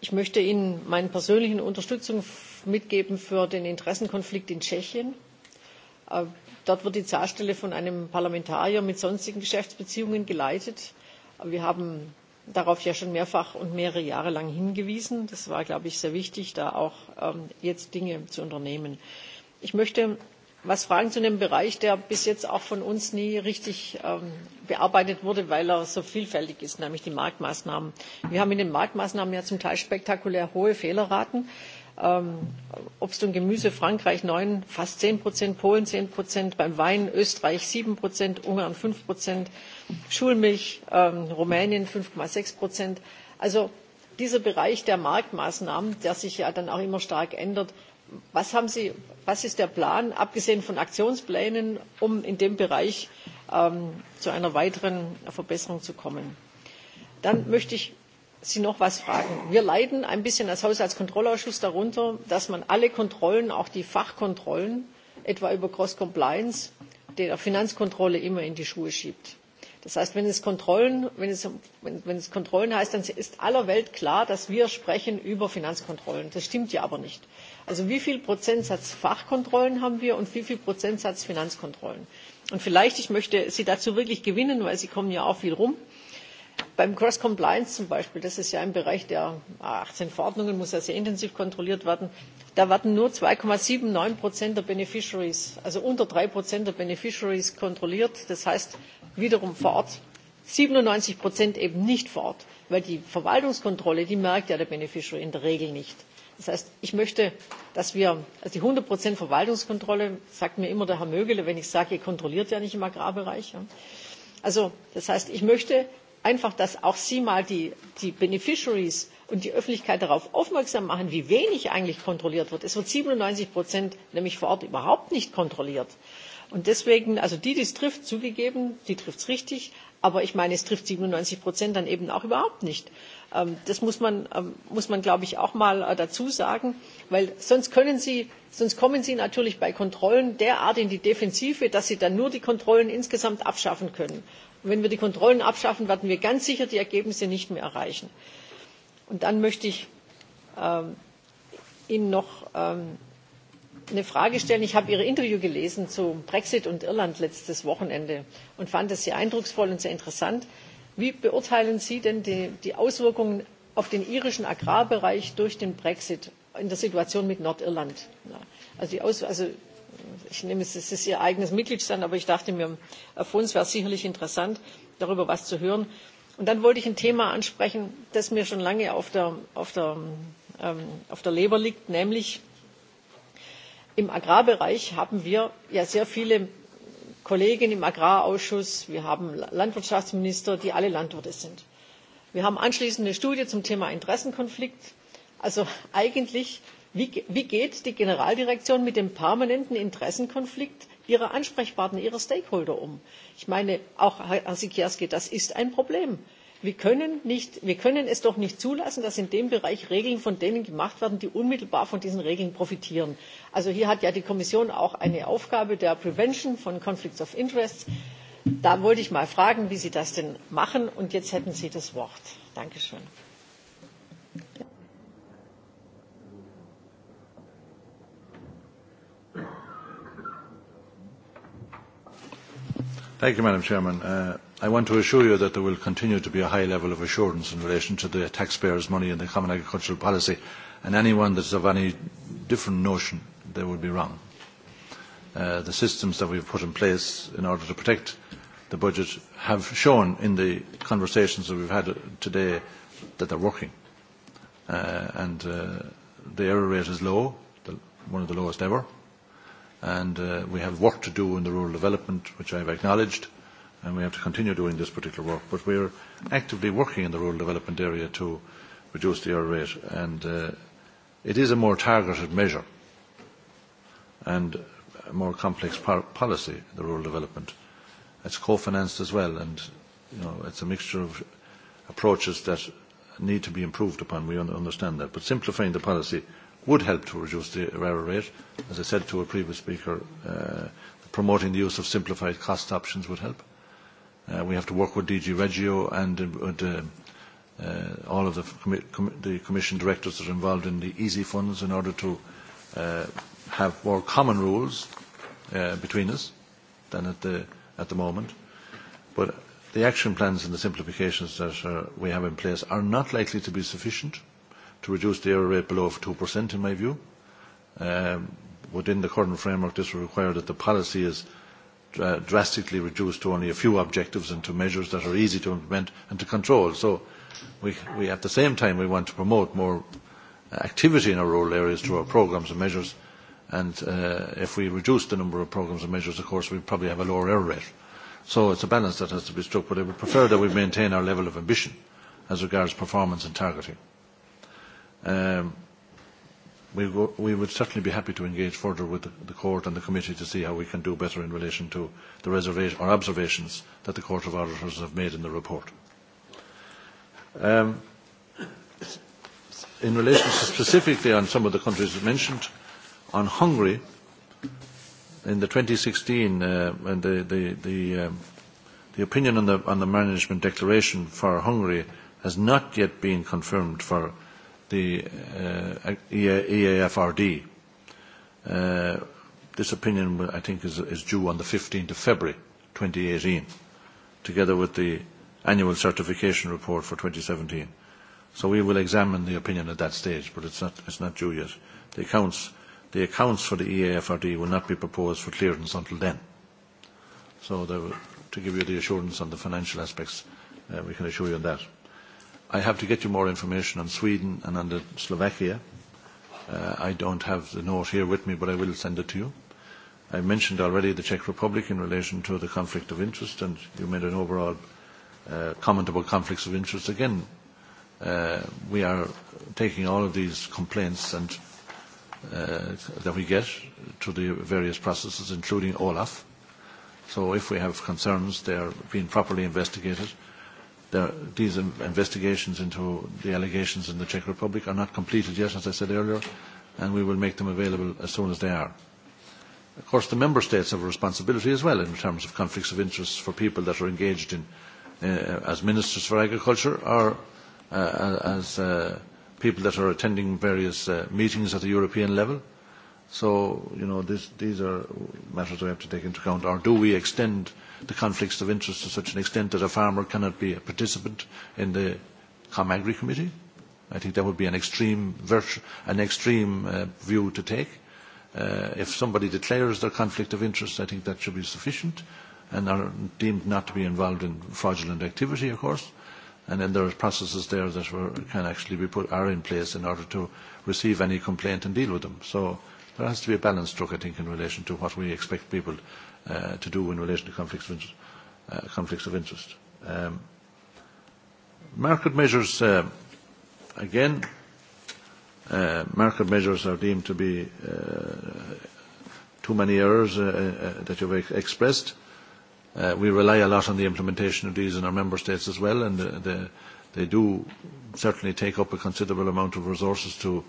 Speaker 1: Ich möchte Ihnen meine persönliche Unterstützung mitgeben für den Interessenkonflikt in Tschechien. Äh, Dort wird die Zahlstelle von einem Parlamentarier mit sonstigen Geschäftsbeziehungen geleitet. Wir haben darauf ja schon mehrfach und mehrere Jahre lang hingewiesen. Das war, glaube ich, sehr wichtig, da auch ähm, jetzt Dinge zu unternehmen. Ich möchte etwas fragen zu einem Bereich, der bis jetzt auch von uns nie richtig ähm, bearbeitet wurde, weil er so vielfältig ist, nämlich die Marktmaßnahmen. Wir haben in den Marktmaßnahmen ja zum Teil spektakulär hohe Fehlerraten ähm, Obst und Gemüse Frankreich 9, fast 10 Prozent, Polen 10 Prozent, beim Wein Österreich 7 Prozent, Ungarn 5 Prozent, Schulmilch ähm, Rumänien 5,6 Prozent. Also dieser Bereich der Marktmaßnahmen, der sich ja dann auch immer stark ändert, was, haben Sie, was ist der Plan, abgesehen von Aktionsplänen, um in dem Bereich ähm, zu einer weiteren Verbesserung zu kommen? Dann möchte ich Sie noch etwas fragen. Wir leiden ein bisschen als Haushaltskontrollausschuss darunter, dass man alle Kontrollen, auch die Fachkontrollen, etwa über Cross Compliance, der Finanzkontrolle immer in die Schuhe schiebt. Das heißt, wenn es Kontrollen, wenn es, Kontrollen heißt, dann ist aller Welt klar, dass wir sprechen über Finanzkontrollen. Das stimmt ja aber nicht. Also wie viel Prozentsatz Fachkontrollen haben wir und wie viel Prozentsatz Finanzkontrollen? Und vielleicht, ich möchte Sie dazu wirklich gewinnen, denn Sie kommen ja auch viel beim Cross Compliance zum Beispiel, das ist ja ein Bereich der 18 Verordnungen, muss ja sehr intensiv kontrolliert werden. Da werden nur 2,79 Prozent der Beneficiaries, also unter drei Prozent der Beneficiaries kontrolliert. Das heißt wiederum vor Ort 97 Prozent eben nicht vor Ort, weil die Verwaltungskontrolle, die merkt ja der Beneficiary in der Regel nicht. Das heißt, ich möchte, dass wir, also die 100 Prozent Verwaltungskontrolle, sagt mir immer der Herr Mögele, wenn ich sage, ihr kontrolliert ja nicht im Agrarbereich. Also das heißt, ich möchte, einfach, dass auch Sie mal die, die Beneficiaries und die Öffentlichkeit darauf aufmerksam machen, wie wenig eigentlich kontrolliert wird. Es wird 97 Prozent nämlich vor Ort überhaupt nicht kontrolliert. Und deswegen, also die, die es trifft, zugegeben, die trifft es richtig, aber ich meine, es trifft 97 Prozent dann eben auch überhaupt nicht. Ähm, das muss man, ähm, muss man, glaube ich, auch mal äh, dazu sagen, weil sonst, können Sie, sonst kommen Sie natürlich bei Kontrollen derart in die Defensive, dass Sie dann nur die Kontrollen insgesamt abschaffen können. Und wenn wir die Kontrollen abschaffen, werden wir ganz sicher die Ergebnisse nicht mehr erreichen. Und dann möchte ich ähm, Ihnen noch ähm, eine Frage stellen. Ich habe Ihr Interview gelesen zum Brexit und Irland letztes Wochenende und fand es sehr eindrucksvoll und sehr interessant. Wie beurteilen Sie denn die, die Auswirkungen auf den irischen Agrarbereich durch den Brexit in der Situation mit Nordirland? Also, die Aus also ich nehme es, es ist Ihr eigenes mitgliedstaat aber ich dachte mir, für uns wäre es sicherlich interessant, darüber etwas zu hören. Und dann wollte ich ein Thema ansprechen, das mir schon lange auf der, auf der, ähm, auf der Leber liegt, nämlich im Agrarbereich haben wir ja sehr viele Kollegen im Agrarausschuss, wir haben Landwirtschaftsminister, die alle Landwirte sind. Wir haben anschließend eine Studie zum Thema Interessenkonflikt. Also eigentlich Wie, geht die Generaldirektion mit dem permanenten Interessenkonflikt ihrer Ansprechpartner, ihrer Stakeholder um? Ich meine, auch Herr siekierski das ist ein Problem. Wir können, es doch nicht zulassen, dass in dem Bereich Regeln von denen gemacht werden, die unmittelbar von diesen Regeln profitieren. Also hier hat ja die Kommission auch eine Aufgabe der Prevention von Conflicts of interest. Da wollte ich mal fragen, wie Sie das denn machen. Und jetzt hätten Sie das Wort. danke schön.
Speaker 6: Madam president uh, I want to assure you that there will continue to be a high level of assurance in relation to the taxpayers' money in the Common Agricultural Policy, and anyone that is of any different notion, would be wrong. Uh, the systems that we have put in place in order to protect the budget have shown in the conversations that we have had today that they are working. Uh, and the error rate is low, one of the lowest ever and uh, we have work to do in the rural development, which I have acknowledged, and we have to continue doing this particular work. But we are actively working in the rural development area to reduce the error rate, and uh, it is a more targeted measure and a more complex policy, the rural development. It's co-financed as well, and you know, it's a mixture of approaches that need to be improved upon. We understand that. But simplifying the policy would help to reduce the error rate. As I said to a previous speaker, uh, promoting the use of simplified cost options would help. Uh, we have to work with DG Regio and uh, uh, all of the, com com the Commission directors that are involved in the easy funds in order to uh, have more common rules uh, between us than at the, at the moment. But the action plans and the simplifications that are, we have in place are not likely to be sufficient. Uh, to reduce the error rate below 2%, in my view. Um, within the current framework, this will require that the policy is drastically reduced to only a few objectives and to measures that are easy to implement and to control. So we, we at the same time, we want to promote more activity in our rural areas through our programmes and measures. And uh, if we reduce the number of programmes and measures, of course, we probably have a lower error rate. So it's a balance that has to be struck, but I would prefer that we maintain our level of ambition as regards performance and targeting. Um, we, go, we would certainly be happy to engage further with the, the court and the committee to see how we can do better in relation to the reservation or observations that the Court of Auditors have made in the report. Um, in relation to specifically on some of the countries mentioned, on Hungary, in the 2016, uh, and the, the, the, um, the opinion on the, on the management declaration for Hungary has not yet been confirmed for the uh, EAFRD. Uh, this opinion, I think, is, is due on the 15th of February 2018, together with the annual certification report for 2017. So we will examine the opinion at that stage, but it's not, it's not due yet. The accounts, the accounts for the EAFRD will not be proposed for clearance until then. So there, to give you the assurance on the financial aspects, uh, we can assure you on that. I have to get you more information on Sweden and on Slovakia. Uh, I don't have the note here with me, but I will send it to you. I mentioned already the Czech Republic in relation to the conflict of interest, and you made an overall uh, comment about conflicts of interest. Again, uh, we are taking all of these complaints and uh, that we get to the various processes, including OLAF. So if we have concerns, they are being properly investigated There, these investigations into the allegations in the Czech Republic are not completed yet, as I said earlier, and we will make them available as soon as they are. Of course, the member states have a responsibility as well in terms of conflicts of interest for people that are engaged in uh, as ministers for agriculture or uh, as uh, people that are attending various uh, meetings at the European level. So, you know, this, these are matters we have to take into account. Or do we extend uh, the conflicts of interest to such an extent that a farmer cannot be a participant in the ComAgri committee. I think that would be an extreme, an extreme uh, view to take. Uh, if somebody declares their conflict of interest, I think that should be sufficient and are deemed not to be involved in fraudulent activity, of course. And then there are processes there that were, can actually be put, are in place in order to receive any complaint and deal with them. So there has to be a balance struck, I think, in relation to what we expect people uh, to do in relation to conflicts of interest. Uh, conflicts of interest. Um, market measures, uh, again, uh, market measures are deemed to be uh, too many errors uh, uh, that you've expressed. Uh, we rely a lot on the implementation of these in our member states as well, and the, uh, the, they do certainly take up a considerable amount of resources to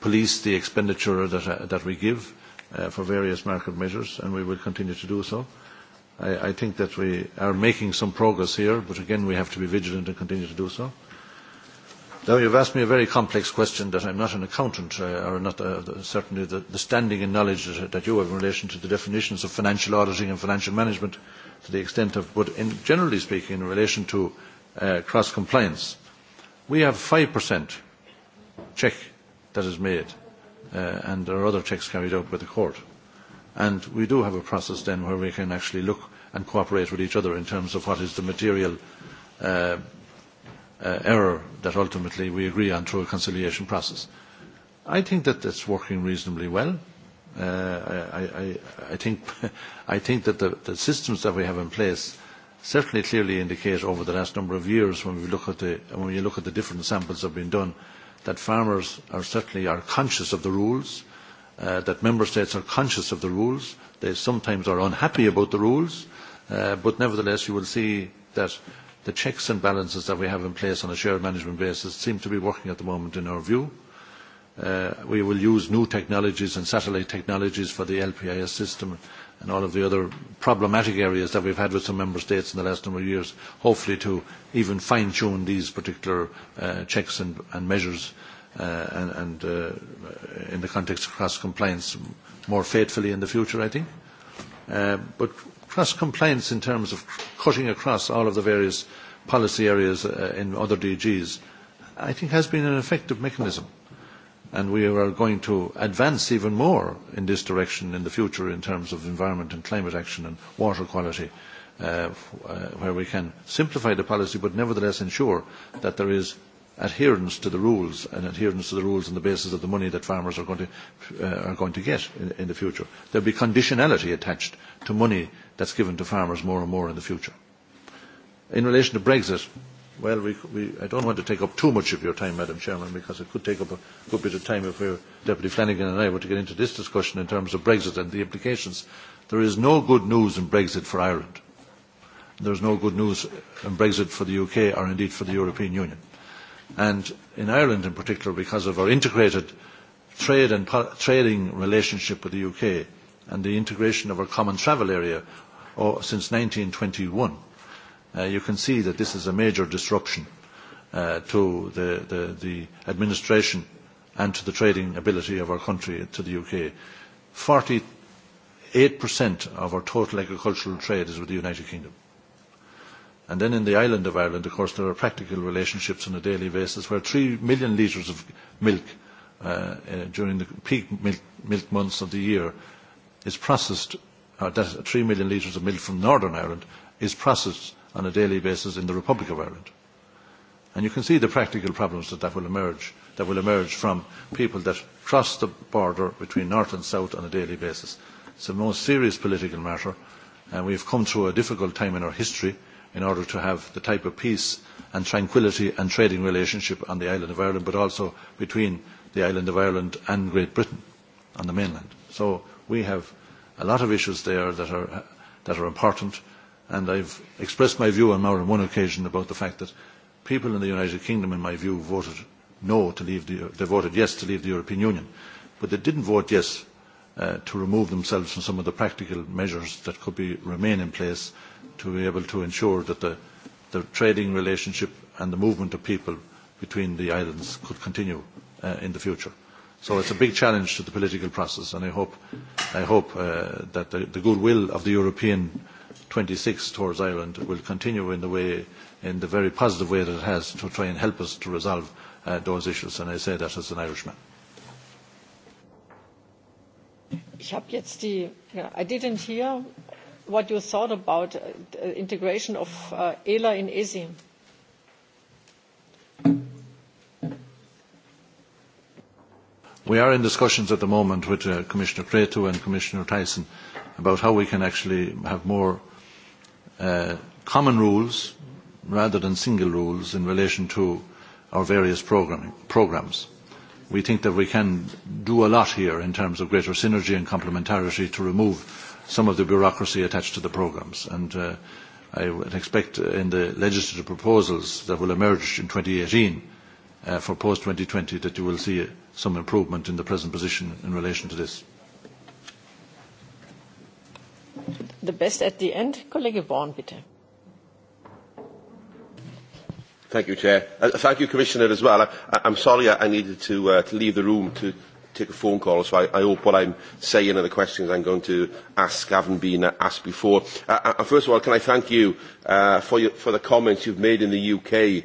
Speaker 6: police the expenditure that, uh, that we give uh, for various market measures, and we will continue to do so. I, I think that we are making some progress here, but again, we have to be vigilant and continue to do so. Now, you've asked me a very complex question that I'm not an accountant, uh, or not uh, certainly the, the standing and knowledge that, that you have in relation to the definitions of financial auditing and financial management to the extent of, but in, generally speaking, in relation to uh, cross-compliance, we have 5% check that is made uh, and there are other checks carried out by the court. And we do have a process then where we can actually look and cooperate with each other in terms of what is the material uh, uh, error that ultimately we agree on through a conciliation process. I think that that's working reasonably well. Uh, I, I, I, think, I think that the, the systems that we have in place certainly clearly indicate over the last number of years when, we look at the, when you look at the different samples that have been done that farmers are certainly are conscious of the rules, uh, that member states are conscious of the rules. They sometimes are unhappy about the rules, uh, but nevertheless you will see that the checks and balances that we have in place on a shared management basis seem to be working at the moment in our view. Uh, we will use new technologies and satellite technologies for the LPIS system and all of the other problematic areas that we've had with some member states in the last number of years, hopefully to even fine-tune these particular uh, checks and, and measures uh, and, and uh, in the context of cross-compliance more faithfully in the future, I think. Uh, but cross-compliance in terms of cutting across all of the various policy areas uh, in other DGs, I think has been an effective mechanism and we are going to advance even more in this direction in the future in terms of environment and climate action and water quality, uh, uh, where we can simplify the policy but nevertheless ensure that there is adherence to the rules and adherence to the rules on the basis of the money that farmers are going to, uh, are going to get in, in the future. There will be conditionality attached to money that's given to farmers more and more in the future. In relation to Brexit, Well, we, we, I don't want to take up too much of your time, Madam Chairman, because it could take up a good bit of time if we, Deputy Flanagan and I were to get into this discussion in terms of Brexit and the implications. There is no good news in Brexit for Ireland. There is no good news in Brexit for the UK or indeed for the European Union. And in Ireland in particular, because of our integrated trade and trading relationship with the UK and the integration of our common travel area oh, since 1921, Uh, you can see that this is a major disruption uh, to the, the, the administration and to the trading ability of our country to the UK. 48% of our total agricultural trade is with the United Kingdom. And then in the island of Ireland, of course, there are practical relationships on a daily basis where 3 million litres of milk uh, uh, during the peak milk, milk months of the year is processed, uh, that 3 million litres of milk from Northern Ireland is processed on a daily basis in the Republic of Ireland. And you can see the practical problems that, that will emerge that will emerge from people that cross the border between north and south on a daily basis. It's a most serious political matter, and we have come through a difficult time in our history in order to have the type of peace and tranquility and trading relationship on the island of Ireland, but also between the island of Ireland and Great Britain on the mainland. So we have a lot of issues there that are, that are important And I've expressed my view on more than one occasion about the fact that people in the United Kingdom, in my view, voted no to leave the, they voted yes to leave the European Union. But they didn't vote yes uh, to remove themselves from some of the practical measures that could be, remain in place to be able to ensure that the, the trading relationship and the movement of people between the islands could continue uh, in the future. So it's a big challenge to the political process, and I hope, I hope uh, that the, the goodwill of the European 26 towards Ireland will continue in the way, in the very positive way that it has to try and help us to resolve uh, those issues. And I say that as an Irishman.
Speaker 1: I didn't hear what you thought about uh, integration of uh, ELA in ESI.
Speaker 6: We are in discussions at the moment with uh, Commissioner Cretu and Commissioner Tyson about how we can actually have more Uh, common rules rather than single rules in relation to our various programmes. We think that we can do a lot here in terms of greater synergy and complementarity to remove some of the bureaucracy attached to the programmes. And uh, I would expect in the legislative proposals that will emerge in 2018 uh, for post-2020 that you will see some improvement in the present position in relation to this
Speaker 1: the best at the end. Kollege Vaughan, bitte.
Speaker 2: Thank you, Chair. Uh, thank you, Commissioner, as well. I, I'm sorry I needed to, uh, to leave the room to take a phone call, so I, I hope what I'm saying and the questions I'm going to ask haven't been uh, asked before. Uh, uh, uh, first of all, can I thank you uh, for, your, for the comments you've made in the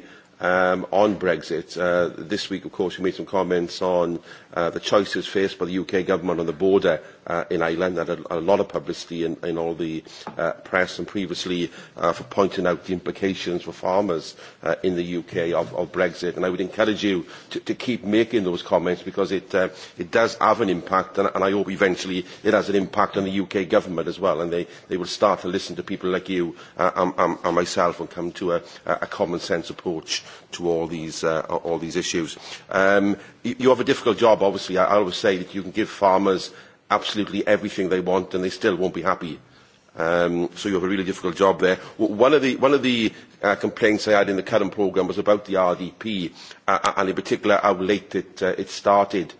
Speaker 2: UK um, on Brexit. Uh, this week, of course, you made some comments on uh, the choices faced by the UK government on the border uh, in Ireland and a, a lot of publicity in, in all the uh, press and previously uh, for pointing out the implications for farmers uh, in the UK of, of Brexit. And I would encourage you to, to keep making those comments because it, uh, it does have an impact and, and I hope eventually it has an impact on the UK government as well and they, they will start to listen to people like you uh, and, and, and myself and come to a, a common sense approach to all these, uh, all these issues. Um, you have a difficult job, obviously. I always say that you can give farmers absolutely everything they want and they still won't be happy. Um, so you have a really difficult job there. One of the, one of the uh, complaints I had in the current programme was about the RDP uh, uh, and in particular how late it, uh, it started.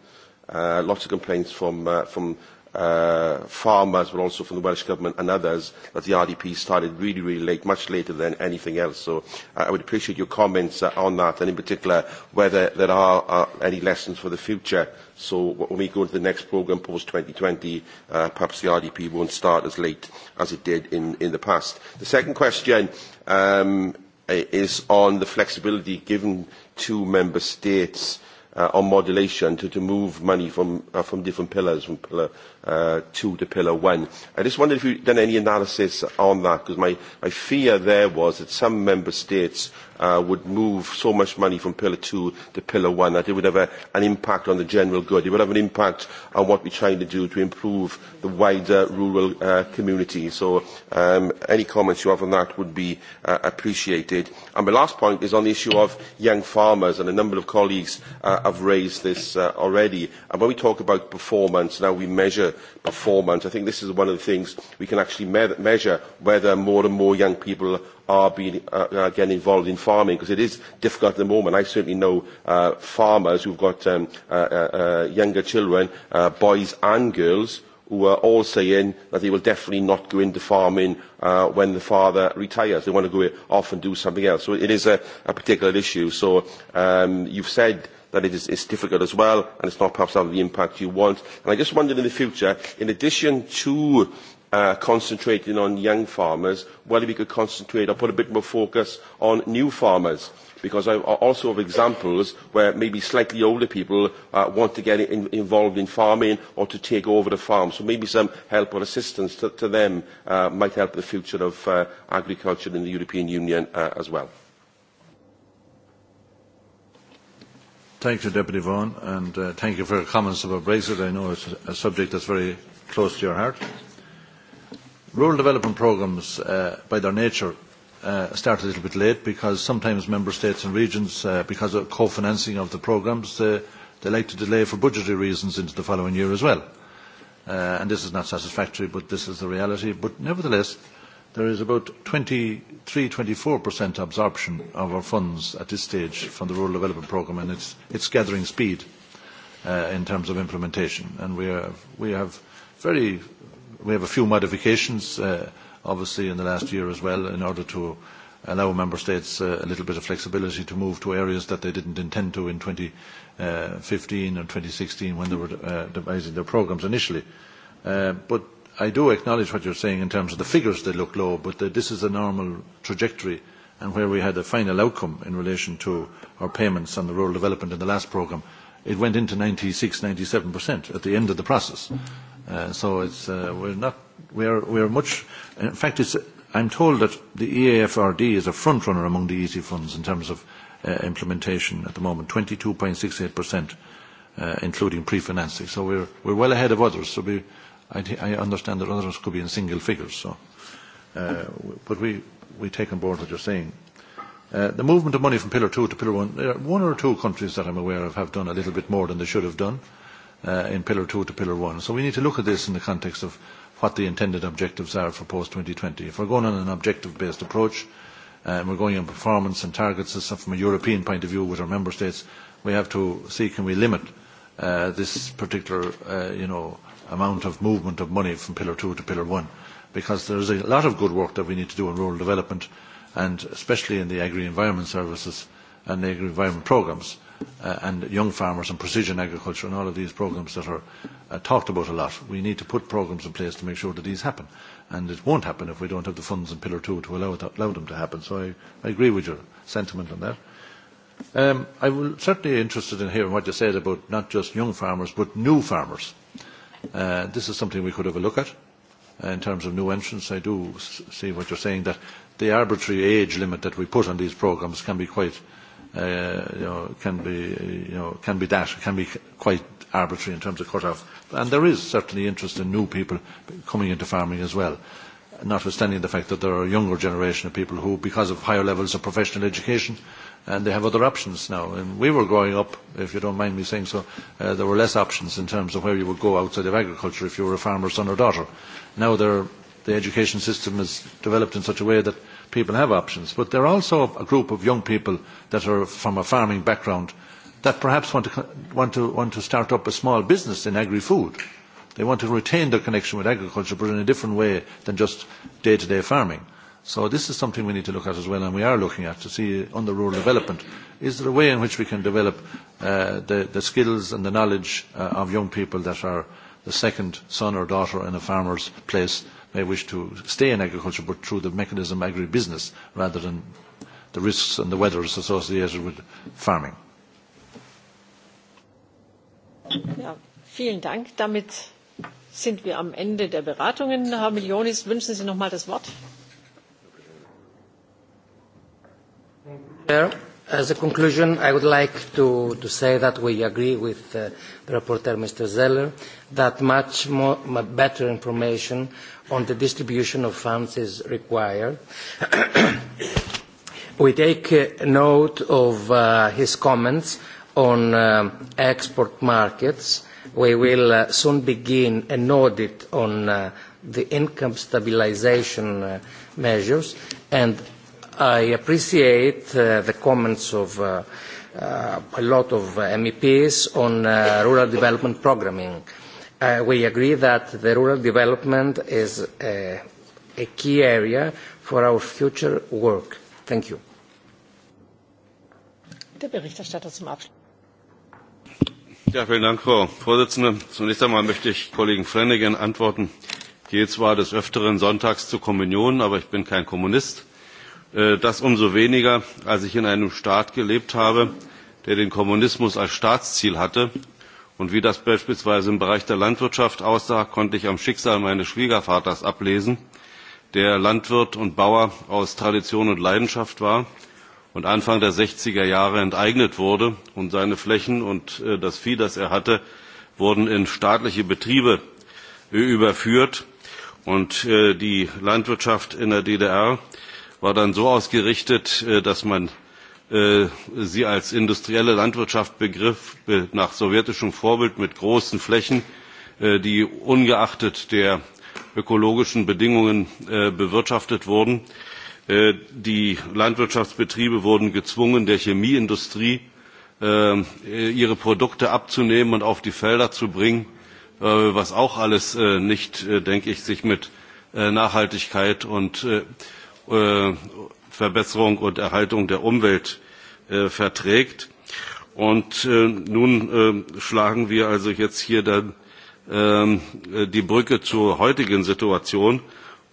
Speaker 2: Uh, lots of complaints from, uh, from Uh, farmers, but also from the Welsh Government and others, that the RDP started really, really late, much later than anything else. So uh, I would appreciate your comments uh, on that, and in particular, whether there are uh, any lessons for the future. So when we go into the next programme post-2020, uh, perhaps the RDP won't start as late as it did in, in the past. The second question um, is on the flexibility given to member states uh, on modulation to, to move money from, uh, from different pillars, from pillar uh, to the Pillar 1. I just wondered if you've done any analysis on that, because my, my fear there was that some Member States uh, would move so much money from pillar two to pillar one that it would have a, an impact on the general good. It would have an impact on what we're trying to do to improve the wider rural uh, community. So um, any comments you have on that would be uh, appreciated. And my last point is on the issue of young farmers, and a number of colleagues uh, have raised this uh, already. And when we talk about performance now how we measure performance, I think this is one of the things we can actually me measure whether more and more young people are being uh, uh, getting involved in farming because it is difficult at the moment. I certainly know uh, farmers who've got um, uh, uh, uh, younger children, uh, boys and girls, who are all saying that they will definitely not go into farming uh, when the father retires. They want to go off and do something else. So it is a, a particular issue. So um, you've said that it is it's difficult as well and it's not perhaps having the impact you want. And I just wondered in the future, in addition to uh, concentrating on young farmers, whether we could concentrate or put a bit more focus on new farmers. Because I also have examples where maybe slightly older people uh, want to get in, involved in farming or to take over the farm. So maybe some help or assistance to, to them uh, might help the future of uh, agriculture in the European Union uh, as well.
Speaker 6: Thank you, Deputy Vaughan, and uh, thank you for your comments about Brexit. I know it's a subject that's very close to your heart. Rural development programmes, uh, by their nature, uh, start a little bit late because sometimes member states and regions, uh, because of co-financing of the programmes, they, uh, they like to delay for budgetary reasons into the following year as well. Uh, and this is not satisfactory, but this is the reality. But nevertheless, there is about 23-24% absorption of our funds at this stage from the Rural Development Programme, and it's, it's gathering speed uh, in terms of implementation. And we, are, we have very we have a few modifications, uh, obviously, in the last year as well, in order to allow member states uh, a little bit of flexibility to move to areas that they didn't intend to in 2015 uh, or 2016 when they were uh, devising their programs initially. Uh, but I do acknowledge what you're saying in terms of the figures, they look low, but the, this is a normal trajectory and where we had a final outcome in relation to our payments on the rural development in the last programme, it went into 96, 97% at the end of the process. Uh, so it's, uh, we're not, we're, we're much, in fact, it's, I'm told that the EAFRD is a front runner among the easy funds in terms of uh, implementation at the moment, 22.68%, uh, including pre-financing. So we're, we're well ahead of others. So we, I, I understand that others could be in single figures. So, uh, but we, we take on board what you're saying. Uh, the movement of money from Pillar 2 to Pillar 1, there are one or two countries that I'm aware of have done a little bit more than they should have done. Uh, Uh, in Pillar 2 to Pillar 1. So we need to look at this in the context of what the intended objectives are for post-2020. If we're going on an objective-based approach, uh, and we're going on performance and targets and stuff from a European point of view with our member states, we have to see can we limit uh, this particular uh, you know, amount of movement of money from Pillar 2 to Pillar 1 because there is a lot of good work that we need to do in rural development and especially in the agri-environment services and the agri-environment programmes uh, and young farmers and precision agriculture and all of these programs that are uh, talked about a lot. We need to put programs in place to make sure that these happen. And it won't happen if we don't have the funds in Pillar 2 to allow, it, allow them to happen. So I, I agree with your sentiment on that. Um, will certainly interested in hearing what you said about not just young farmers, but new farmers. Uh, this is something we could have a look at uh, in terms of new entrants. I do see what you're saying, that the arbitrary age limit that we put on these programs can be quite uh, Uh, you know, can be, you know, can be that, can be quite arbitrary in terms of cut-off. And there is certainly interest in new people coming into farming as well, notwithstanding the fact that there are a younger generation of people who, because of higher levels of professional education, and they have other options now. And we were growing up, if you don't mind me saying so, uh, there were less options in terms of where you would go outside of agriculture if you were a farmer's son or daughter. Now the education system is developed in such a way that people have options, but there are also a group of young people that are from a farming background that perhaps want to, want to, want to start up a small business in agri-food. They want to retain their connection with agriculture, but in a different way than just day-to-day farming. So this is something we need to look at as well, and we are looking at to see on the rural development, is there a way in which we can develop uh, the, the skills and the knowledge uh, of young people that are the second son or daughter in a farmer's place may wish to stay in agriculture, but through the mechanism agribusiness rather than the risks and the weathers associated with farming.
Speaker 1: Ja, vielen Dank. Damit sind wir am Ende der Beratungen. Herr Milionis, wünschen Sie noch mal das Wort?
Speaker 5: Ja. As a conclusion, I would like to, to say that we agree with uh, the rapporteur, Mr. Zeller, that much more, better information on the distribution of funds is required. we take uh, note of uh, his comments on uh, export markets. We will uh, soon begin an audit on uh, the income stabilization uh, measures and I appreciate uh, the comments of uh, uh, a lot of uh, MEPs on uh, rural development programming. Uh, we agree that the rural development is a, a key area for our future work. Thank you.
Speaker 1: Der Berichterstatter zum Abschluss.
Speaker 7: Ja, vielen Dank, Frau Vorsitzende. Zunächst einmal möchte ich Kollegen Flanagan antworten. Ich gehe zwar des Öfteren sonntags zur Kommunion, aber ich bin kein Kommunist Äh, das umso weniger als ich in einem staat gelebt habe der den kommunismus als staatsziel hatte und wie das beispielsweise im bereich der landwirtschaft aussah konnte ich am schicksal meines schwiegervaters ablesen der landwirt und bauer aus tradition und leidenschaft war und anfang der 60er jahre enteignet wurde und seine flächen und äh, das vieh das er hatte wurden in staatliche betriebe äh, überführt und die landwirtschaft in der ddr war dann so ausgerichtet, äh, dass man äh, sie als industrielle Landwirtschaft begriff, nach sowjetischem Vorbild mit großen Flächen, äh, die ungeachtet der ökologischen Bedingungen bewirtschaftet wurden. Die Landwirtschaftsbetriebe wurden gezwungen, der Chemieindustrie ihre Produkte abzunehmen und auf die Felder zu bringen, was auch alles nicht, denke ich, sich mit Nachhaltigkeit und Äh, Verbesserung und Erhaltung der Umwelt äh, verträgt. Und äh, nun schlagen wir also jetzt hier dann ähm, die Brücke zur heutigen Situation,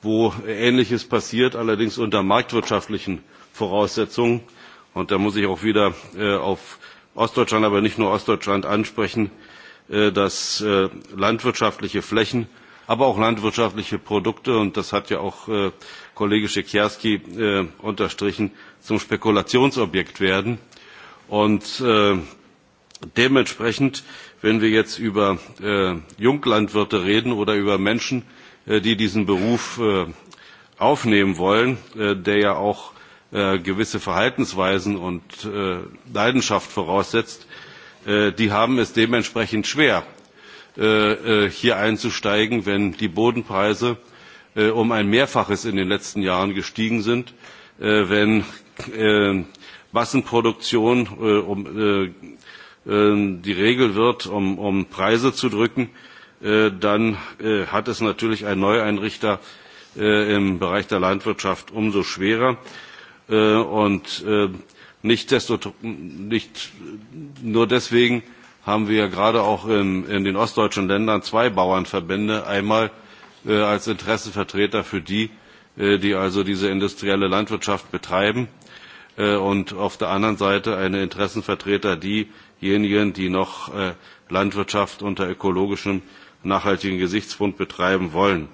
Speaker 7: wo Ähnliches passiert, allerdings unter marktwirtschaftlichen Voraussetzungen. Und da muss ich auch wieder auf Ostdeutschland, aber nicht nur Ostdeutschland ansprechen, dass landwirtschaftliche Flächen, aber auch landwirtschaftliche Produkte, und das hat ja auch Kollege Schekierski äh, unterstrichen, zum Spekulationsobjekt werden. Und äh, dementsprechend, wenn wir jetzt über äh, Junglandwirte reden oder über Menschen, äh, die diesen Beruf äh, aufnehmen wollen, äh, der ja auch äh, gewisse Verhaltensweisen und äh, Leidenschaft voraussetzt, äh, die haben es dementsprechend schwer, äh, äh hier einzusteigen, wenn die Bodenpreise Äh, um ein Mehrfaches in den letzten Jahren gestiegen sind, äh, wenn äh, Massenproduktion um, die Regel wird, um, um Preise zu drücken, dann hat es natürlich ein Neueinrichter im Bereich der Landwirtschaft umso schwerer. Und nicht, desto, nicht nur deswegen haben wir gerade auch in, in den ostdeutschen Ländern zwei Bauernverbände. Einmal Äh, als Interessenvertreter für die, äh, die also diese industrielle Landwirtschaft betreiben äh, und auf der anderen Seite eine Interessenvertreter diejenigen, die noch Landwirtschaft unter ökologischem, nachhaltigen Gesichtspunkt betreiben wollen.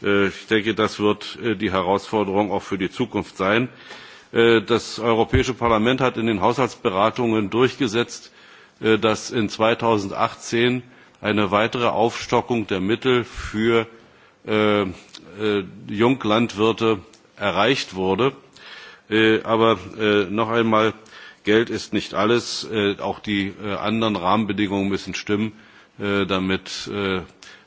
Speaker 7: Ich denke, das wird die Herausforderung auch für die Zukunft sein. Das Europäische Parlament hat in den Haushaltsberatungen durchgesetzt, dass in 2018 eine weitere Aufstockung der Mittel für Äh, äh, Junglandwirte erreicht wurde. Äh, aber äh, noch einmal, Geld ist nicht alles. Äh, auch die äh, anderen Rahmenbedingungen müssen stimmen, äh, damit äh,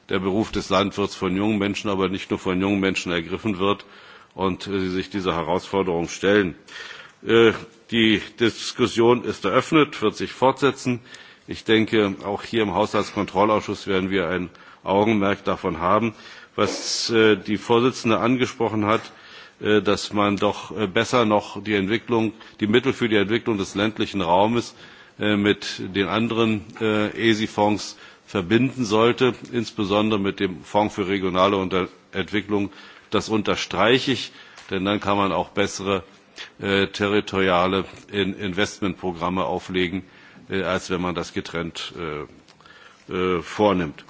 Speaker 7: der Beruf des Landwirts von jungen Menschen, aber nicht nur von jungen Menschen ergriffen wird und äh, sie sich dieser Herausforderung stellen. Äh, die Diskussion ist eröffnet, wird sich fortsetzen. Ich denke, auch hier im Haushaltskontrollausschuss werden wir ein Augenmerk davon haben was äh, die Vorsitzende angesprochen hat, äh, dass man doch äh, besser noch die Entwicklung, die Mittel für die Entwicklung des ländlichen Raumes mit den anderen ESI-Fonds verbinden sollte, insbesondere mit dem Fonds für regionale Entwicklung. Das unterstreiche ich, denn dann kann man auch bessere territoriale Investmentprogramme auflegen, als wenn man das getrennt vornimmt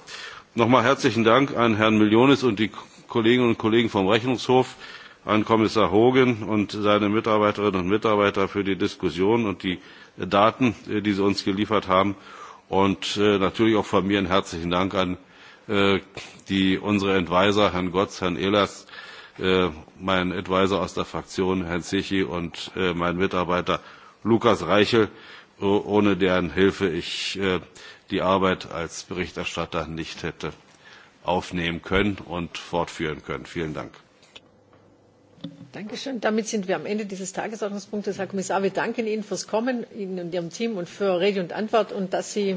Speaker 7: nochmal herzlichen dank an herrn milionis und die kolleginnen und kollegen vom rechnungshof an kommissar hogan und seine mitarbeiterinnen und mitarbeiter für die diskussion und die daten äh, die sie uns geliefert haben und äh, natürlich auch von mir einen herzlichen dank an äh, die, unsere adviser herrn Gotz, herrn ehlers meinen adviser aus der fraktion herrn secchi und meinen mitarbeiter lukas reichel ohne deren hilfe ich die Arbeit als Berichterstatter nicht hätte aufnehmen können und fortführen können. Vielen Dank.
Speaker 1: Dankeschön. Damit sind wir am Ende dieses Tagesordnungspunktes. Herr Kommissar, wir danken Ihnen fürs Kommen, Ihnen und Ihrem Team und für Rede und Antwort und dass Sie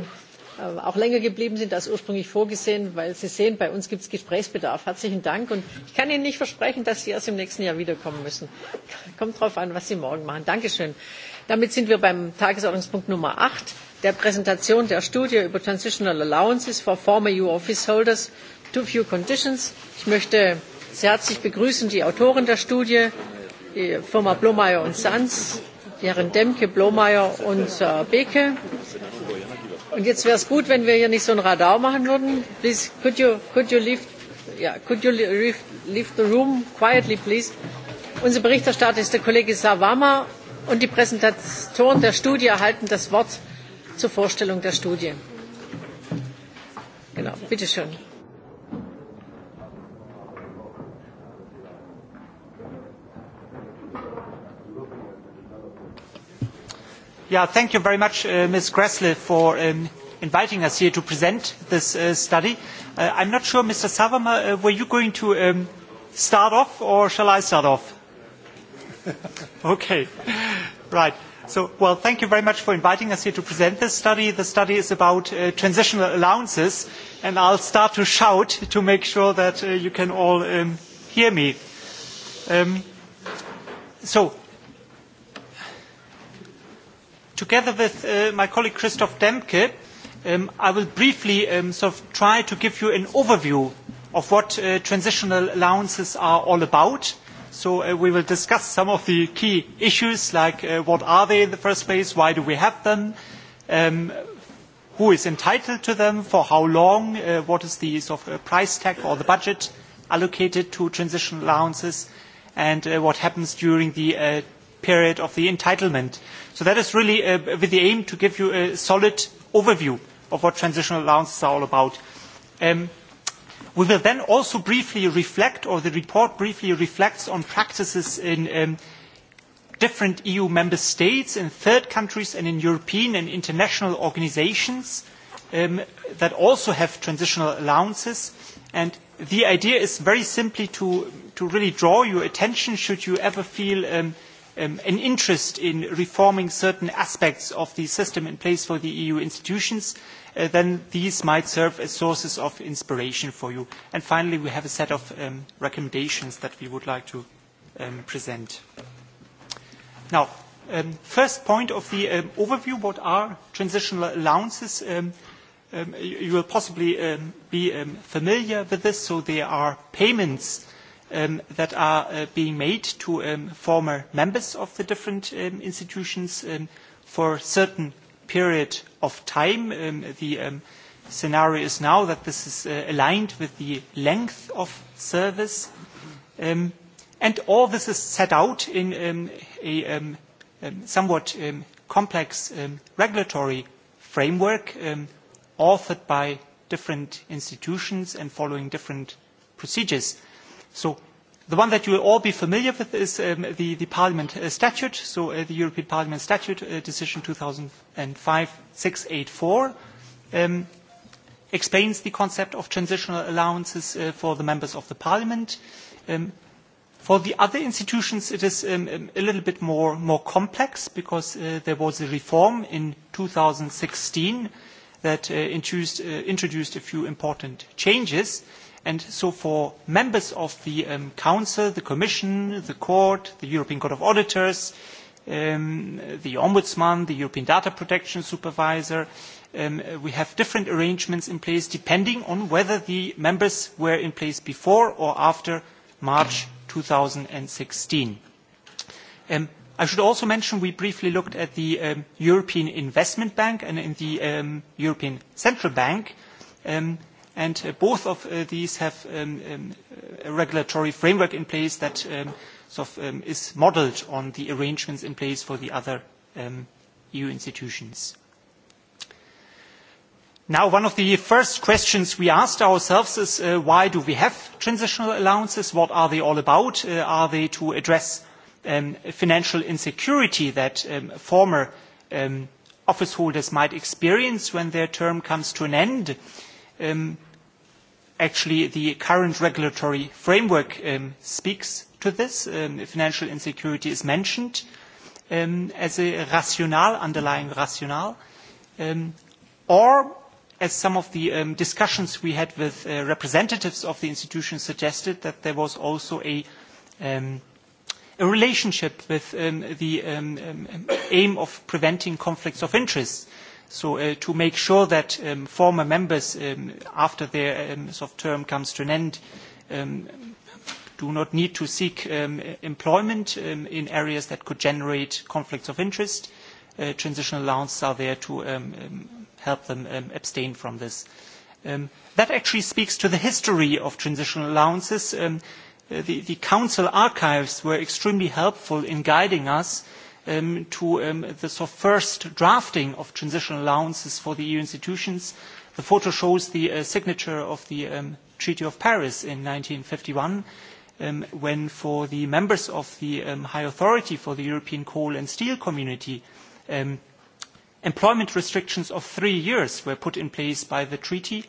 Speaker 1: äh, auch länger geblieben sind als ursprünglich vorgesehen, weil Sie sehen, bei uns gibt es Gesprächsbedarf. Herzlichen Dank. Und ich kann Ihnen nicht versprechen, dass Sie erst im nächsten Jahr wiederkommen müssen. Kommt darauf an, was Sie morgen machen. Dankeschön damit sind wir beim tagesordnungspunkt nummer acht der präsentation der studie über transitional allowances for former eu office holders to few conditions. ich möchte sehr herzlich begrüßen die autoren der studie die firma blomeyer sons Demke, blomeyer und beke. Und jetzt wäre es gut, wenn wir hier nicht so ein Radar machen würden. Please, could you, could you, leave, yeah, could you leave, leave the room quietly, please? Unser Berichterstatter ist der Kollege Savama und die Präsentatoren der Studie erhalten das Wort zur Vorstellung der Studie. Genau, bitteschön.
Speaker 15: Yeah, thank you very much, uh, Ms. Gressle, for um, inviting us here to present this uh, study. Uh, I'm not sure, Mr. Savama, uh, were you going to um, start off, or shall I start off? okay. Right. So, well, thank you very much for inviting us here to present this study. The study is about uh, transitional allowances, and I'll start to shout to make sure that uh, you can all um, hear me. Um, so, together with uh, my colleague Christoph Demke, um, I will briefly um, sort of try to give you an overview of what uh, transitional allowances are all about So uh, we will discuss some of the key issues, like uh, what are they in the first place, why do we have them, um, who is entitled to them, for how long, uh, what is the sort of uh, price tag or the budget allocated to transition allowances, and uh, what happens during the uh, period of the entitlement. So that is really uh, with the aim to give you a solid overview of what transitional allowances are all about. Um, We will then also briefly reflect, or the report briefly reflects on practices in um, different EU member states, in third countries, and in European and international organisations um, that also have transitional allowances. And the idea is very simply to, to really draw your attention should you ever feel um, um, an interest in reforming certain aspects of the system in place for the EU institutions Uh, then these might serve as sources of inspiration for you. And finally, we have a set of um, recommendations that we would like to um, present. Now, um, first point of the um, overview, what are transitional allowances? Um, um, you will possibly um, be um, familiar with this. So they are payments um, that are uh, being made to um, former members of the different um, institutions um, for a certain period of time. Um, the um, scenario is now that this is uh, aligned with the length of service. Um, and all this is set out in um, a um, um, somewhat um, complex um, regulatory framework um, authored by different institutions and following different procedures. So The one that you will all be familiar with is um, the, the Parliament uh, statute, so uh, the European Parliament statute uh, decision 2005-684 um, explains the concept of transitional allowances uh, for the members of the Parliament. Um, for the other institutions, it is um, um a little bit more, more complex because uh, there was a reform in 2016 that uh, introduced, uh, introduced a few important changes. And so for members of the um, Council, the Commission, the Court, the European Court of Auditors, um, the Ombudsman, the European Data Protection Supervisor, um, we have different arrangements in place depending on whether the members were in place before or after March 2016. Um, I should also mention we briefly looked at the um, European Investment Bank and in the um, European Central Bank. Um, and uh, both of uh, these have um, um, a regulatory framework in place that um, is modeled on the arrangements in place for the other EU institutions. one of the first questions we asked ourselves is uh, why do we have transitional allowances? What are they all about? are they to address financial insecurity that former office holders might experience when their term comes to an end? um, actually the current regulatory framework um, speaks to this. Um, financial insecurity is mentioned um, as a rationale, underlying rationale, um, or as some of the um, discussions we had with uh, representatives of the institution suggested that there was also a, um, a relationship with um, the um, um, um aim of preventing conflicts of interest. So uh, to make sure that um, former members, um, after their um, sort of term comes to an end, um, do not need to seek um, employment um, in areas that could generate conflicts of interest. Uh, transitional allowances are there to um, um, help them um, abstain from this. Um, that actually speaks to the history of transitional allowances. Um, uh, the, the council archives were extremely helpful in guiding us uh, um, to um, the so first drafting of transitional allowances for the EU institutions. The photo shows the uh, signature of the um, Treaty of Paris in 1951, um, when for the members of the um, High Authority for the European Coal and Steel Community, um, employment restrictions of three years were put in place by the treaty,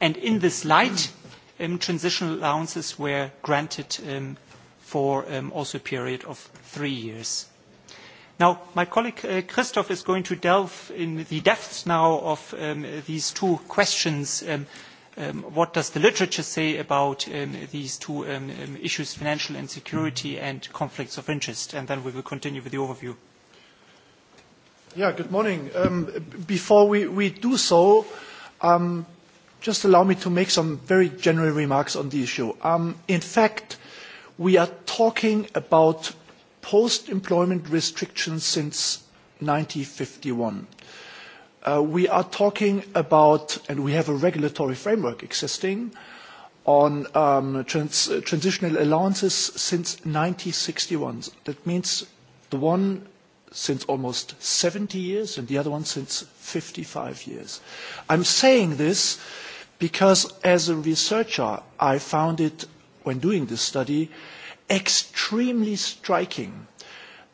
Speaker 15: and in this light, um, transitional allowances were granted um, for um, also a period of three years. Now, my colleague uh, Christoph is going to delve in the depths now of um, these two questions. Um, um, what does the literature say about um, these two um, um, issues, financial insecurity and conflicts of interest? And then we will continue with the overview.
Speaker 16: Yeah, good morning. Um, before we, we do so, um, just allow me to make some very general remarks on the issue. Um, in fact, we are talking about post-employment restrictions since 1951. Uh, we are talking about, and we have a regulatory framework existing on um, trans, uh, transitional allowances since 1961. That means the one since almost 70 years and the other one since 55 years. I'm saying this because as a researcher, I found it, when doing this study, extremely striking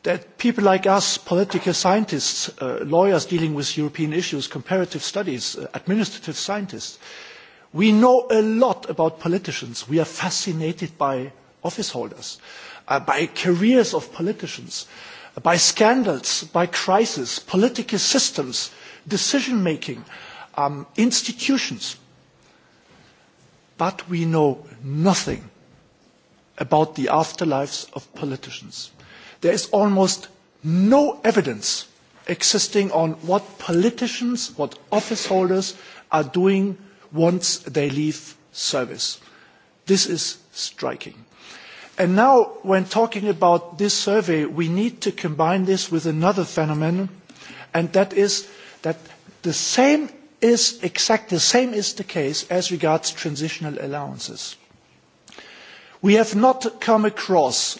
Speaker 16: that people like us, political scientists, uh, lawyers dealing with European issues, comparative studies, uh, administrative scientists, we know a lot about politicians. We are fascinated by office holders, uh, by careers of politicians, by scandals, by crises, political systems, decision making, um, institutions. But we know nothing about the afterlives of politicians. There is almost no evidence existing on what politicians, what office holders are doing once they leave service. This is striking. And now, when talking about this survey, we need to combine this with another phenomenon, and that is that the same is exact, the same is the case as regards transitional allowances. We have not come across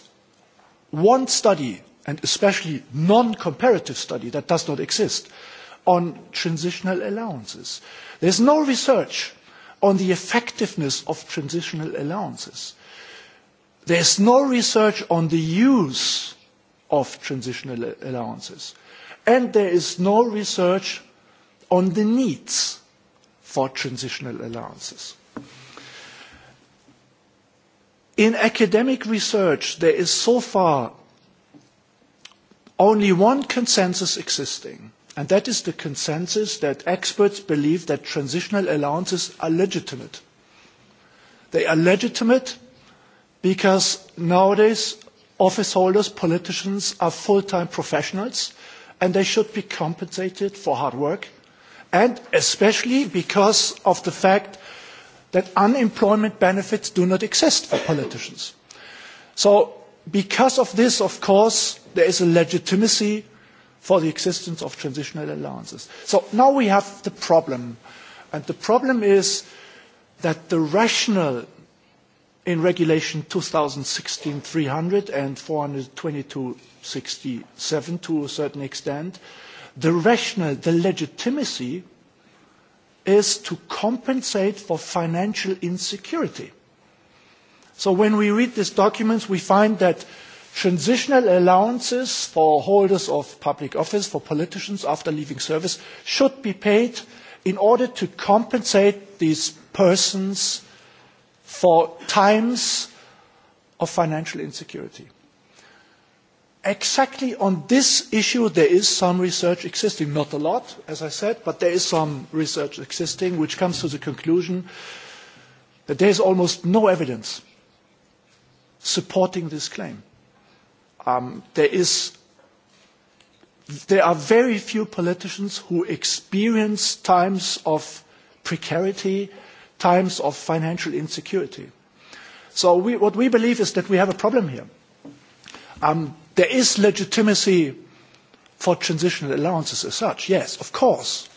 Speaker 16: one study, and especially non-comparative study that does not exist, on transitional allowances. There is no research on the effectiveness of transitional allowances. There is no research on the use of transitional allowances. And there is no research on the needs for transitional allowances. In academic research, there is so far only one consensus existing, and that is the consensus that experts believe that transitional allowances are legitimate. They are legitimate because nowadays office holders, politicians are full-time professionals and they should be compensated for hard work and especially because of the fact that unemployment benefits do not exist for politicians. So because of this, of course, there is a legitimacy for the existence of transitional allowances. So now we have the problem. And the problem is that the rationale in Regulation 2016-300 and 422-67 to a certain extent, the rationale, the legitimacy is to compensate for financial insecurity. So when we read these documents, we find that transitional allowances for holders of public office, for politicians after leaving service, should be paid in order to compensate these persons for times of financial insecurity exactly on this issue there is some research existing, not a lot, as I said, but there is some research existing which comes to the conclusion that there is almost no evidence supporting this claim. Um, there is there are very few politicians who experience times of precarity, times of financial insecurity. So we, what we believe is that we have a problem here. Um, There is legitimacy for transitional allowances as such, yes, of course.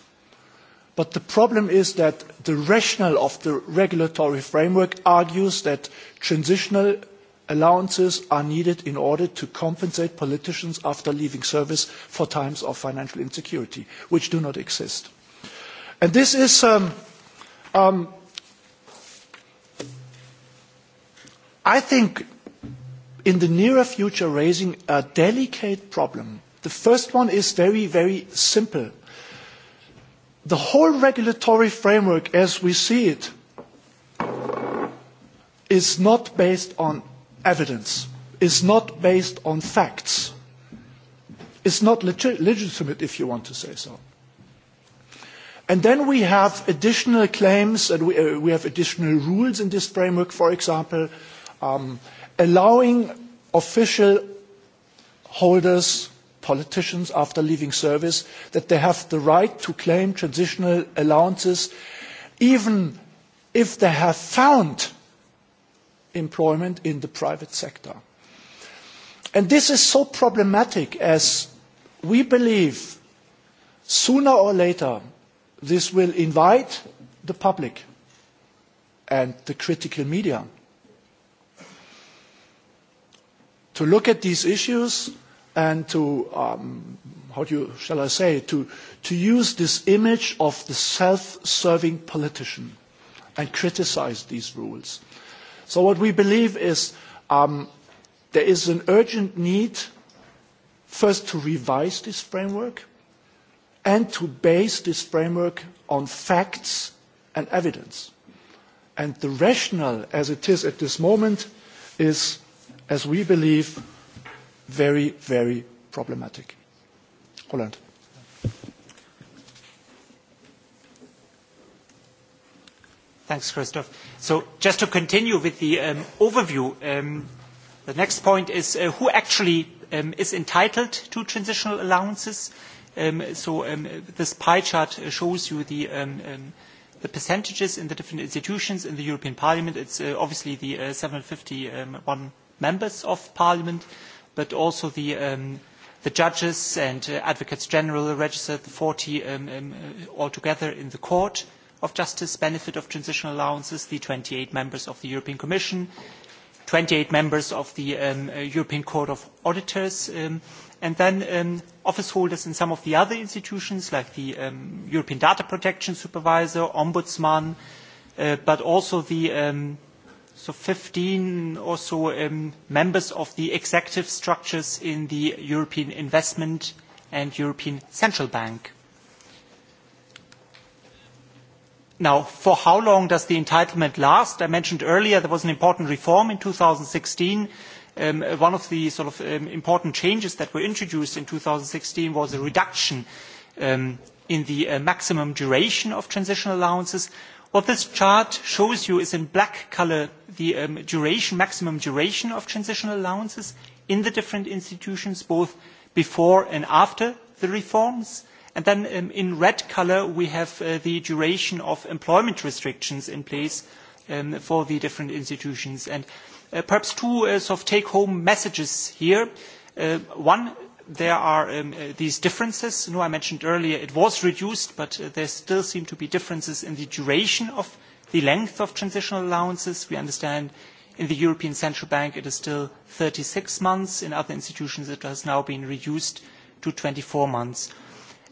Speaker 16: But the problem is that the rationale of the regulatory framework argues that transitional allowances are needed in order to compensate politicians after leaving service for times of financial insecurity, which do not exist. And this is, um, um, I think, in the nearer future raising a delicate problem. The first one is very, very simple. The whole regulatory framework as we see it is not based on evidence, is not based on facts, is not legit legitimate if you want to say so. And then we have additional claims and we, uh, we have additional rules in this framework, for example, um, allowing official holders, politicians after leaving service, that they have the right to claim transitional allowances even if they have found employment in the private sector. And this is so problematic as we believe sooner or later this will invite the public and the critical media to look at these issues and to, um, how do you, shall I say, to, to use this image of the self-serving politician and criticize these rules. So what we believe is um, there is an urgent need first to revise this framework and to base this framework on facts and evidence. And the rationale as it is at this moment is as we believe, very, very problematic. Roland.
Speaker 15: Thanks, Christoph. So just to continue with the um, overview, um, the next point is uh, who actually um, is entitled to transitional allowances. Um, So um, this pie chart shows you the, um, um, the percentages in the different institutions. In the European Parliament, it's uh, obviously the uh, 751 members of parliament, but also the, um, the judges and uh, advocates general registered, the 40 um, um, uh, altogether in the court of justice benefit of transitional allowances, the 28 members of the European Commission, 28 members of the um, uh, European Court of Auditors, um, and then um, office holders in some of the other institutions like the um, European Data Protection Supervisor, Ombudsman, uh, but also the um, so 15 or so um, members of the executive structures in the European Investment and European Central Bank. Now, for how long does the entitlement last? I mentioned earlier there was an important reform in 2016. Um, one of the sort of um, important changes that were introduced in 2016 was a reduction um, in the uh, maximum duration of transition allowances. What this chart shows you is in black color the um, duration, maximum duration of transitional allowances in the different institutions, both before and after the reforms. And then um, in red color, we have uh, the duration of employment restrictions in place um, for the different institutions. And uh, perhaps two uh, sort of take-home messages here. one, there are um, uh, these differences. No, I mentioned earlier it was reduced, but uh, there still seem to be differences in the duration of the length of transitional allowances. We understand in the European Central Bank it is still 36 months. In other institutions it has now been reduced to 24 months.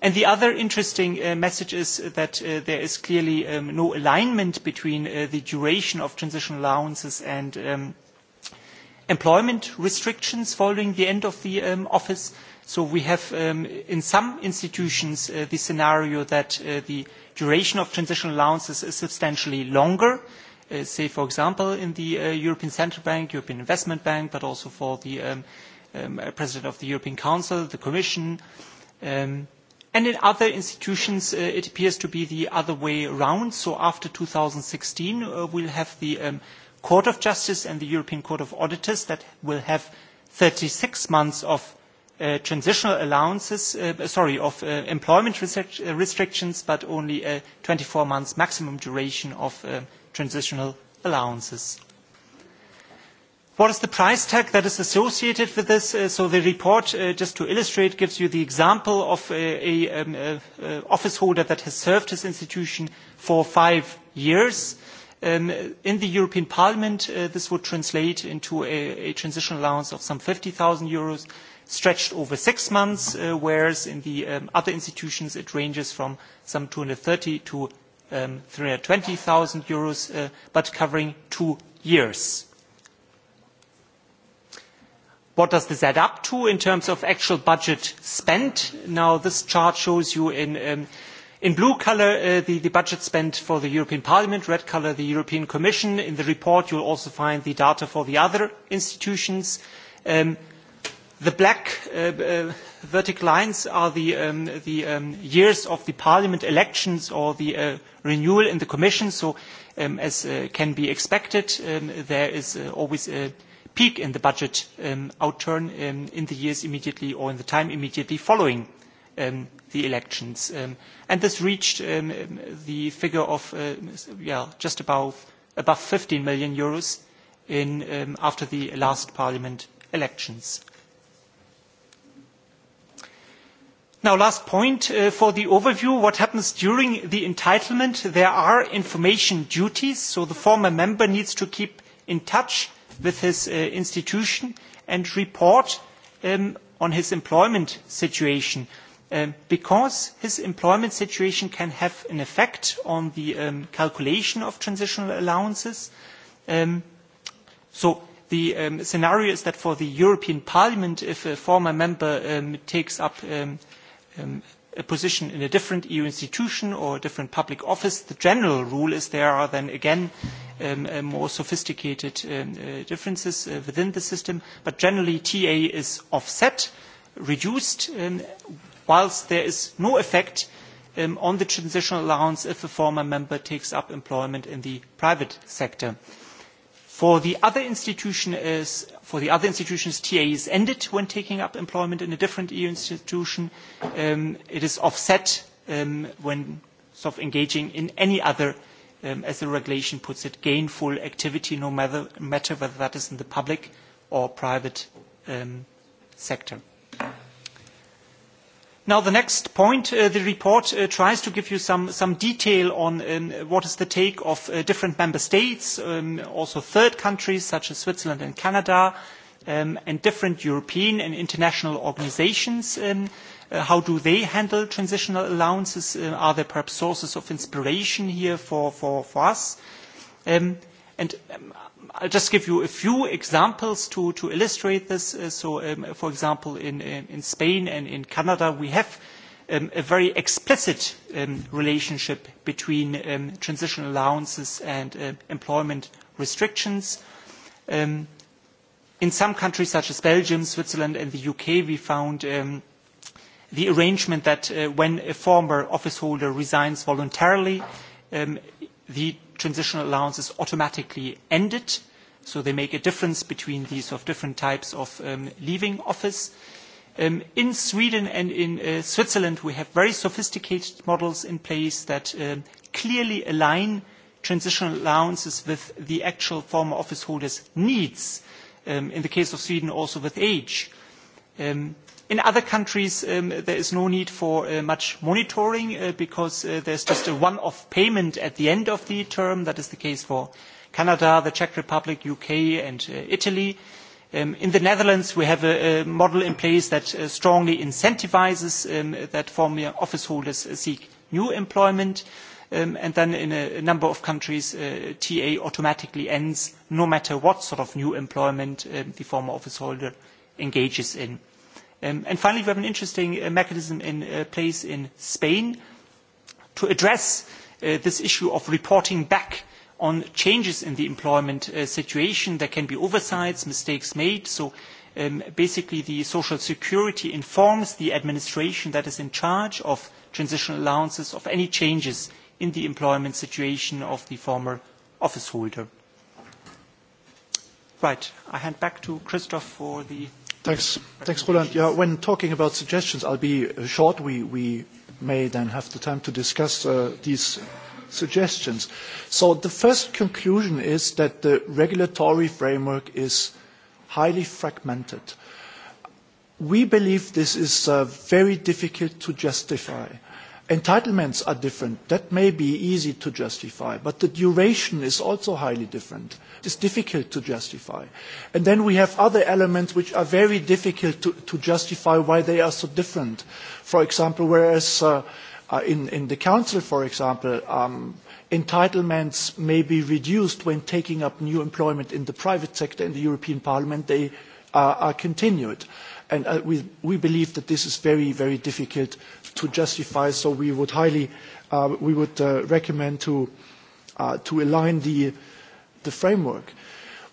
Speaker 15: And the other interesting uh, message is that uh, there is clearly um, no alignment between uh, the duration of transitional allowances and um, – employment restrictions following the end of the um, office. So we have um, in some institutions uh, the scenario that uh, the duration of transitional allowances is substantially longer. Uh, say, for example, in the uh, European Central Bank, European Investment Bank, but also for the um, um, uh, President of the European Council, the Commission. Um, and in other institutions, uh, it appears to be the other way around. So after 2016, uh, we'll have the um, Court of Justice and the European Court of Auditors that will have 36 months of uh, transitional allowances, uh, sorry, of uh, employment research, uh, restrictions, but only uh, 24 months maximum duration of uh, transitional allowances. What is the price tag that is associated with this? Uh, so the report, uh, just to illustrate, gives you the example of uh, a, um, uh, uh, office holder that has served his institution for five years. Um, in the European Parliament, uh, this would translate into a, a transition allowance of some 50,000 euros stretched over six months, uh, whereas in the um, other institutions it ranges from some 230 to um, 320,000 euros, uh, but covering two years. What does this add up to in terms of actual budget spent? Now, this chart shows you in um, In blue colour, uh, the, the budget spent for the European Parliament, red colour, the European Commission. In the report, you'll also find the data for the other institutions. Um, the black uh, uh, vertical lines are the, um, the um, years of the Parliament elections or the uh, renewal in the Commission. So, um, as uh, can be expected, um, there is uh, always a peak in the budget um, outturn um, in the years immediately or in the time immediately following um, the elections. Um, and this reached um, the figure of uh, yeah, just above, above 15 million euros in, um, after the last parliament elections. Now, last point uh, for the overview, what happens during the entitlement? There are information duties, so the former member needs to keep in touch with his uh, institution and report um, on his employment situation. Um, because his employment situation can have an effect on the um, calculation of transitional allowances. Um, so the um, scenario is that for the European Parliament, if a former member um, takes up um, um, a position in a different EU institution or a different public office, the general rule is there are then again um, uh, more sophisticated um, uh, differences uh, within the system, but generally TA is offset, reduced um, whilst there is no effect um, on the transitional allowance if a former member takes up employment in the private sector. For the other institution is, for the other institutions, TA is ended when taking up employment in a different EU institution. Um, it is offset um, when sort of engaging in any other, um, as the regulation puts it, gainful activity, no matter, matter whether that is in the public or private um, sector. Now, the next point, uh, the report uh, tries to give you some, some detail on um, what is the take of uh, different member states, um, also third countries such as Switzerland and Canada, um, and different European and international organizations. Um, uh, how do they handle transitional allowances? Uh, are there perhaps sources of inspiration here for, for, for us? Um, and um, I'll just give you a few examples to, to illustrate this. Uh, so, um, for example, in, in, in Spain and in Canada, we have um, a very explicit um, relationship between um, transition allowances and uh, employment restrictions. Um, in some countries, such as Belgium, Switzerland, and the UK, we found um, the arrangement that uh, when a former office holder resigns voluntarily, um, the transitional allowance is automatically ended. So they make a difference between these sort of different types of um, leaving office. Um, in Sweden and in uh, Switzerland, we have very sophisticated models in place that um, clearly align transitional allowances with the actual former office holders' needs. Um, in the case of Sweden, also with age. Um, In other countries, um, there is no need for uh, much monitoring uh, because uh, there's just a one-off payment at the end of the term. That is the case for Canada, the Czech Republic, UK, and uh, Italy. Um, in the Netherlands, we have a, a model in place that uh, strongly incentivizes um, that former office holders seek new employment. Um, and then in a, a number of countries, uh, TA automatically ends no matter what sort of new employment um, the former office holder engages in. Um, and finally, we have an interesting uh, mechanism in uh, place in Spain to address uh, this issue of reporting back on changes in the employment situation. There can be oversights, mistakes made. So um, basically, the Social Security informs the administration that is in charge of transitional allowances of any changes in the employment situation of the former office holder. Right. I hand back to Christoph for the
Speaker 16: Thanks. Thanks, Roland. Yeah, when talking about suggestions, I'll be short. We, we may then have the time to discuss uh, these suggestions. So the first conclusion is that the regulatory framework is highly fragmented. We believe this is uh, very difficult to justify entitlements are different. That may be easy to justify, but the duration is also highly different. It's difficult to justify. And then we have other elements which are very difficult to, to justify why they are so different. For example, whereas uh, uh in, in the Council, for example, um, entitlements may be reduced when taking up new employment in the private sector in the European Parliament, they uh, are continued. Uh, and uh, we, believe that this is very, very difficult to justify, so we would highly, uh, we would uh, recommend to, to align the, the framework.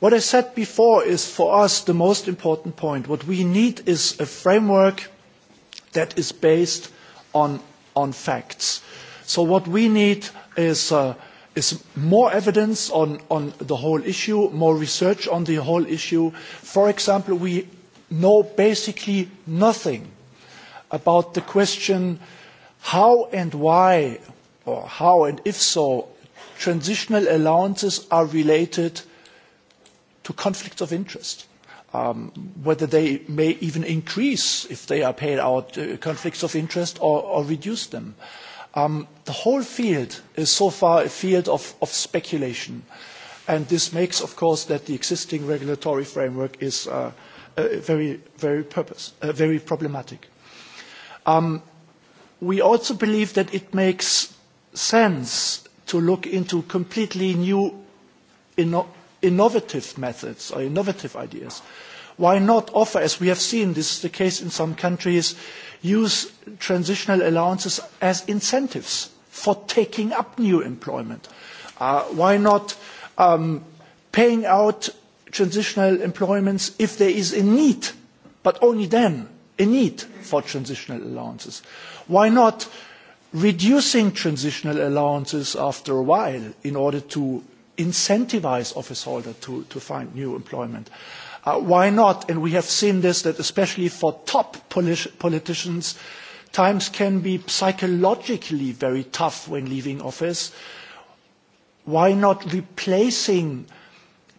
Speaker 16: What I said before is for us the most important point. What we need is a framework that is based on, on facts. So what we need is, uh, is more evidence on, on the whole issue, more research on the whole issue. For example, we know basically nothing about the question how and why, or how and if so, transitional allowances are related to conflicts of interest. Um, whether they may even increase if they are paid out uh, conflicts of interest or, or reduce them. Um, the whole field is so far a field of, of speculation. And this makes, of course, that the existing regulatory framework is uh, Uh, very, very, purpose, uh, very problematic. Um, we also believe that it makes sense to look into completely new inno innovative methods or innovative ideas. Why not offer, as we have seen, this is the case in some countries, use transitional allowances as incentives for taking up new employment? Uh, why not um, paying out transitional employments if there is a need, but only then a need for transitional allowances. Why not reducing transitional allowances after a while in order to incentivize office to, to find new employment? Uh, why not? And we have seen this that especially for top politicians, times can be psychologically very tough when leaving office. Why not replacing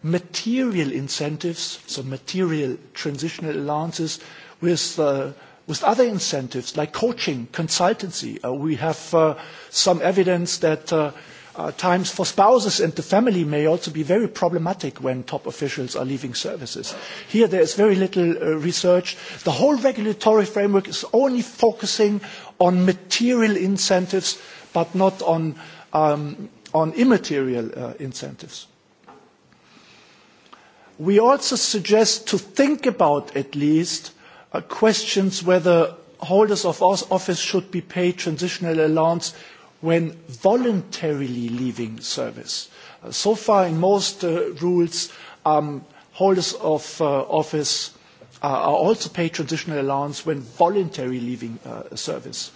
Speaker 16: material incentives, so material transitional allowances, with, uh, with other incentives like coaching, consultancy. Uh, we have uh, some evidence that uh, uh, times for spouses and the family may also be very problematic when top officials are leaving services. Here there is very little uh, research. The whole regulatory framework is only focusing on material incentives but not on, um, on immaterial uh, incentives. We also suggest to think about at least uh, questions whether holders of office should be paid transitional allowance when voluntarily leaving service. Uh, so far in most uh, rules, um, holders of uh, office uh, are also paid transitional allowance when voluntarily leaving uh, service.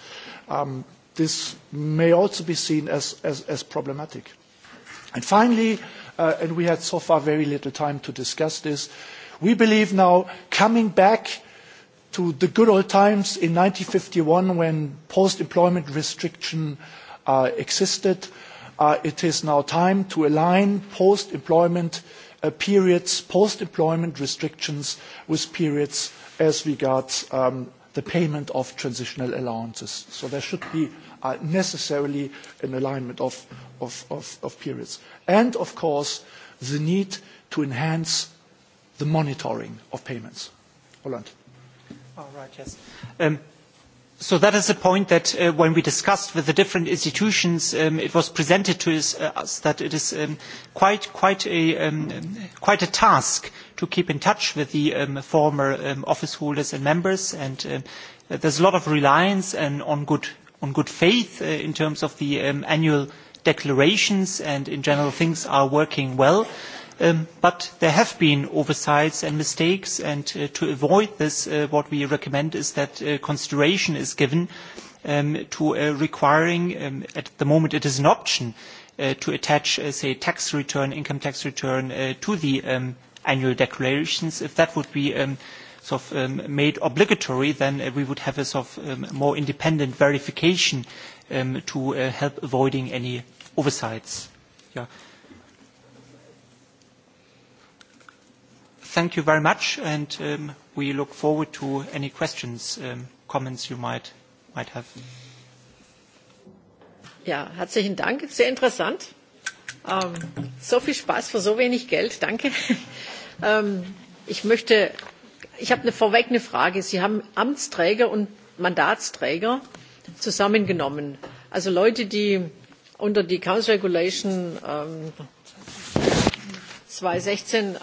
Speaker 16: Um, this may also be seen as, as, as problematic. And finally, Uh, and we had so far very little time to discuss this. We believe now coming back to the good old times in 1951 when post-employment restriction uh, existed, uh, it is now time to align post-employment periods, post-employment restrictions with periods as regards um, the payment of transitional allowances. So there should be are necessarily an alignment of, of, of, of periods. And, of course, the need to enhance
Speaker 15: the monitoring of payments. Roland. All right, yes. Um, so that is a point that uh, when we discussed with the different institutions, um, it was presented to us, uh, us that it is um, quite, quite, a, um, quite a task to keep in touch with the um, former um, office holders and members, and um, there's a lot of reliance and, on good on good faith uh, in terms of the um, annual declarations and in general things are working well. Um, but there have been oversights and mistakes and uh, to avoid this uh, what we recommend is that uh, consideration is given um, to uh, requiring, um, at the moment it is an option, uh, to attach, uh, say, tax return, income tax return to the um, annual declarations if that would be um, sort of um, made obligatory, then uh, we would have a sort of um, more independent verification um, to uh, help avoiding any oversights. Yeah. Thank you very much, and um, we look forward to any questions, um, comments you might, might have.
Speaker 1: Ja, herzlichen Dank. Sehr interessant. Ähm, so viel Spaß für so wenig Geld. Danke. Ähm, ich möchte Ich habe vorweg eine Frage. Sie haben Amtsträger und Mandatsträger zusammengenommen. Also Leute, die unter die Council Regulation ähm, zweitausendsechzehn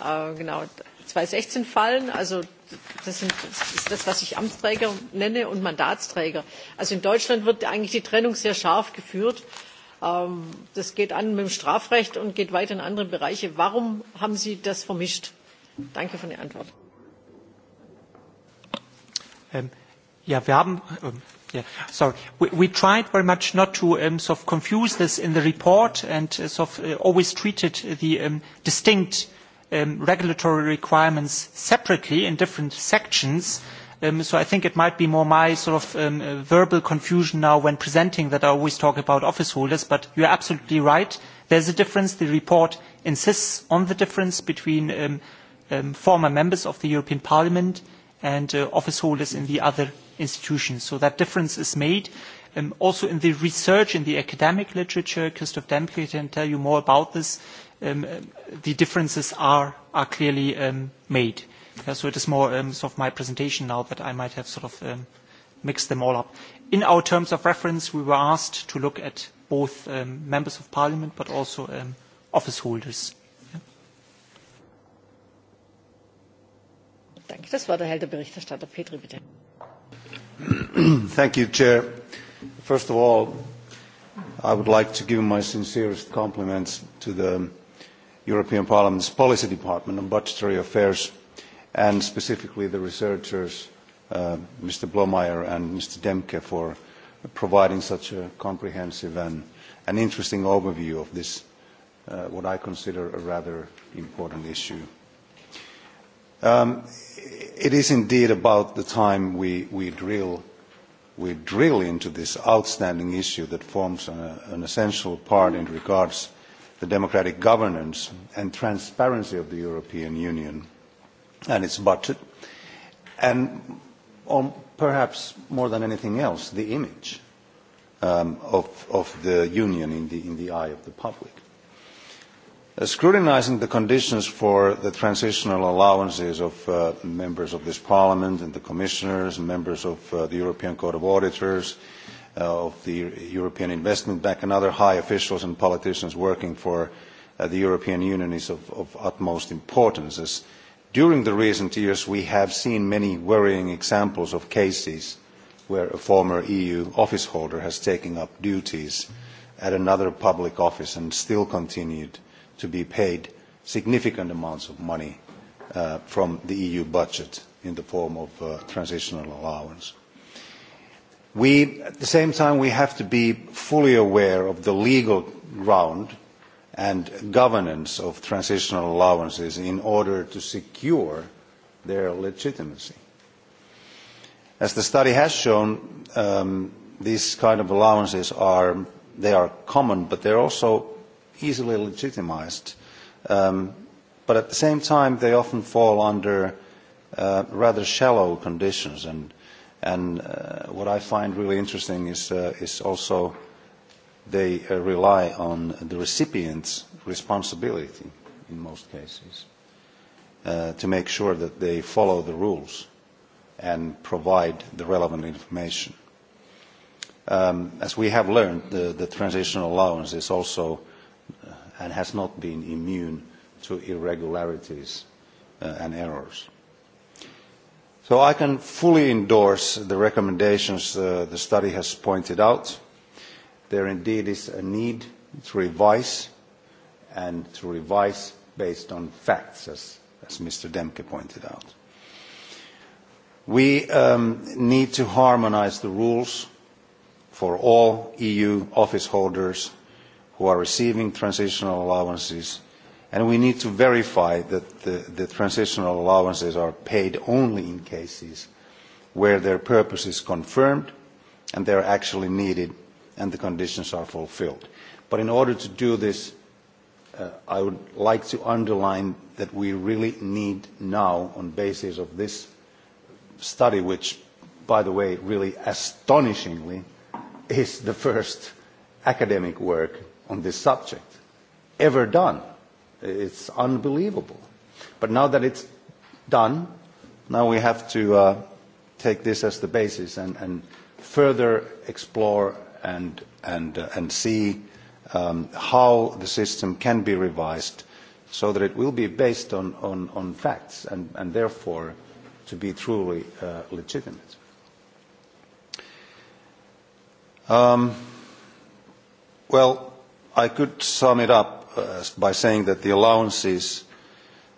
Speaker 1: äh, fallen. Also das, ist das, was ich Amtsträger nenne und Mandatsträger. Also in Deutschland wird eigentlich die Trennung sehr scharf geführt. Ähm, das geht an mit dem Strafrecht und geht weiter in andere Bereiche. Warum haben Sie das vermischt? Danke für die Antwort.
Speaker 15: Um, yeah, we haben, um, yeah, sorry. We, we tried very much not to um, sort of confuse this in the report and uh, sort of uh, always treated the um, distinct um, regulatory requirements separately in different sections. Um, so I think it might be more my sort of um, uh, verbal confusion now when presenting that I always talk about office holders, but you're absolutely right. There's a difference. The report insists on the difference between um, um, former members of the European Parliament and uh, office holders in the other institutions. So that difference is made. Um, also in the research, in the academic literature, Christoph Demke can tell you more about this, um, the differences are, are clearly um, made. Yeah, so it is more um, sort of my presentation now that I might have sort of um, mixed them all up. In our terms of reference, we were asked to look at both um, members of parliament but also um, office holders.
Speaker 1: Bank. Das Wort erhält der Berichterstatter Petri, bitte.
Speaker 4: Thank you, Chair. First of all, I would like to give my sincerest compliments to the European Parliament's Policy Department on Budgetary Affairs and specifically the researchers, uh, Mr. Blomeyer and Mr. Demke, for providing such a comprehensive and an interesting overview of this, uh, what I consider a rather important issue. Um, it is indeed about the time we, we, drill, we drill into this outstanding issue that forms an essential part in regards the democratic governance and transparency of the European Union and its budget, and on um, perhaps more than anything else, the image um, of, of the Union in the, in the eye of the public. Uh, scrutinising the conditions for the transitional allowances of uh, members of this parliament and the commissioners and members of uh, the European Court of Auditors, uh, of the European Investment Bank and other high officials and politicians working for uh, the European Union is of, of utmost importance. As during the recent years we have seen many worrying examples of cases where a former EU office holder has taken up duties at another public office and still continued uh, to be paid significant amounts of money uh, from the EU budget in the form of uh, transitional allowance. We, at the same time, we have to be fully aware of the legal ground and governance of transitional allowances in order to secure their legitimacy. As the study has shown, um, these kind of allowances are, they are common, but they're also easily legitimized. Um, but at the same time, they often fall under uh, rather shallow conditions. And, and uh, what I find really interesting is, uh, is also they uh, rely on the recipient's responsibility in most cases uh, to make sure that they follow the rules and provide the relevant information. Um, as we have learned, the, the transitional allowance is also and has not been immune to irregularities uh, and errors. So I can fully endorse the recommendations uh, the study has pointed out. There indeed is a need to revise and to revise based on facts, as, as Mr. Demke pointed out. We um, need to harmonise the rules for all EU office holders who are receiving transitional allowances, and we need to verify that the, the transitional allowances are paid only in cases where their purpose is confirmed and they are actually needed and the conditions are fulfilled. But in order to do this, uh, I would like to underline that we really need now, on basis of this study, which, by the way, really astonishingly is the first academic work on this subject ever done. It's unbelievable. But now that it's done, now we have to uh, take this as the basis and, and further explore and, and, uh, and see um, how the system can be revised so that it will be based on, on, on facts and, and therefore to be truly uh, legitimate. Um, well, I could sum it up uh, by saying that the allowances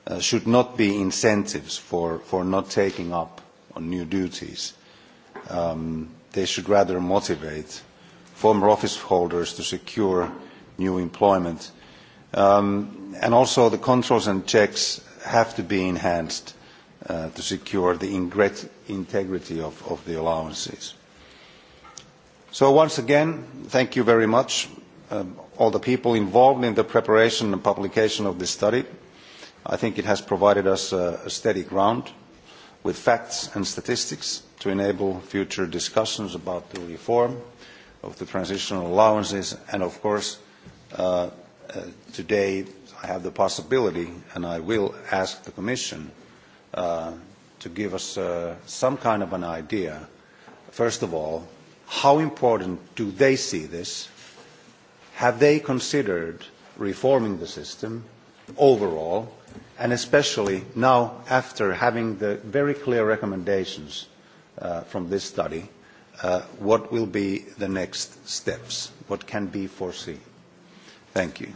Speaker 4: uh, should not be incentives for, for not taking up on new duties. Um, they should rather motivate former office holders to secure new employment. Um, and also the controls and checks have to be enhanced uh, to secure the integrity of, the allowances. So once again, thank you very much. Um, all the people involved in the preparation and publication of this study. I think it has provided us a, a steady ground with facts and statistics to enable future discussions about the reform of the transitional allowances. And of course, uh, uh, today I have the possibility, and I will ask the Commission uh, to give us uh, some kind of an idea, first of all, how important do they see this have they considered reforming the system overall, and especially now after having the very clear recommendations uh, from this study, uh, what will be the next steps? What can be foreseen? Thank you.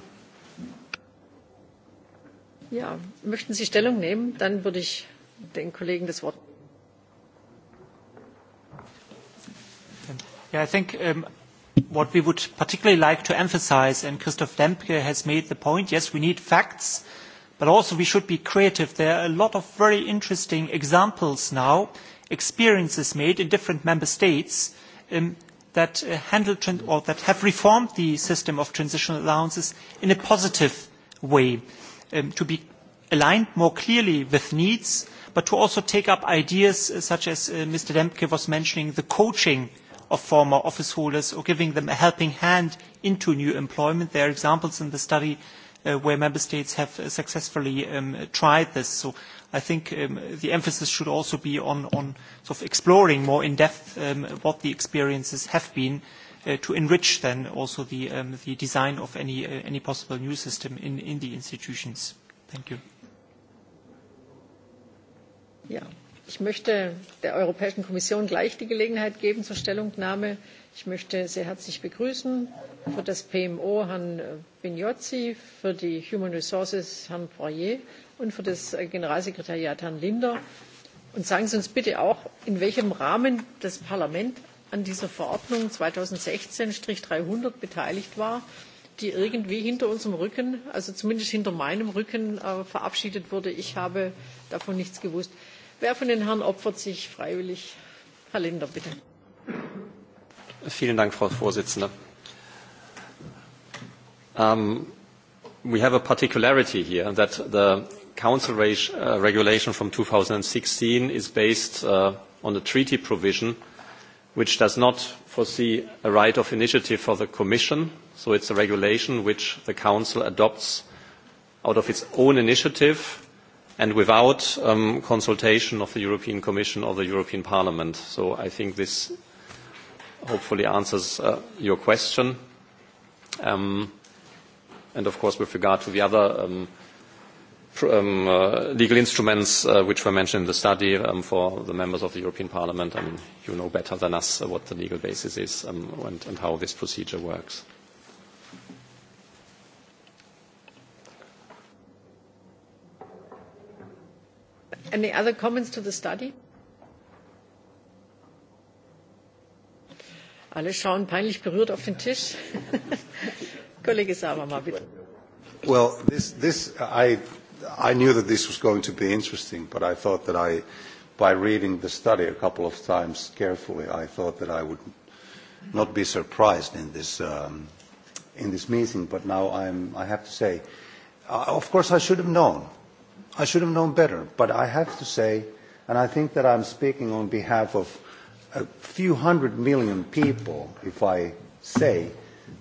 Speaker 1: Ja, möchten Sie Stellung nehmen? Dann würde ich den Kollegen das Wort.
Speaker 15: Yeah, I think um, what we would particularly like to emphasize, and Christoph Lemke has made the point, yes, we need facts, but also we should be creative. There are a lot of very interesting examples now, experiences made in different member states um, that uh, handle or that have reformed the system of transitional allowances in a positive way um, to be aligned more clearly with needs, but to also take up ideas uh, such as uh, Mr. Demke was mentioning, the coaching uh, of former office holders or giving them a helping hand into new employment. There are examples in the study uh, where member states have uh, successfully um, tried this. So I think um, the emphasis should also be on, on sort of exploring more in depth um, what the experiences have been uh, to enrich then also the, um, the design of any, uh, any possible new system in, in the institutions. Thank you.
Speaker 1: Yeah. Ich möchte der Europäischen Kommission gleich die Gelegenheit geben zur Stellungnahme. Ich möchte sehr herzlich begrüßen für das PMO Herrn Bignozzi, für die Human Resources Herrn Poirier und für das Generalsekretariat Herrn Linder. Und sagen Sie uns bitte auch, in welchem Rahmen das Parlament an dieser Verordnung 2016-300 beteiligt war, die irgendwie hinter unserem Rücken, also zumindest hinter meinem Rücken, äh, verabschiedet wurde. Ich habe davon nichts gewusst. Wer von den Herren opfert sich freiwillig? Herr Linder, bitte.
Speaker 17: Vielen Dank, Frau Vorsitzende. Um, we have a particularity here that the Council reg uh, regulation from 2016 is based uh, on a treaty provision which does not foresee a right of initiative for the Commission. So it's a regulation which the Council adopts out of its own initiative and without um, consultation of the European Commission or the European Parliament. So I think this hopefully answers uh, your question. Um, and of course, with regard to the other um, um, uh, legal instruments uh, which were mentioned in the study um, for the members of the European Parliament, I you know better than us what the legal basis is um, and, and how this procedure works.
Speaker 1: Any other comments to the study? Alle schauen peinlich berührt auf den Tisch. Kollege Savama, bitte.
Speaker 4: Well, this, this, I, I knew that this was going to be interesting, but I thought that I, by reading the study a couple of times carefully, I thought that I would not be surprised in this, um, in this meeting. But now I'm, I have to say, uh, of course I should have known I should have known better, but I have to say, and I think that I'm speaking on behalf of a few hundred million people if I say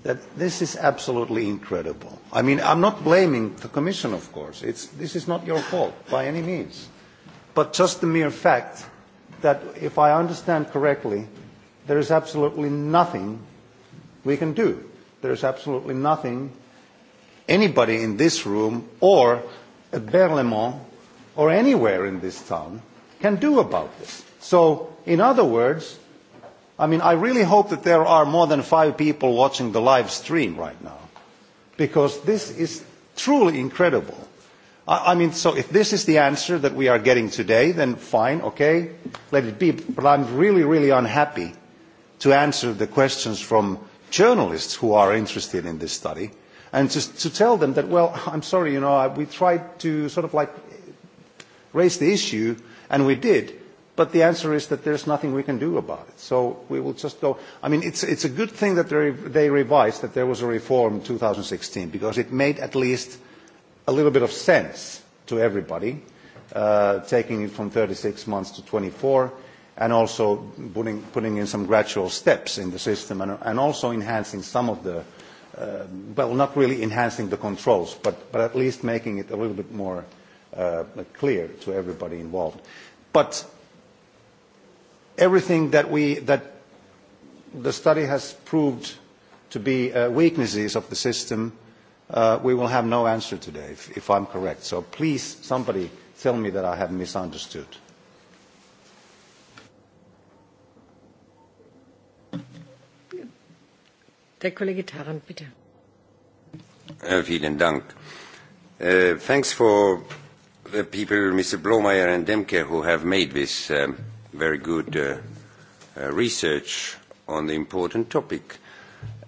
Speaker 4: that this is absolutely incredible. I mean, I'm not blaming the Commission, of course. It's, this is not your fault by any means. But just the mere fact that, if I understand correctly, there is absolutely nothing we can do. There is absolutely nothing anybody in this room or at Berlaymont or anywhere in this town can do about this. So, in other words, I mean, I really hope that there are more than five people watching the live stream right now, because this is truly incredible. I, I mean, so if this is the answer that we are getting today, then fine, okay, let it be. But I'm really, really unhappy to answer the questions from journalists who are interested in this study and just to tell them that, well, I'm sorry, you know, we tried to sort of like raise the issue, and we did, but the answer is that there's nothing we can do about it. So we will just go. I mean, it's, it's a good thing that they, revised that there was a reform in 2016 because it made at least a little bit of sense to everybody, uh, taking it from 36 months to 24 and also putting, putting in some gradual steps in the system and, and also enhancing some of the Uh, well, not really enhancing the controls, but, but at least making it a little bit more uh, clear to everybody involved. But everything that, we, that the study has proved to be uh, weaknesses of the system, uh, we will have no answer today, if, if I'm correct. So please, somebody tell me that I have misunderstood.
Speaker 1: Der Kollege Tarrant, bitte.
Speaker 18: Uh, vielen Dank. Uh, thanks for the people, Mr. Blomeyer and Demke, who have made this um, very good uh, uh, research on the important topic.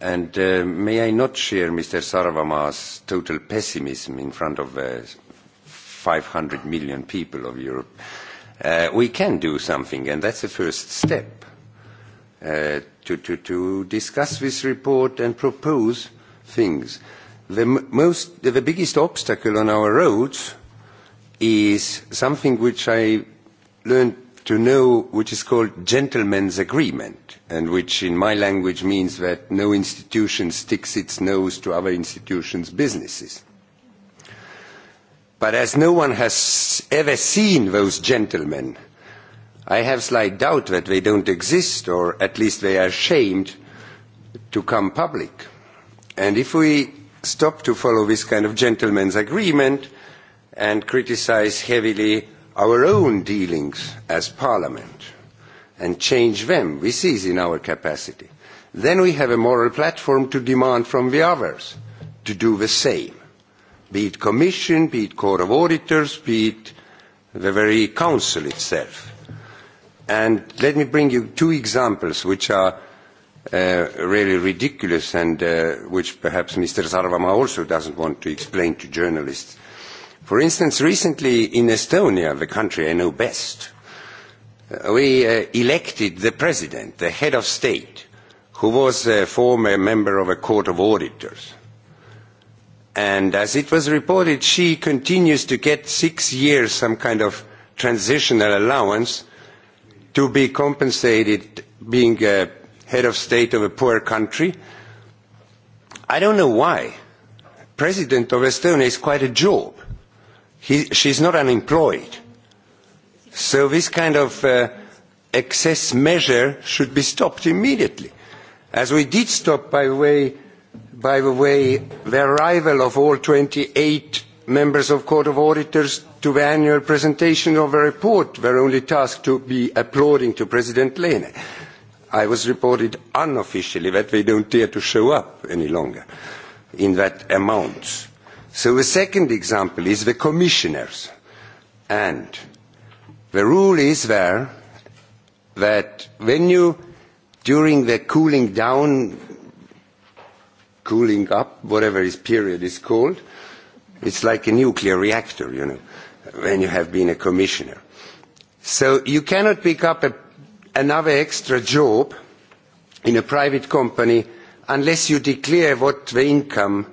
Speaker 18: And uh, may I not share Mr. Saravama's total pessimism in front of uh, 500 million people of Europe? Uh, we can do something, and that's the first step Uh, to, discuss this report and propose things. The, the biggest obstacle on our roads is something which I learned to know, which is called gentleman's agreement, and which in my language means that no institution sticks its nose to other institutions' businesses. But as no one has ever seen those gentlemen, I have slight doubt that they don't exist, or at least they are ashamed to come public. And if we stop to follow this kind of gentleman's agreement and criticise heavily our own dealings as Parliament and change them, this is in our capacity, then we have a moral platform to demand from the others to do the same, be it Commission, be it Court of Auditors, be it the very Council itself. And let me bring you two examples which are uh, really ridiculous and uh, which perhaps Mr. Sarvama also doesn't want to explain to journalists. For instance, recently in Estonia, the country I know best, uh, we uh, elected the president, the head of state, who was a former member of a court of auditors. And as it was reported, she continues to get six years some kind of transitional allowance to be compensated being a head of state of a poor country. I don't know why. President of Estonia is quite a job. He, she's not unemployed. So this kind of uh, excess measure should be stopped immediately, as we did stop, by the way, by the way, the arrival of all 28 members of Court of Auditors to the annual presentation of a report, were only tasked to be applauding to President Lehne. I was reported unofficially that they don't dare to show up any longer in that amount. So the second example is the commissioners. And the rule is there that when you, during the cooling down, cooling up, whatever this period is called, it's like a nuclear reactor, you know when you have been a commissioner. So you cannot pick up a, another extra job in a private company unless you declare what the income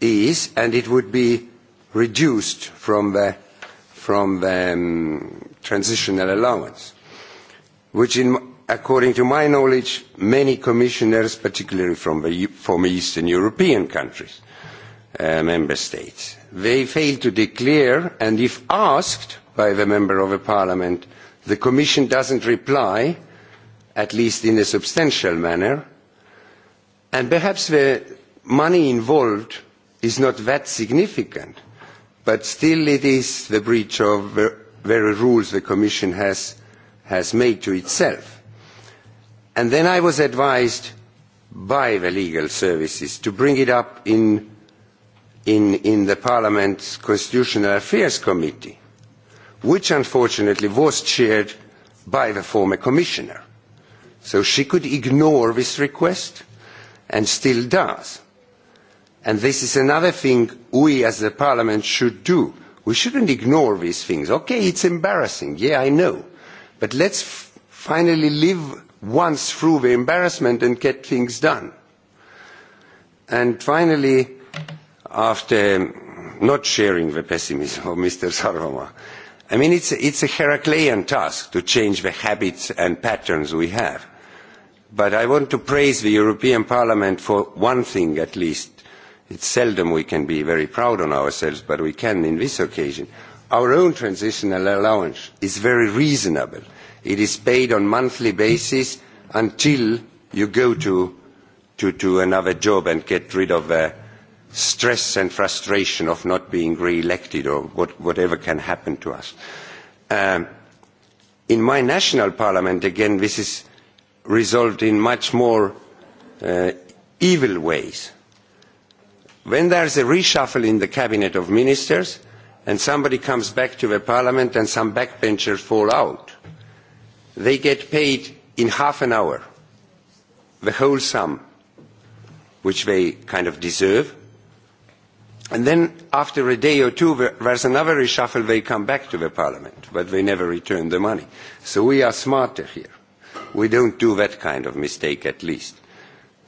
Speaker 18: is, and it would be reduced from the, from the um, transitional allowance, which in, according to my knowledge, many commissioners, particularly from the former Eastern European countries, uh, Uh, member states. They fail to declare, and if asked by the member of parliament, the Commission doesn't reply, at least in a substantial manner, and perhaps the money involved is not that significant, but still it is the breach of the very rules the Commission has, has made to itself. And then I was advised by the legal services to bring it up in in, in the Parliament's Constitutional Affairs Committee, which unfortunately was chaired by the former commissioner. So she could ignore this request and still does. And this is another thing we as the Parliament should do. We shouldn't ignore these things. Okay, it's embarrassing. Yeah, I know. But let's finally live once through the embarrassment and get things done. And finally, after not sharing the pessimism of Mr. Sarvama. I mean, it's, it's a Heraclean task to change the habits and patterns we have. But I want to praise the European Parliament for one thing at least. It's seldom we can be very proud on ourselves, but we can in this occasion. Our own transitional allowance is very reasonable. It is paid on monthly basis until you go to, to, to another job and get rid of the stress and frustration of not being re-elected or what, whatever can happen to us. Um, in my national parliament, again, this is resolved in much more uh, evil ways. When there is a reshuffle in the cabinet of ministers and somebody comes back to the parliament and some backbenchers fall out, they get paid in half an hour the whole sum which they kind of deserve And then after a day or two, there's another reshuffle, they come back to the parliament, but they never return the money. So we are smarter here. We don't do that kind of mistake at least.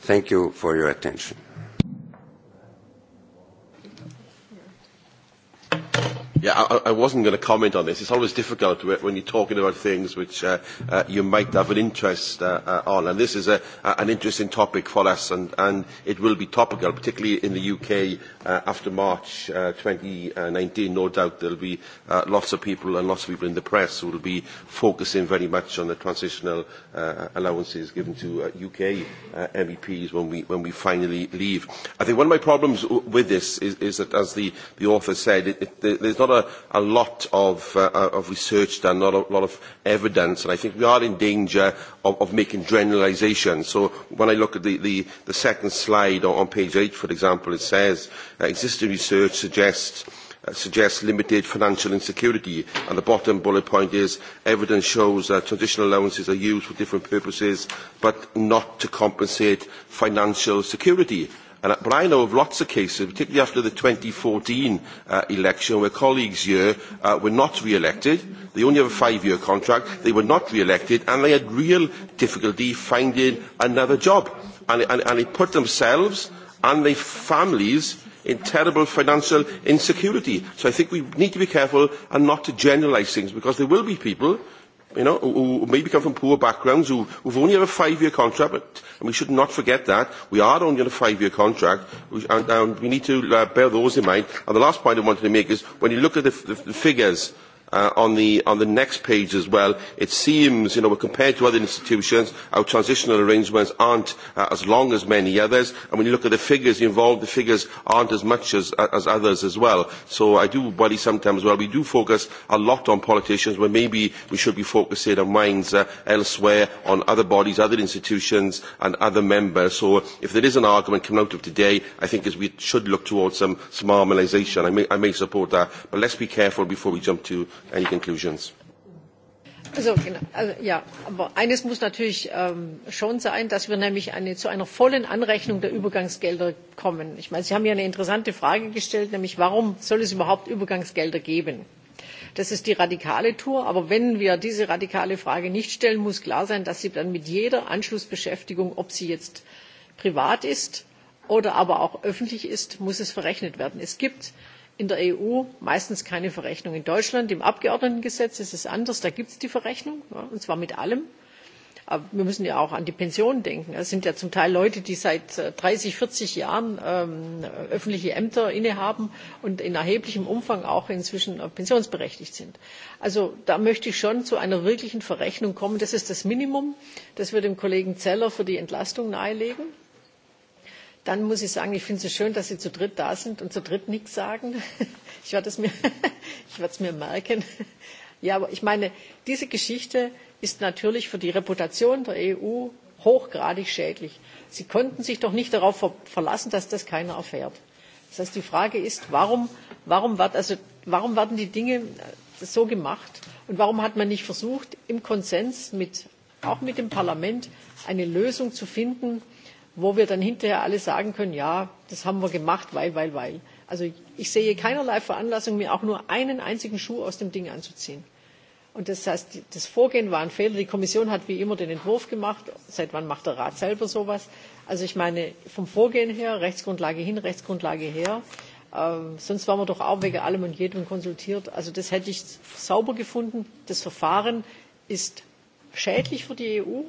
Speaker 18: Thank you for your attention. Yeah, I, I wasn't going to comment on this. It's always
Speaker 2: difficult when you're talking about things which uh, uh, you might have an interest uh, uh, on. And this is a, an interesting topic for us, and, and it will be topical, particularly in the UK uh, after March uh, 2019. No doubt there will be uh, lots of people and lots of people in the press who will be focusing very much on the transitional uh, allowances given to uh, UK uh, MEPs when we, when we finally leave. I think one of my problems with this is, is that, as the, the author said, it, it, there's not a, a lot of, uh, uh of research done, not a lot of evidence, and I think we are in danger of, of making generalisations. So when I look at the, the, the second slide on, on page 8, for example, it says uh, existing research suggests uh, suggests limited financial insecurity. And the bottom bullet point is evidence shows that transitional allowances are used for different purposes, but not to compensate financial security. And, but I know of lots of cases, particularly after the 2014 uh, election, where colleagues here uh, were not re-elected. They only have a five-year contract. They were not re-elected, and they had real difficulty finding another job. And, and, and it put themselves and their families in terrible financial insecurity. So I think we need to be careful and not to generalise things, because there will be people you know, who, who maybe come from poor backgrounds, who, who've only had a five-year contract, but, and we should not forget that. We are only on a five-year contract, which, and, and we need to uh, bear those in mind. And the last point I wanted to make is, when you look at the, the, the figures Uh, on, the, on the next page as well, it seems, you know, compared to other institutions, our transitional arrangements aren't uh, as long as many others. And when you look at the figures involved, the figures aren't as much as, uh, as others as well. So I do worry sometimes, well, we do focus a lot on politicians when maybe we should be focusing our minds uh, elsewhere on other bodies, other institutions and other members. So if there is an argument coming out of today, I think is we should look towards some, some harmonisation. I may, I may support that, but let's be careful before we jump to any conclusions.
Speaker 1: Also, ja, aber eines muss natürlich ähm, schon sein, dass wir nämlich eine, zu einer vollen Anrechnung der Übergangsgelder kommen. Ich meine, Sie haben ja eine interessante Frage gestellt, nämlich warum soll es überhaupt Übergangsgelder geben? Das ist die radikale Tour. Aber wenn wir diese radikale Frage nicht stellen, muss klar sein, dass sie dann mit jeder Anschlussbeschäftigung, ob sie jetzt privat ist oder aber auch öffentlich ist, muss es verrechnet werden. Es gibt in der eu meistens keine verrechnung. in deutschland im abgeordnetengesetz ist es anders da gibt es die verrechnung und zwar mit allem. Aber wir müssen ja auch an die pensionen denken. Es sind ja zum Teil Leute, die seit äh, dreißig vierzig Jahren ähm, öffentliche Ämter innehaben und in erheblichem Umfang auch inzwischen äh, pensionsberechtigt sind. Also da möchte ich schon zu einer wirklichen Verrechnung kommen. Das ist das Minimum, das wir dem Kollegen Zeller für die Entlastung nahelegen Dann muss ich sagen, ich finde es schön, dass Sie zu dritt da sind und zu dritt nichts sagen. Ich werde es mir, ich werde es mir merken. Ja, aber ich meine, diese Geschichte ist natürlich für die Reputation der EU hochgradig schädlich. Sie konnten sich doch nicht darauf ver verlassen, dass das keiner erfährt. Das heißt, die Frage ist, warum, warum, wird, also, warum werden die Dinge äh, so gemacht und warum hat man nicht versucht, im Konsens mit, auch mit dem Parlament eine Lösung zu finden, wo wir dann hinterher alle sagen können, ja, das haben wir gemacht, weil, weil, weil. Also ich sehe keinerlei Veranlassung, mir auch nur einen einzigen Schuh aus dem Ding anzuziehen. Und das heißt, das Vorgehen war ein Fehler. Die Kommission hat wie immer den Entwurf gemacht. Seit wann macht der Rat selber sowas? Also ich meine, vom Vorgehen her, Rechtsgrundlage hin, Rechtsgrundlage her. Ähm, sonst waren wir doch auch wegen allem und jedem konsultiert. Also das hätte ich sauber gefunden. Das Verfahren ist schädlich für die EU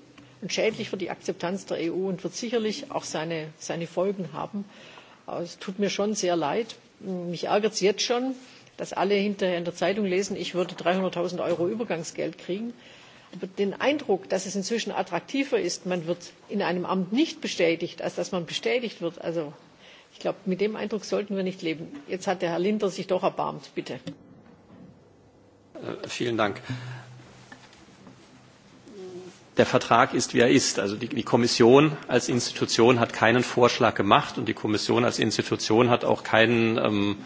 Speaker 1: und schädlich für die Akzeptanz der EU und wird sicherlich auch seine, Folgen haben. Es tut mir schon sehr leid. Mich ärgert es jetzt schon, dass alle hinterher in der Zeitung lesen, ich würde dreihundert null Euro Übergangsgeld kriegen. Aber den Eindruck, dass es inzwischen attraktiver ist, man wird in einem Amt nicht bestätigt, als dass man bestätigt wird, also ich glaube, mit dem Eindruck sollten wir nicht leben. Jetzt hat der Herr Linder sich doch erbarmt, bitte.
Speaker 17: Äh, vielen Dank der Vertrag ist, wie er ist. Also die, die Kommission als Institution hat keinen Vorschlag gemacht und die Kommission als Institution hat auch keinen, ähm,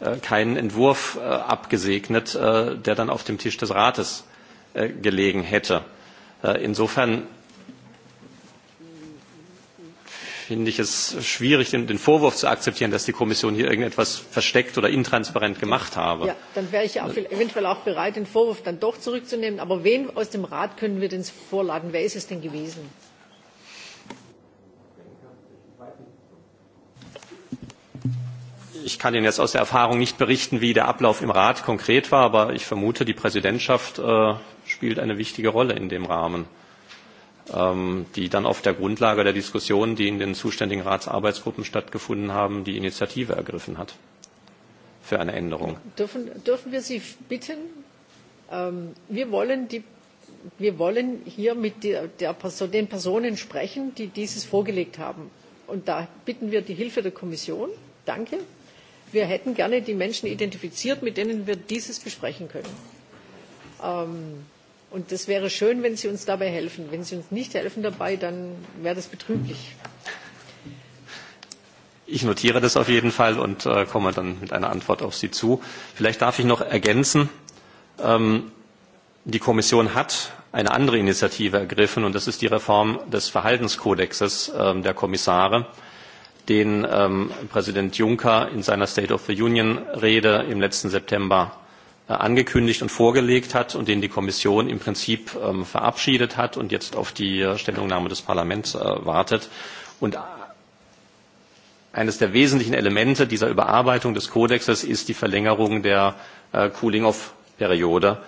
Speaker 17: äh, keinen Entwurf äh, abgesegnet, äh, der dann auf dem Tisch des Rates äh, gelegen hätte. Äh, insofern finde ich es schwierig, den, den Vorwurf zu akzeptieren, dass die Kommission hier irgendetwas versteckt oder intransparent gemacht habe. Ja,
Speaker 1: dann wäre ich ja auch eventuell auch bereit, den Vorwurf dann doch zurückzunehmen. Aber wen aus dem Rat können wir denn vorladen? Wer ist es denn gewesen?
Speaker 17: ich kann Ihnen jetzt aus der Erfahrung nicht berichten, wie der Ablauf im Rat konkret war, aber ich vermute, die Präsidentschaft äh, spielt eine wichtige Rolle in dem Rahmen. Ähm, die dann auf der Grundlage der Diskussionen, die in den zuständigen Ratsarbeitsgruppen stattgefunden haben, die Initiative ergriffen hat für eine Änderung.
Speaker 1: Dürfen, dürfen wir Sie bitten, ähm, wir, wollen die, wir wollen hier mit der, der Person, den Personen sprechen, die dieses vorgelegt haben. Und da bitten wir die Hilfe der Kommission. Danke. Wir hätten gerne die Menschen identifiziert, mit denen wir dieses besprechen können. Ähm, Und es wäre schön, wenn Sie uns dabei helfen. Wenn Sie uns nicht helfen dabei, dann wäre das betrüblich.
Speaker 17: Ich notiere das auf jeden Fall und äh, komme dann mit einer Antwort auf Sie zu. Vielleicht darf ich noch ergänzen. Ähm, die Kommission hat eine andere Initiative ergriffen und das ist die Reform des Verhaltenskodexes ähm, der Kommissare, den ähm, Präsident Juncker in seiner State of the Union Rede im letzten September Äh, angekündigt und vorgelegt hat und den die Kommission im Prinzip ähm, verabschiedet hat und jetzt auf die äh, Stellungnahme des Parlaments äh, wartet. Und eines der wesentlichen Elemente dieser Überarbeitung des Kodexes ist die Verlängerung der Cooling-off-Periode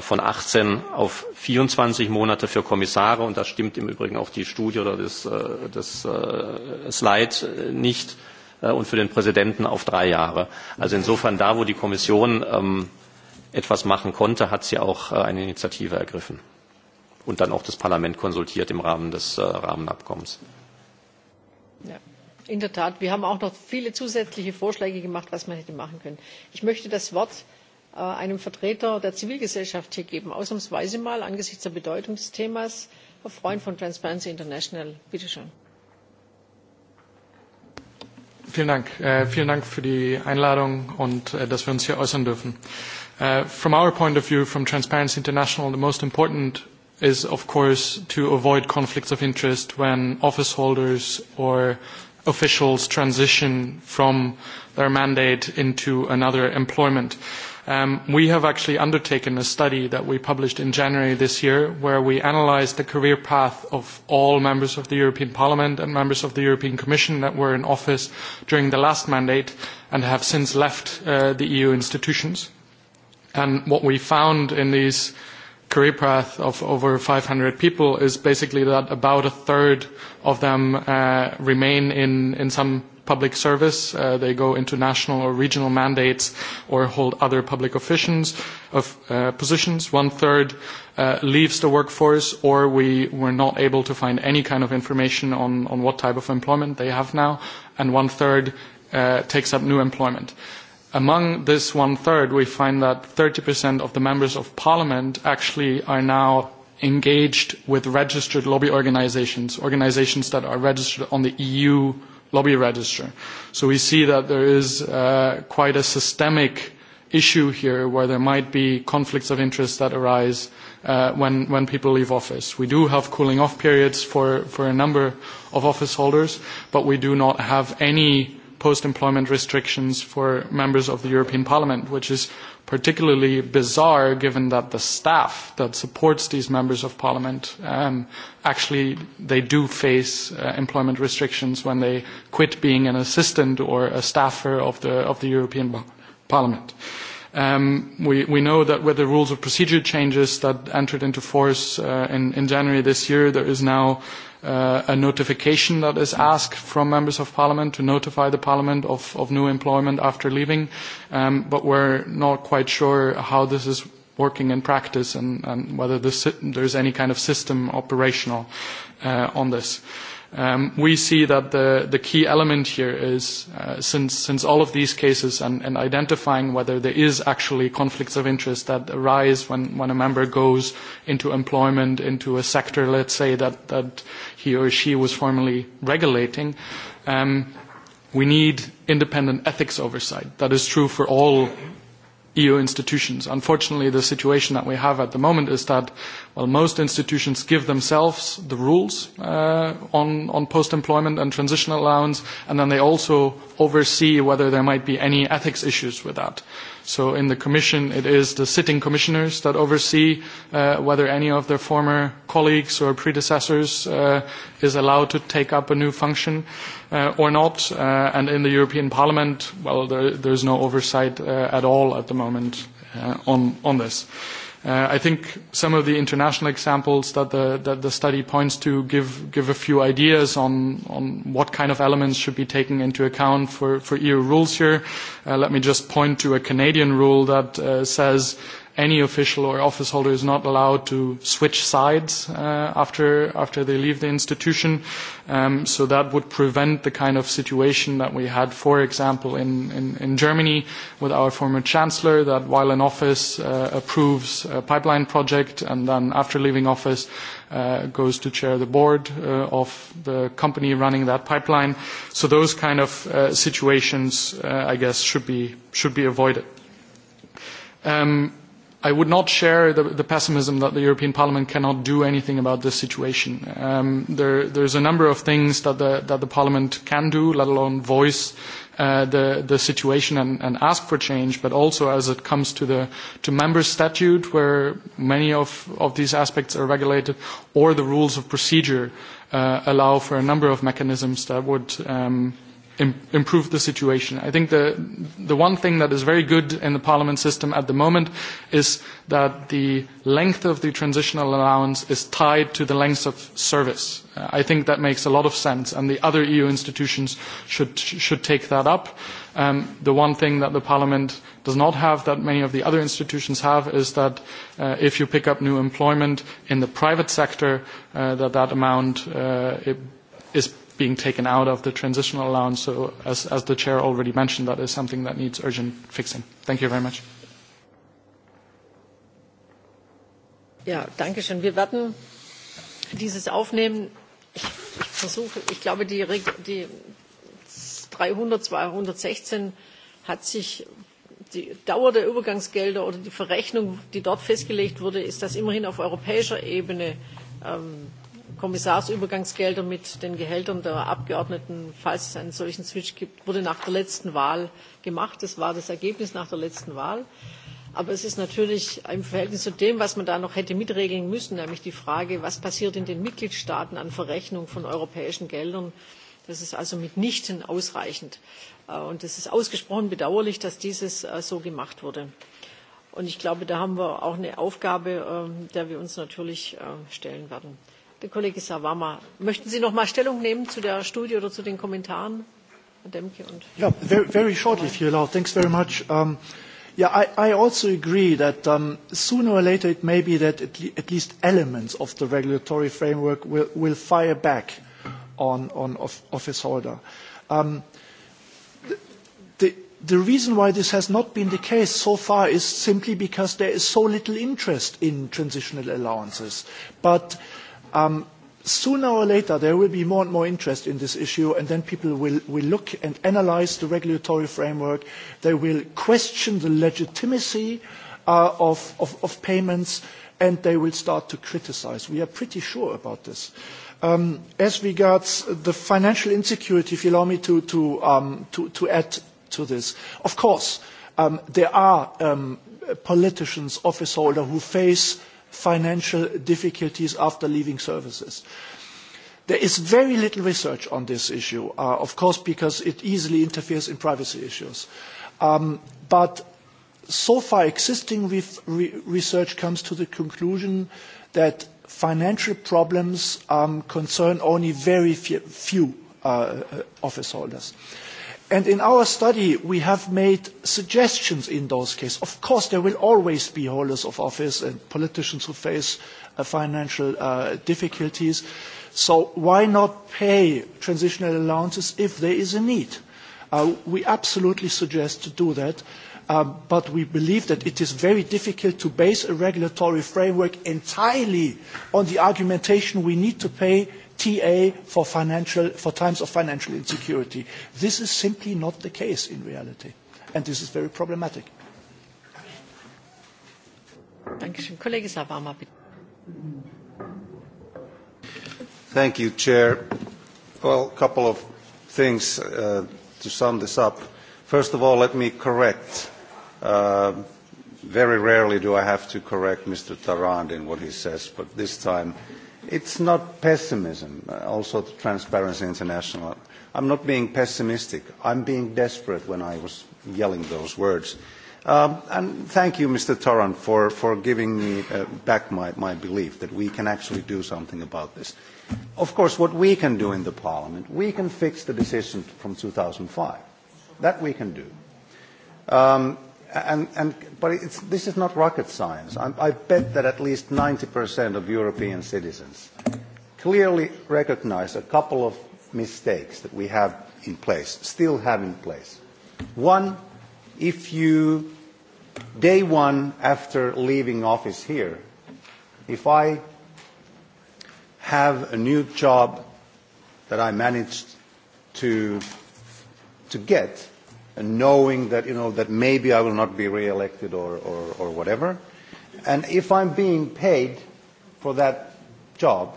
Speaker 17: von 18 auf 24 Monate für Kommissare. Und da stimmt im Übrigen auch die Studie oder das, das Slide nicht. Und für den Präsidenten auf drei Jahre. Also insofern da, wo die Kommission ähm, etwas machen konnte, hat sie auch äh, eine Initiative ergriffen und dann auch das Parlament konsultiert im Rahmen des äh, Rahmenabkommens.
Speaker 1: Ja, in der Tat, wir haben auch noch viele zusätzliche Vorschläge gemacht, was man hätte machen können. Ich möchte das Wort äh, einem Vertreter der Zivilgesellschaft hier geben, ausnahmsweise mal angesichts der Bedeutung des Themas, Herr Freund von Transparency International. Bitte schön.
Speaker 13: Vielen Dank. Äh, vielen Dank für die Einladung und äh, dass wir uns hier äußern dürfen. Uh, from our point of view, from Transparency International, the most important is, of course, to avoid conflicts of interest when office holders or officials transition from their mandate into another employment. Um, we have actually undertaken a study that we published in January this year where we analysed the career path of all members of the European Parliament and members of the European Commission that were in office during the last mandate and have since left uh, the EU institutions. And what we found in these career path of over 500 people is basically that about a third of them uh, remain in, in some public service. Uh, they go into national or regional mandates or hold other public officials of uh, positions. One third uh, leaves the workforce, or we were not able to find any kind of information on, on what type of employment they have now, and one third uh, takes up new employment. Among this one-third, we find that 30% of the members of parliament actually are now engaged with registered lobby organizations, organizations that are registered on the EU lobby register. So we see that there is uh, quite a systemic issue here where there might be conflicts of interest that arise uh, when, when people leave office. We do have cooling off periods for, for a number of office holders, but we do not have any post-employment restrictions for members of the European Parliament, which is particularly bizarre given that the staff that supports these members of parliament um, actually they do face uh, employment restrictions when they quit being an assistant or a staffer of the of the European Parliament. Um, we, we know that with the rules of procedure changes that entered into force uh, in, in January this year, there is now uh, a notification that is asked from members of parliament to notify the parliament of, of new employment after leaving, um, but we're not quite sure how this is working in practice and, and whether this, there's any kind of system operational uh, on this. Uh, Um, we see that the, the key element here is, uh, since, since all of these cases and, and identifying whether there is actually conflicts of interest that arise when, when a member goes into employment, into a sector, let's say, that, that he or she was formerly regulating, um, we need independent ethics oversight. That is true for all EU institutions. Unfortunately, the situation that we have at the moment is that, well, most institutions give themselves the rules uh, on, on post-employment and transitional allowance, and then they also oversee whether there might be any ethics issues with that. So in the Commission, it is the sitting commissioners that oversee uh, whether any of their former colleagues or predecessors uh, is allowed to take up a new function uh, or not. Uh, and in the European Parliament, well, there, there's no oversight uh, at all at the moment uh, on, on this. Uh, Uh, I think some of the international examples that the, that the study points to give, give a few ideas on, on what kind of elements should be taken into account for, for EU rules here. Uh, let me just point to a Canadian rule that uh, says any official or office holder is not allowed to switch sides uh, after after they leave the institution. Um, so that would prevent the kind of situation that we had, for example, in, in, in Germany with our former chancellor, that while in office uh, approves a pipeline project and then after leaving office uh, goes to chair the board uh, of the company running that pipeline. So those kind of uh, situations, uh, I guess, should be should be avoided. Um, I would not share the, the pessimism that the European Parliament cannot do anything about this situation. Um, there, there's a number of things that the, that the Parliament can do, let alone voice uh, the, the situation and, and ask for change, but also as it comes to the to member statute, where many of, of these aspects are regulated, or the rules of procedure uh, allow for a number of mechanisms that would um, improve the situation. I think the, the one thing that is very good in the parliament system at the moment is that the length of the transitional allowance is tied to the length of service. Uh, I think that makes a lot of sense, and the other EU institutions should, should take that up. Um, the one thing that the parliament does not have that many of the other institutions have is that uh, if you pick up new employment in the private sector, uh, that that amount uh, it is being taken out of the transitional allowance. So as, as the chair already mentioned, that is something that needs urgent fixing. Thank you very much.
Speaker 1: Ja, danke schön. Wir werden dieses aufnehmen. Ich, ich versuche, ich glaube, die, die 300, 216 hat sich die Dauer der Übergangsgelder oder die Verrechnung, die dort festgelegt wurde, ist, das immerhin auf europäischer Ebene ähm, Kommissarsübergangsgelder mit den Gehältern der Abgeordneten, falls es einen solchen Switch gibt, wurde nach der letzten Wahl gemacht. Das war das Ergebnis nach der letzten Wahl. Aber es ist natürlich im Verhältnis zu dem, was man da noch hätte mitregeln müssen, nämlich die Frage, was passiert in den Mitgliedstaaten an Verrechnung von europäischen Geldern. Das ist also mitnichten ausreichend. Äh, und es ist ausgesprochen bedauerlich, dass dieses äh, so gemacht wurde. Und ich glaube, da haben wir auch eine Aufgabe, ähm, der wir uns natürlich äh, stellen werden. Der Kollege Sawama, möchten Sie noch mal Stellung nehmen zu der Studie oder zu den Kommentaren? Herr Demke und
Speaker 16: yeah, very, very shortly, if you allow. Thanks very much. Um, yeah, I, I also agree that um, sooner or later it may be that at, le at least elements of the regulatory framework will, will fire back on, on of, office holder. Um, the, the reason why this has not been the case so far is simply because there is so little interest in transitional allowances. But Um, sooner or later, there will be more and more interest in this issue, and then people will, will look and analyse the regulatory framework. They will question the legitimacy uh, of, of, of, payments, and they will start to criticise. We are pretty sure about this. Um, as regards the financial insecurity, if you allow me to, to, um, to, to add to this, of course, um, there are um, politicians, office holders who face financial difficulties after leaving services. There is very little research on this issue, uh, of course, because it easily interferes in privacy issues. Um, but so far, existing re re research comes to the conclusion that financial problems um, concern only very few, few uh, uh, office holders. And in our study, we have made suggestions in those cases. Of course, there will always be holders of office and politicians who face uh, financial uh, difficulties. So why not pay transitional allowances if there is a need? Uh, we absolutely suggest to do that. Um, but we believe that it is very difficult to base a regulatory framework entirely on the argumentation we need to pay TA for, financial, for times of financial insecurity. This is simply not the case in reality, and this is very problematic.
Speaker 4: Thank you, Chair. Well, a couple of things uh, to sum this up. First of all, let me correct. Uh, very rarely do I have to correct Mr. Tarand in what he says, but this time It's not pessimism, uh, also the Transparency International. I'm not being pessimistic. I'm being desperate when I was yelling those words. Um, and thank you, Mr. Tarand, for, giving me uh, back my, belief that we can actually do something about this. Of course, what we can do in the Parliament, we can fix the decision from 2005. That we can do. Um, And, but it's, this is not rocket science. I, I bet that at least 90% of European citizens clearly recognize a couple of mistakes that we have in place, still have in place. One, if you, day one after leaving office here, if I have a new job that I managed to, to get, knowing that, you know, that maybe I will not be re-elected or, or, or whatever. And if I'm being paid for that job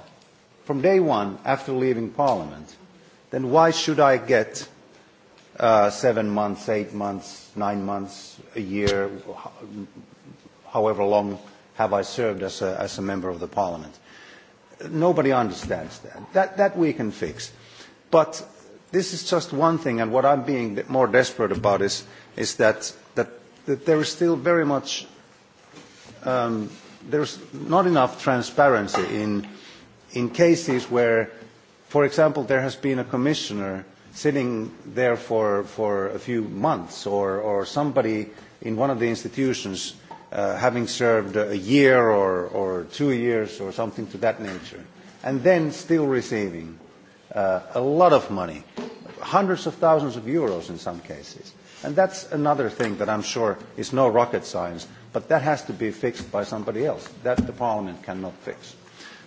Speaker 4: from day one after leaving Parliament, then why should I get uh, seven months, eight months, nine months, a year, however long have I served as a, as a member of the Parliament? Nobody understands that. That, that we can fix. But this is just one thing, and what I'm being more desperate about is, is that, that, that there is still very much, um, there's not enough transparency in, in cases where, for example, there has been a commissioner sitting there for, for a few months or, or somebody in one of the institutions uh, having served a year or, or two years or something to that nature, and then still receiving uh, a lot of money, hundreds of thousands of euros in some cases. And that's another thing that I'm sure is no rocket science, but that has to be fixed by somebody else. That the Parliament cannot fix.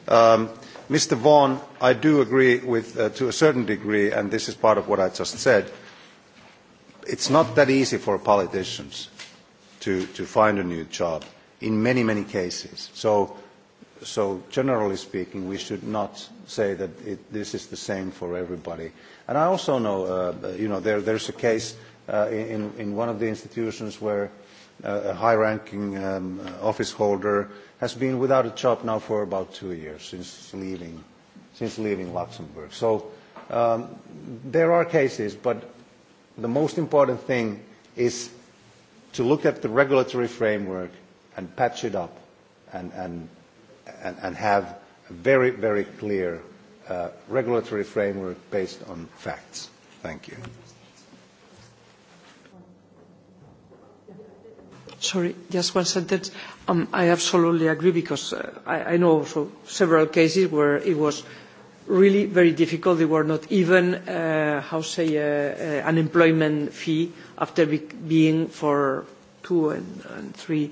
Speaker 4: Um, Mr. Vaughan, I do agree with, uh, to a certain degree, and this is part of what I just said, it's not that easy for politicians to, to find a new job in many, many cases. So so generally speaking, we should not say that this is the same for everybody. And I also know, uh, uh, you know, there, there's a case uh, in, one of the institutions where a high-ranking um, office holder has been without a job now for about two years since leaving, since leaving Luxembourg. So um, there are cases, but the most important thing is to look at the regulatory framework and patch it up and, and and, have a very, very clear uh, regulatory framework based on facts. Thank you.
Speaker 8: Sorry, just one sentence. Um, I absolutely agree because uh, I, I know also several cases where it was really very difficult. They were not even, uh, how say, uh, uh, unemployment fee after be being for two and, and three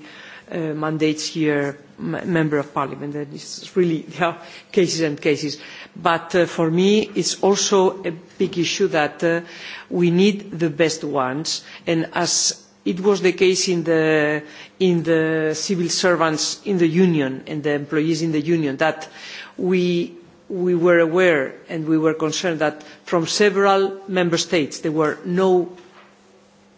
Speaker 8: Uh, mandates here member of parliament. And it's really there are cases and cases. But uh, for me, it's also a big issue that uh, we need the best ones. And as it was the case in the, in the civil servants in the union and the employees in the union that we, we were aware and we were concerned that from several member states there were no,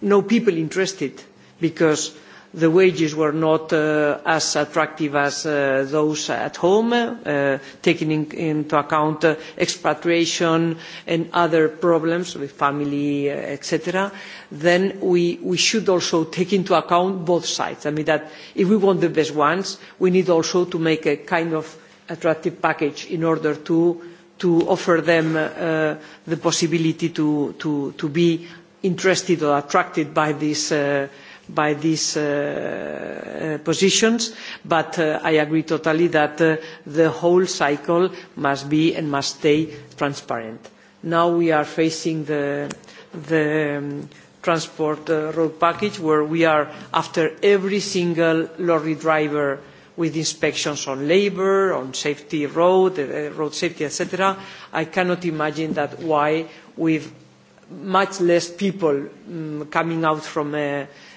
Speaker 8: no people interested because the wages were not uh, as attractive as uh, those at home, uh, taking into account expatriation and other problems with family, etc., then we, should also take into account both sides. I mean that if we want the best ones, we need also to make a kind of attractive package in order to, offer them the possibility to be interested or attracted by this by these uh, uh, positions but uh, i agree totally that uh, the whole cycle must be and must stay transparent. now we are facing the, the um, transport uh, road package where we are after every single lorry driver with inspections on labour on safety road uh, road safety etc. i cannot imagine that why with much less people um, coming out from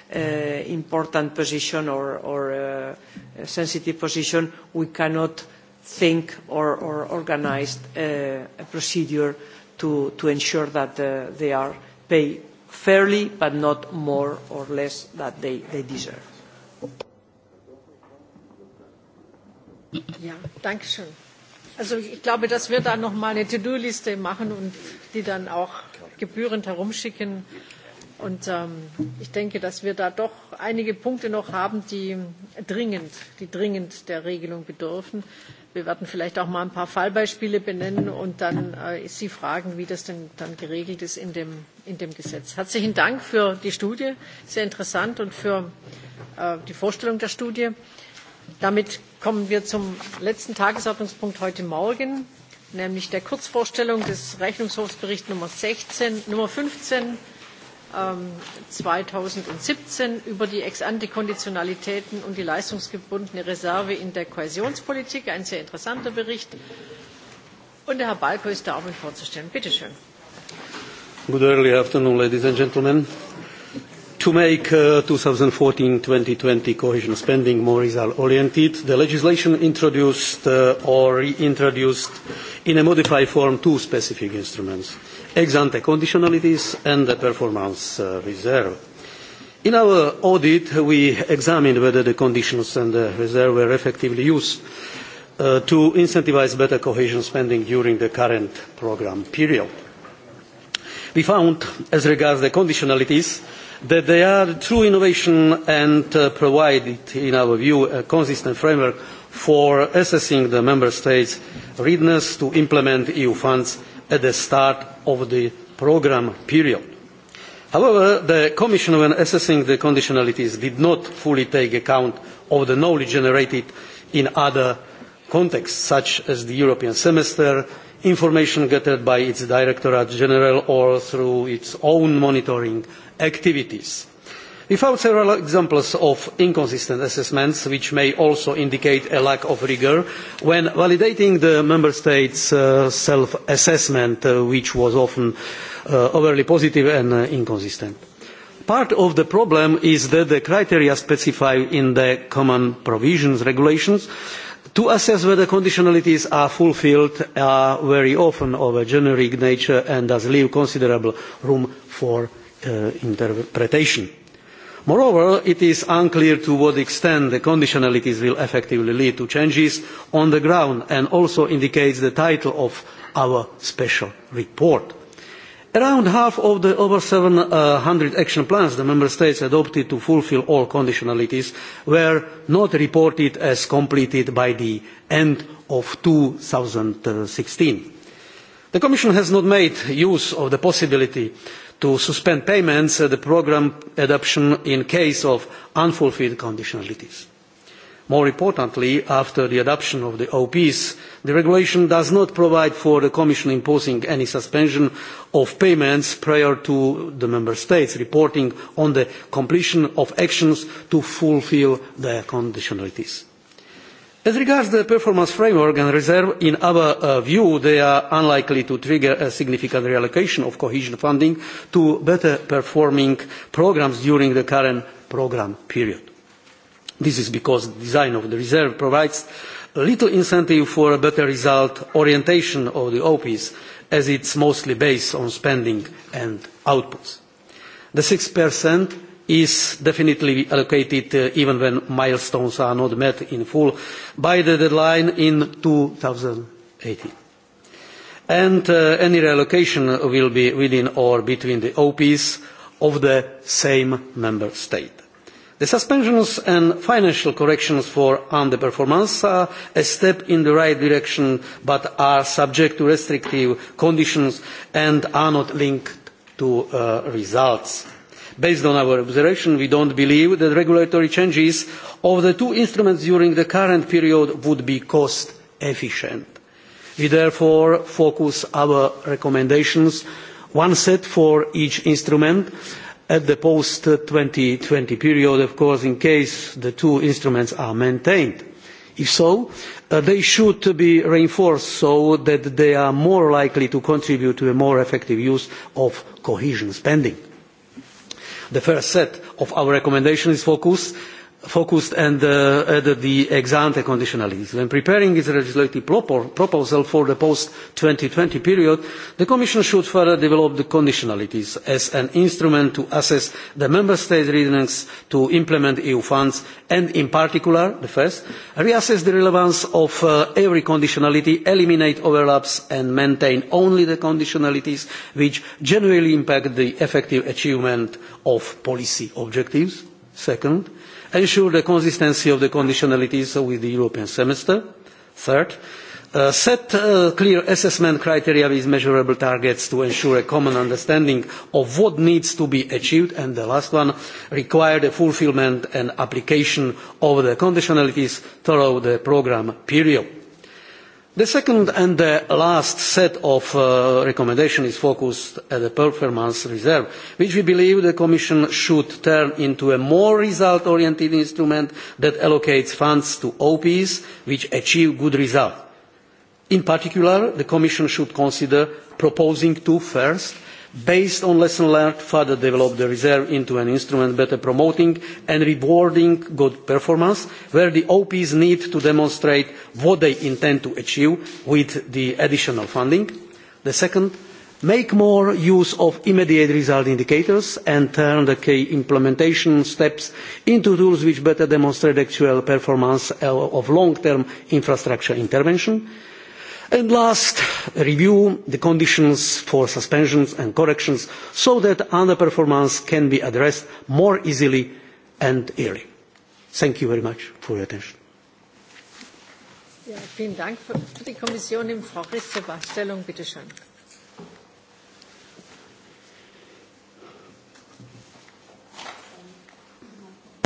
Speaker 8: Uh, important position or, or uh, sensitive position, we cannot think or, or organize uh, a procedure to, to ensure that uh, they are paid fairly, but not more or less than they, they deserve.
Speaker 1: Ja, danke schön. Also ich glaube, dass wir da noch mal eine To-Do-Liste machen und die dann auch gebührend herumschicken. Und ähm, ich denke, dass wir da doch einige Punkte noch haben, die dringend, die dringend der Regelung bedürfen. Wir werden vielleicht auch mal ein paar Fallbeispiele benennen und dann äh, Sie fragen, wie das denn dann geregelt ist in dem, in dem Gesetz. Herzlichen Dank für die Studie, sehr interessant und für äh, die Vorstellung der Studie. Damit kommen wir zum letzten Tagesordnungspunkt heute Morgen, nämlich der Kurzvorstellung des Rechnungshofsberichts Nummer, 16, Nummer 15 2017 ähm, über die Ex-ante-Konditionalitäten und die leistungsgebundene Reserve in der Kohäsionspolitik. Ein sehr interessanter Bericht. Und der Herr Balko ist da, um ihn vorzustellen. Bitte schön.
Speaker 3: Good early afternoon, ladies and gentlemen. To make uh, 2014-2020 cohesion spending more result-oriented, the legislation introduced uh, or reintroduced in a modified form two specific instruments – ex-ante conditionalities and the performance uh, reserve. In our audit, we examined whether the conditions and the reserve were effectively used uh, to incentivise better cohesion spending during the current programme period. We found, as regards the conditionalities, that they are true innovation and provide, uh, provided, in our view, a consistent framework for assessing the Member States' readiness to implement EU funds at the start of the programme period. However, the Commission, when assessing the conditionalities, did not fully take account of the knowledge generated in other contexts, such as the European semester, information gathered by its Directorate General or through its own monitoring activities we found several examples of inconsistent assessments which may also indicate a lack of rigour when validating the member states' uh, self assessment uh, which was often uh, overly positive and uh, inconsistent. part of the problem is that the criteria specified in the common provisions regulations to assess whether conditionalities are fulfilled are very often of a generic nature and thus leave considerable room for uh, interpretation Moreover, it is unclear to what extent the conditionalities will effectively lead to changes on the ground and also indicates the title of our special report. Around half of the over 700 action plans the Member States adopted to fulfil all conditionalities were not reported as completed by the end of 2016. The Commission has not made use of the possibility to suspend payments at uh, the programme adoption in case of unfulfilled conditionalities. More importantly, after the adoption of the OPs, the regulation does not provide for the Commission imposing any suspension of payments prior to the Member States reporting on the completion of actions to fulfil their conditionalities. As regards the performance framework and reserve, in our uh, view, they are unlikely to trigger a significant reallocation of cohesion funding to better performing programmes during the current programme period. This is because the design of the reserve provides little incentive for a better result orientation of the OPs, as it's mostly based on spending and outputs. The 6% is definitely allocated uh, even when milestones are not met in full by the deadline in 2018. And uh, any reallocation will be within or between the OPs of the same member state. The suspensions and financial corrections for underperformance are a step in the right direction but are subject to restrictive conditions and are not linked to uh, results Based on our observation, we don't believe that regulatory changes of the two instruments during the current period would be cost efficient. We therefore focus our recommendations, one set for each instrument, at the post-2020 period, of course, in case the two instruments are maintained. If so, uh, they should be reinforced so that they are more likely to contribute to a more effective use of cohesion spending. The first set of our recommendations is focused focused and uh, added the ex-ante conditionalities. When preparing its legislative proposal for the post-2020 period, the Commission should further develop the conditionalities as an instrument to assess the Member States' readiness to implement EU funds and, in particular, the first, reassess the relevance of uh, every conditionality, eliminate overlaps and maintain only the conditionalities which genuinely impact the effective achievement of policy objectives. Second, ensure the consistency of the conditionalities with the European semester. Third, uh, set uh, clear assessment criteria with measurable targets to ensure a common understanding of what needs to be achieved. And the last one, require the fulfilment and application of the conditionalities throughout the programme period. The second and the last set of uh, recommendations is focused at the performance reserve, which we believe the Commission should turn into a more result-oriented instrument that allocates funds to OPs which achieve good results. In particular, the Commission should consider proposing two first based on lessons learned further develop the reserve into an instrument better promoting and rewarding good performance where the ops need to demonstrate what they intend to achieve with the additional funding. the second make more use of immediate result indicators and turn the key implementation steps into tools which better demonstrate actual performance of long term infrastructure intervention. And last, review the conditions for suspensions and corrections so that underperformance can be addressed more easily and early. Thank you very much for your attention.
Speaker 1: Ja, vielen Dank für die Kommission. Frau Christopher, Stellung bitte schön.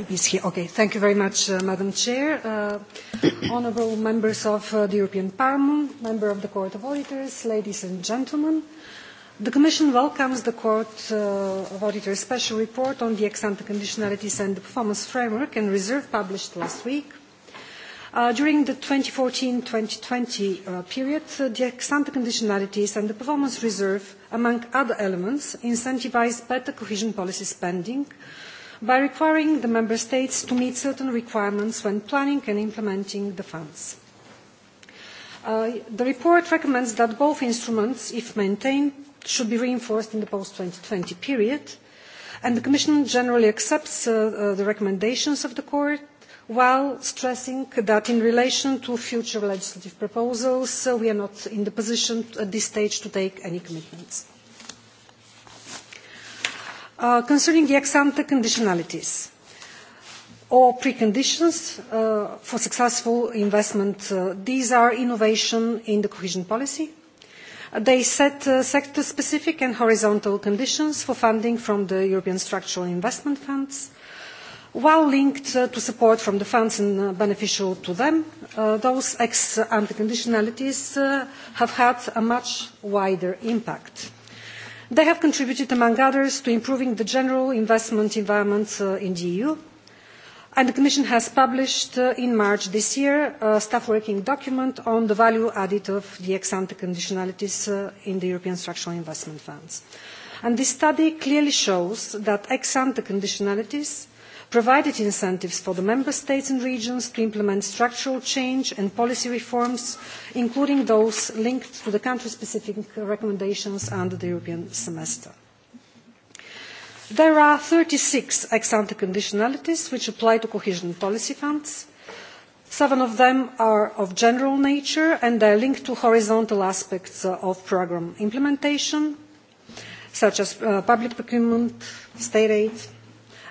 Speaker 19: Okay, thank you very much, uh, Madam Chair. Uh, honorable members of uh, the European Parliament, member of the Court of Auditors, ladies and gentlemen, the Commission welcomes the Court uh, of Auditors' special report on the ex-ante conditionalities and the performance framework and reserve published last week. Uh, during the 2014-2020 uh, period, uh, the ex-ante conditionalities and the performance reserve, among other elements, incentivize better cohesion policy spending, by requiring the Member States to meet certain requirements when planning and implementing the funds. Uh, the report recommends that both instruments, if maintained, should be reinforced in the post-2020 period, and the Commission generally accepts uh, uh, the recommendations of the Court while stressing that in relation to future legislative proposals, uh, we are not in the position at this stage to take any commitments. Uh, concerning the ex-ante conditionalities or preconditions uh, for successful investment, uh, these are innovation in the cohesion policy. They set uh, sector-specific and horizontal conditions for funding from the European Structural Investment Funds, while linked uh, to support from the funds and uh, beneficial to them. Those ex-ante conditionalities have had a much wider impact. They have contributed, among others, to improving the general investment environment uh, in the EU. And the Commission has published uh, in March this year a staff working document on the value added of the ex-ante conditionalities uh, in the European structural investment funds. And this study clearly shows that ex-ante conditionalities provided incentives for the member states and regions to implement structural change and policy reforms, including those linked to the country-specific recommendations under the European semester. There are 36 ex-ante conditionalities which apply to cohesion policy funds. Seven of them are of general nature and they are linked to horizontal aspects uh, of programme implementation, such as uh, public procurement, state aid,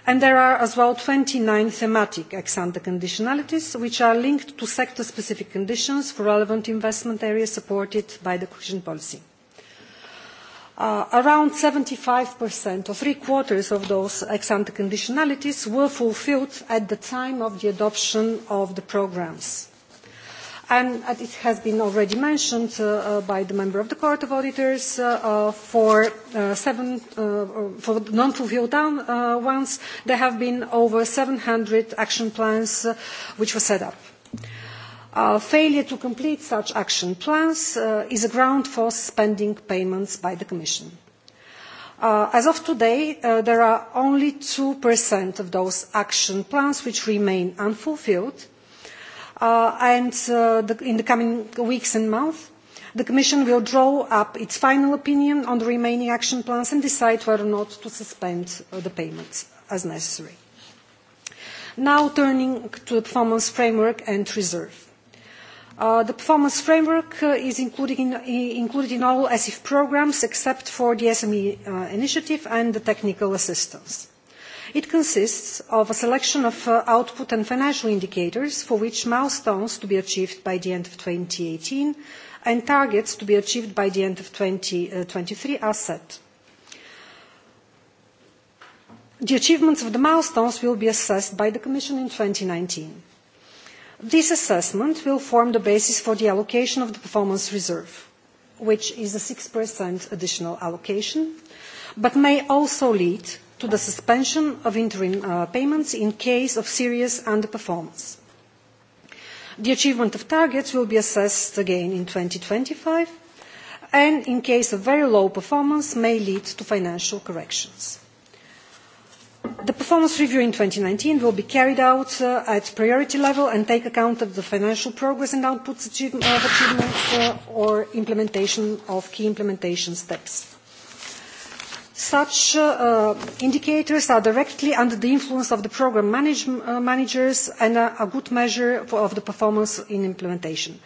Speaker 19: And there are as well 29 thematic ex-ante conditionalities, which are linked to sector-specific conditions for relevant investment areas supported by the cohesion policy. Uh, around 75% or three-quarters of those ex-ante conditionalities were fulfilled at the time of the adoption of the programs and uh, it has been already mentioned uh, uh, by the member of the Court of Auditors for seven for non-fulfilled ones, there have been over 700 action plans which were set up. failure to complete such action plans is a ground for suspending payments by the Commission. Uh, as of today, there are only 2% of those action plans which remain unfulfilled, Uh, and uh, in the coming weeks and months. The Commission will draw up its final opinion on the remaining action plans and decide whether or not to suspend uh, the payments as necessary. Now turning to the performance framework and reserve. Uh, the performance framework uh, is included in, included in all ESIF programmes except for the SME uh, initiative and the technical assistance. It consists of a selection of uh, output and financial indicators for which milestones to be achieved by the end of 2018 and targets to be achieved by the end of 2023 uh, are set. The achievements of the milestones will be assessed by the Commission in 2019. This assessment will form the basis for the allocation of the performance reserve, which is a 6% additional allocation, but may also lead to the suspension of interim uh, payments in case of serious underperformance. The achievement of targets will be assessed again in 2025 and in case of very low performance may lead to financial corrections. The performance review in 2019 will be carried out uh, at priority level and take account of the financial progress and outputs achievements uh, or implementation of key implementation steps. Such uh, indicators are directly under the influence of the program manage, uh, managers and are a good measure for, of the performance in implementation.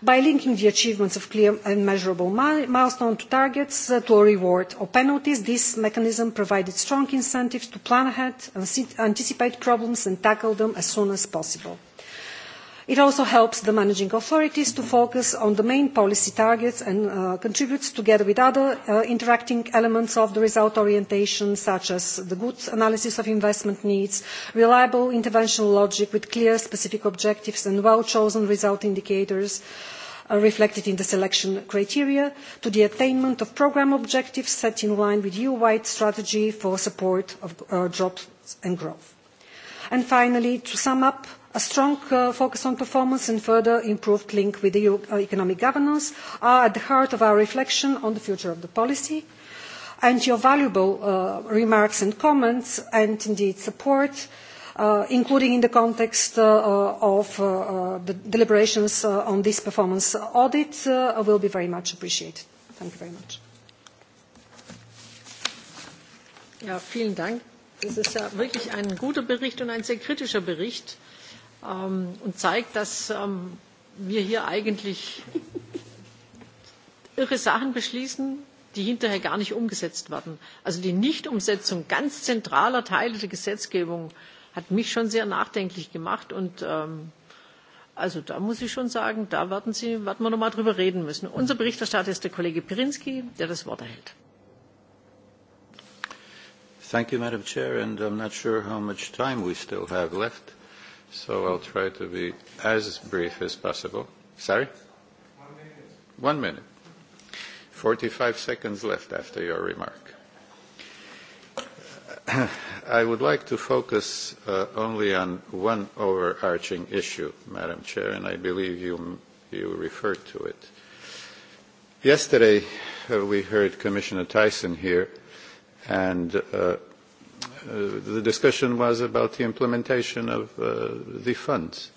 Speaker 19: By linking the achievements of clear and measurable milestones to targets, uh, to a reward or penalties, this mechanism provided strong incentives to plan ahead, and anticipate problems and tackle them as soon as possible it also helps the managing authorities to focus on the main policy targets and uh, contributes together with other uh, interacting elements of the result orientation such as the good analysis of investment needs reliable intervention logic with clear specific objectives and well chosen result indicators uh, reflected in the selection criteria to the attainment of programme objectives set in line with eu wide strategy for support of jobs and growth. finally to sum up a strong uh, focus on performance and further improved link with EU uh, economic governance are at the heart of our reflection on the future of the policy. And your valuable uh, remarks and comments, and indeed support, uh, including in the context uh, uh, of the deliberations on this performance audit, will be very much appreciated. Thank you very much. Ja, vielen Dank. Das ist ja wirklich ein guter
Speaker 1: Bericht und ein sehr kritischer Bericht ähm, und zeigt, dass ähm, wir hier eigentlich irre Sachen beschließen, die hinterher gar nicht umgesetzt werden. Also die Nichtumsetzung ganz zentraler Teile der Gesetzgebung hat mich schon sehr nachdenklich gemacht und ähm, also da muss ich schon sagen, da werden, Sie, werden wir noch mal drüber reden müssen. Unser Berichterstatter ist der Kollege Pirinski, der das Wort erhält.
Speaker 20: Thank you, Madam Chair, and I'm not sure how much time we still have left so I'll try to be as brief as possible. Sorry? One minute. One minute. 45 seconds left after your remark. I would like to focus uh, only on one overarching issue, Madam Chair, and I believe you, you referred to it. Yesterday, uh, we heard Commissioner Tyson here, and uh, Uh, the discussion was about the implementation of uh, the funds.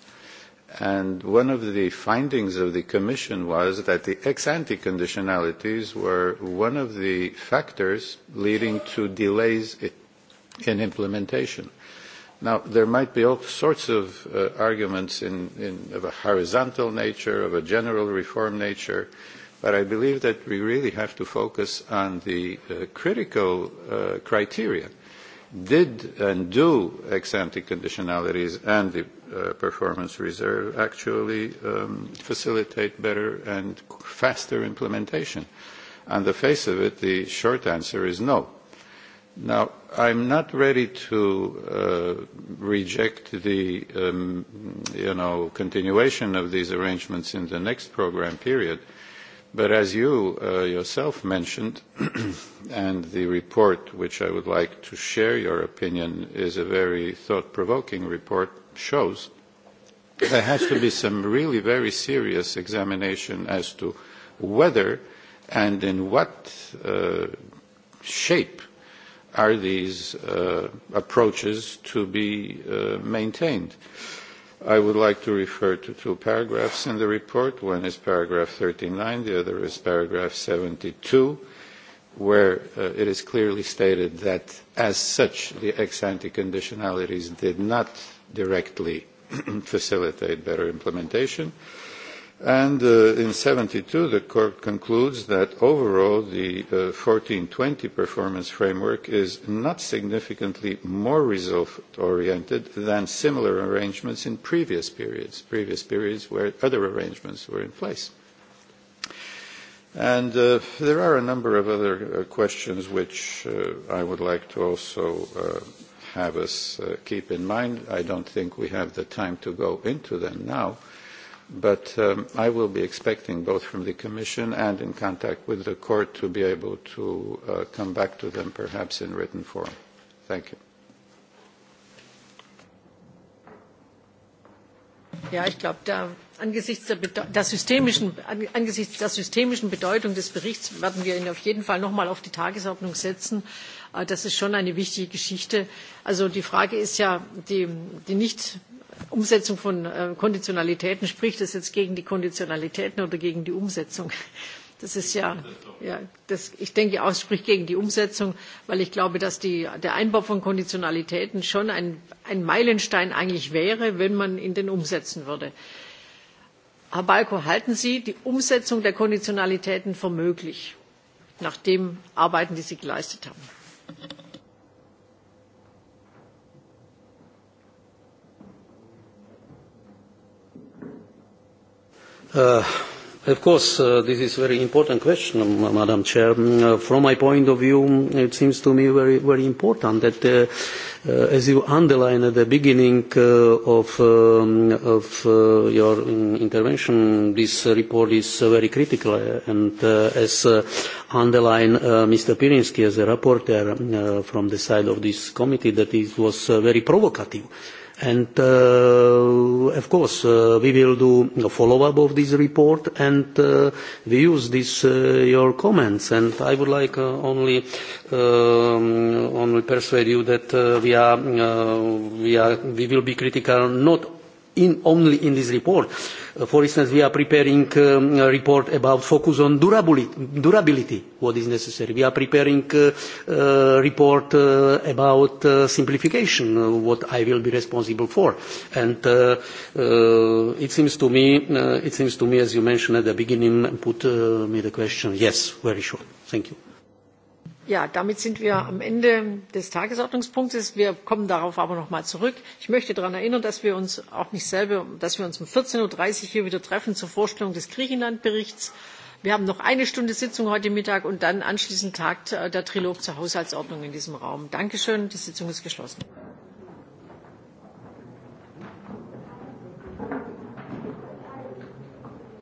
Speaker 20: And one of the findings of the Commission was that the ex-ante conditionalities were one of the factors leading to delays in implementation. Now, there might be all sorts of uh, arguments in, in, of a horizontal nature, of a general reform nature, but I believe that we really have to focus on the uh, critical uh, criteria did and do ex-ante conditionalities and the uh, performance reserve actually um, facilitate better and faster implementation. On the face of it, the short answer is no. Now, I'm not ready to uh, reject the um, continuation of these arrangements in the next program period. Uh, But as you uh, yourself mentioned, and the report, which I would like to share your opinion, is a very thought-provoking report, shows there has to be some really very serious examination as to whether and in what uh, shape are these uh, approaches to be uh, maintained. Uh, I would like to refer to two paragraphs in the report. One is paragraph 39, the other is paragraph 72, where uh, it is clearly stated that as such, the ex-ante conditionalities did not directly facilitate better implementation. Uh, And uh, in 72, the court concludes that overall the uh, 1420 performance framework is not significantly more result-oriented than similar arrangements in previous periods, previous periods where other arrangements were in place. And uh, there are a number of other uh, questions which uh, I would like to also uh, have us uh, keep in mind. I don't think we have the time to go into them now but um, I will be expecting both from the Commission and in contact with the Court to be able to uh, come back to them perhaps in written form. Thank you.
Speaker 1: Ja, ich glaube, da, angesichts, der, der systemischen, angesichts der systemischen Bedeutung des Berichts werden wir ihn auf jeden Fall nochmal auf die Tagesordnung setzen. Äh, das ist schon eine wichtige Geschichte. Also die Frage ist ja, die, die nicht Umsetzung von äh, Konditionalitäten spricht das jetzt gegen die Konditionalitäten oder gegen die Umsetzung? Das ist ja, ja das, ich denke auch, es spricht gegen die Umsetzung, weil ich glaube, dass die, der Einbau von Konditionalitäten schon ein, ein Meilenstein eigentlich wäre, wenn man ihn denn umsetzen würde. Herr Balko, halten Sie die Umsetzung der Konditionalitäten für möglich, nach dem Arbeiten, die Sie geleistet haben?
Speaker 3: Uh, of course, uh, this is a very important question, Madam Chair. Mm, uh, from my point of view, mm, it seems to me very, very important that, uh, uh, as you underlined at the beginning uh, of, um, of uh, your intervention, this report is uh, very critical. Uh, and uh, as uh, underlined uh, Mr. Pirinsky as a rapporteur uh, from the side of this committee, that it was uh, very provocative And uh, of course, uh, we will do a follow-up of this report, and uh, we use this your comments. And I would like only um, only persuade you that we are we are we will be critical not in only in this report. Uh, for instance, we are preparing um, a report about focus on durability, durability, what is necessary. We are preparing uh, a uh, report about uh, simplification, uh, what I will be responsible for. And it seems to me, it seems to me, as you mentioned at the beginning, put me the question, yes, very short. Thank you
Speaker 1: damit sind wir am Ende des Tagesordnungspunktes. Wir kommen darauf aber noch mal zurück. Ich möchte daran erinnern, dass wir uns auch mich selber, dass wir uns um vierzehn dreißig Uhr hier wieder treffen zur Vorstellung des Griechenland-Berichts. Wir haben noch eine Stunde Sitzung heute Mittag und dann anschließend tagt äh, der Trilog zur Haushaltsordnung in diesem Raum. danke schön die Sitzung ist geschlossen.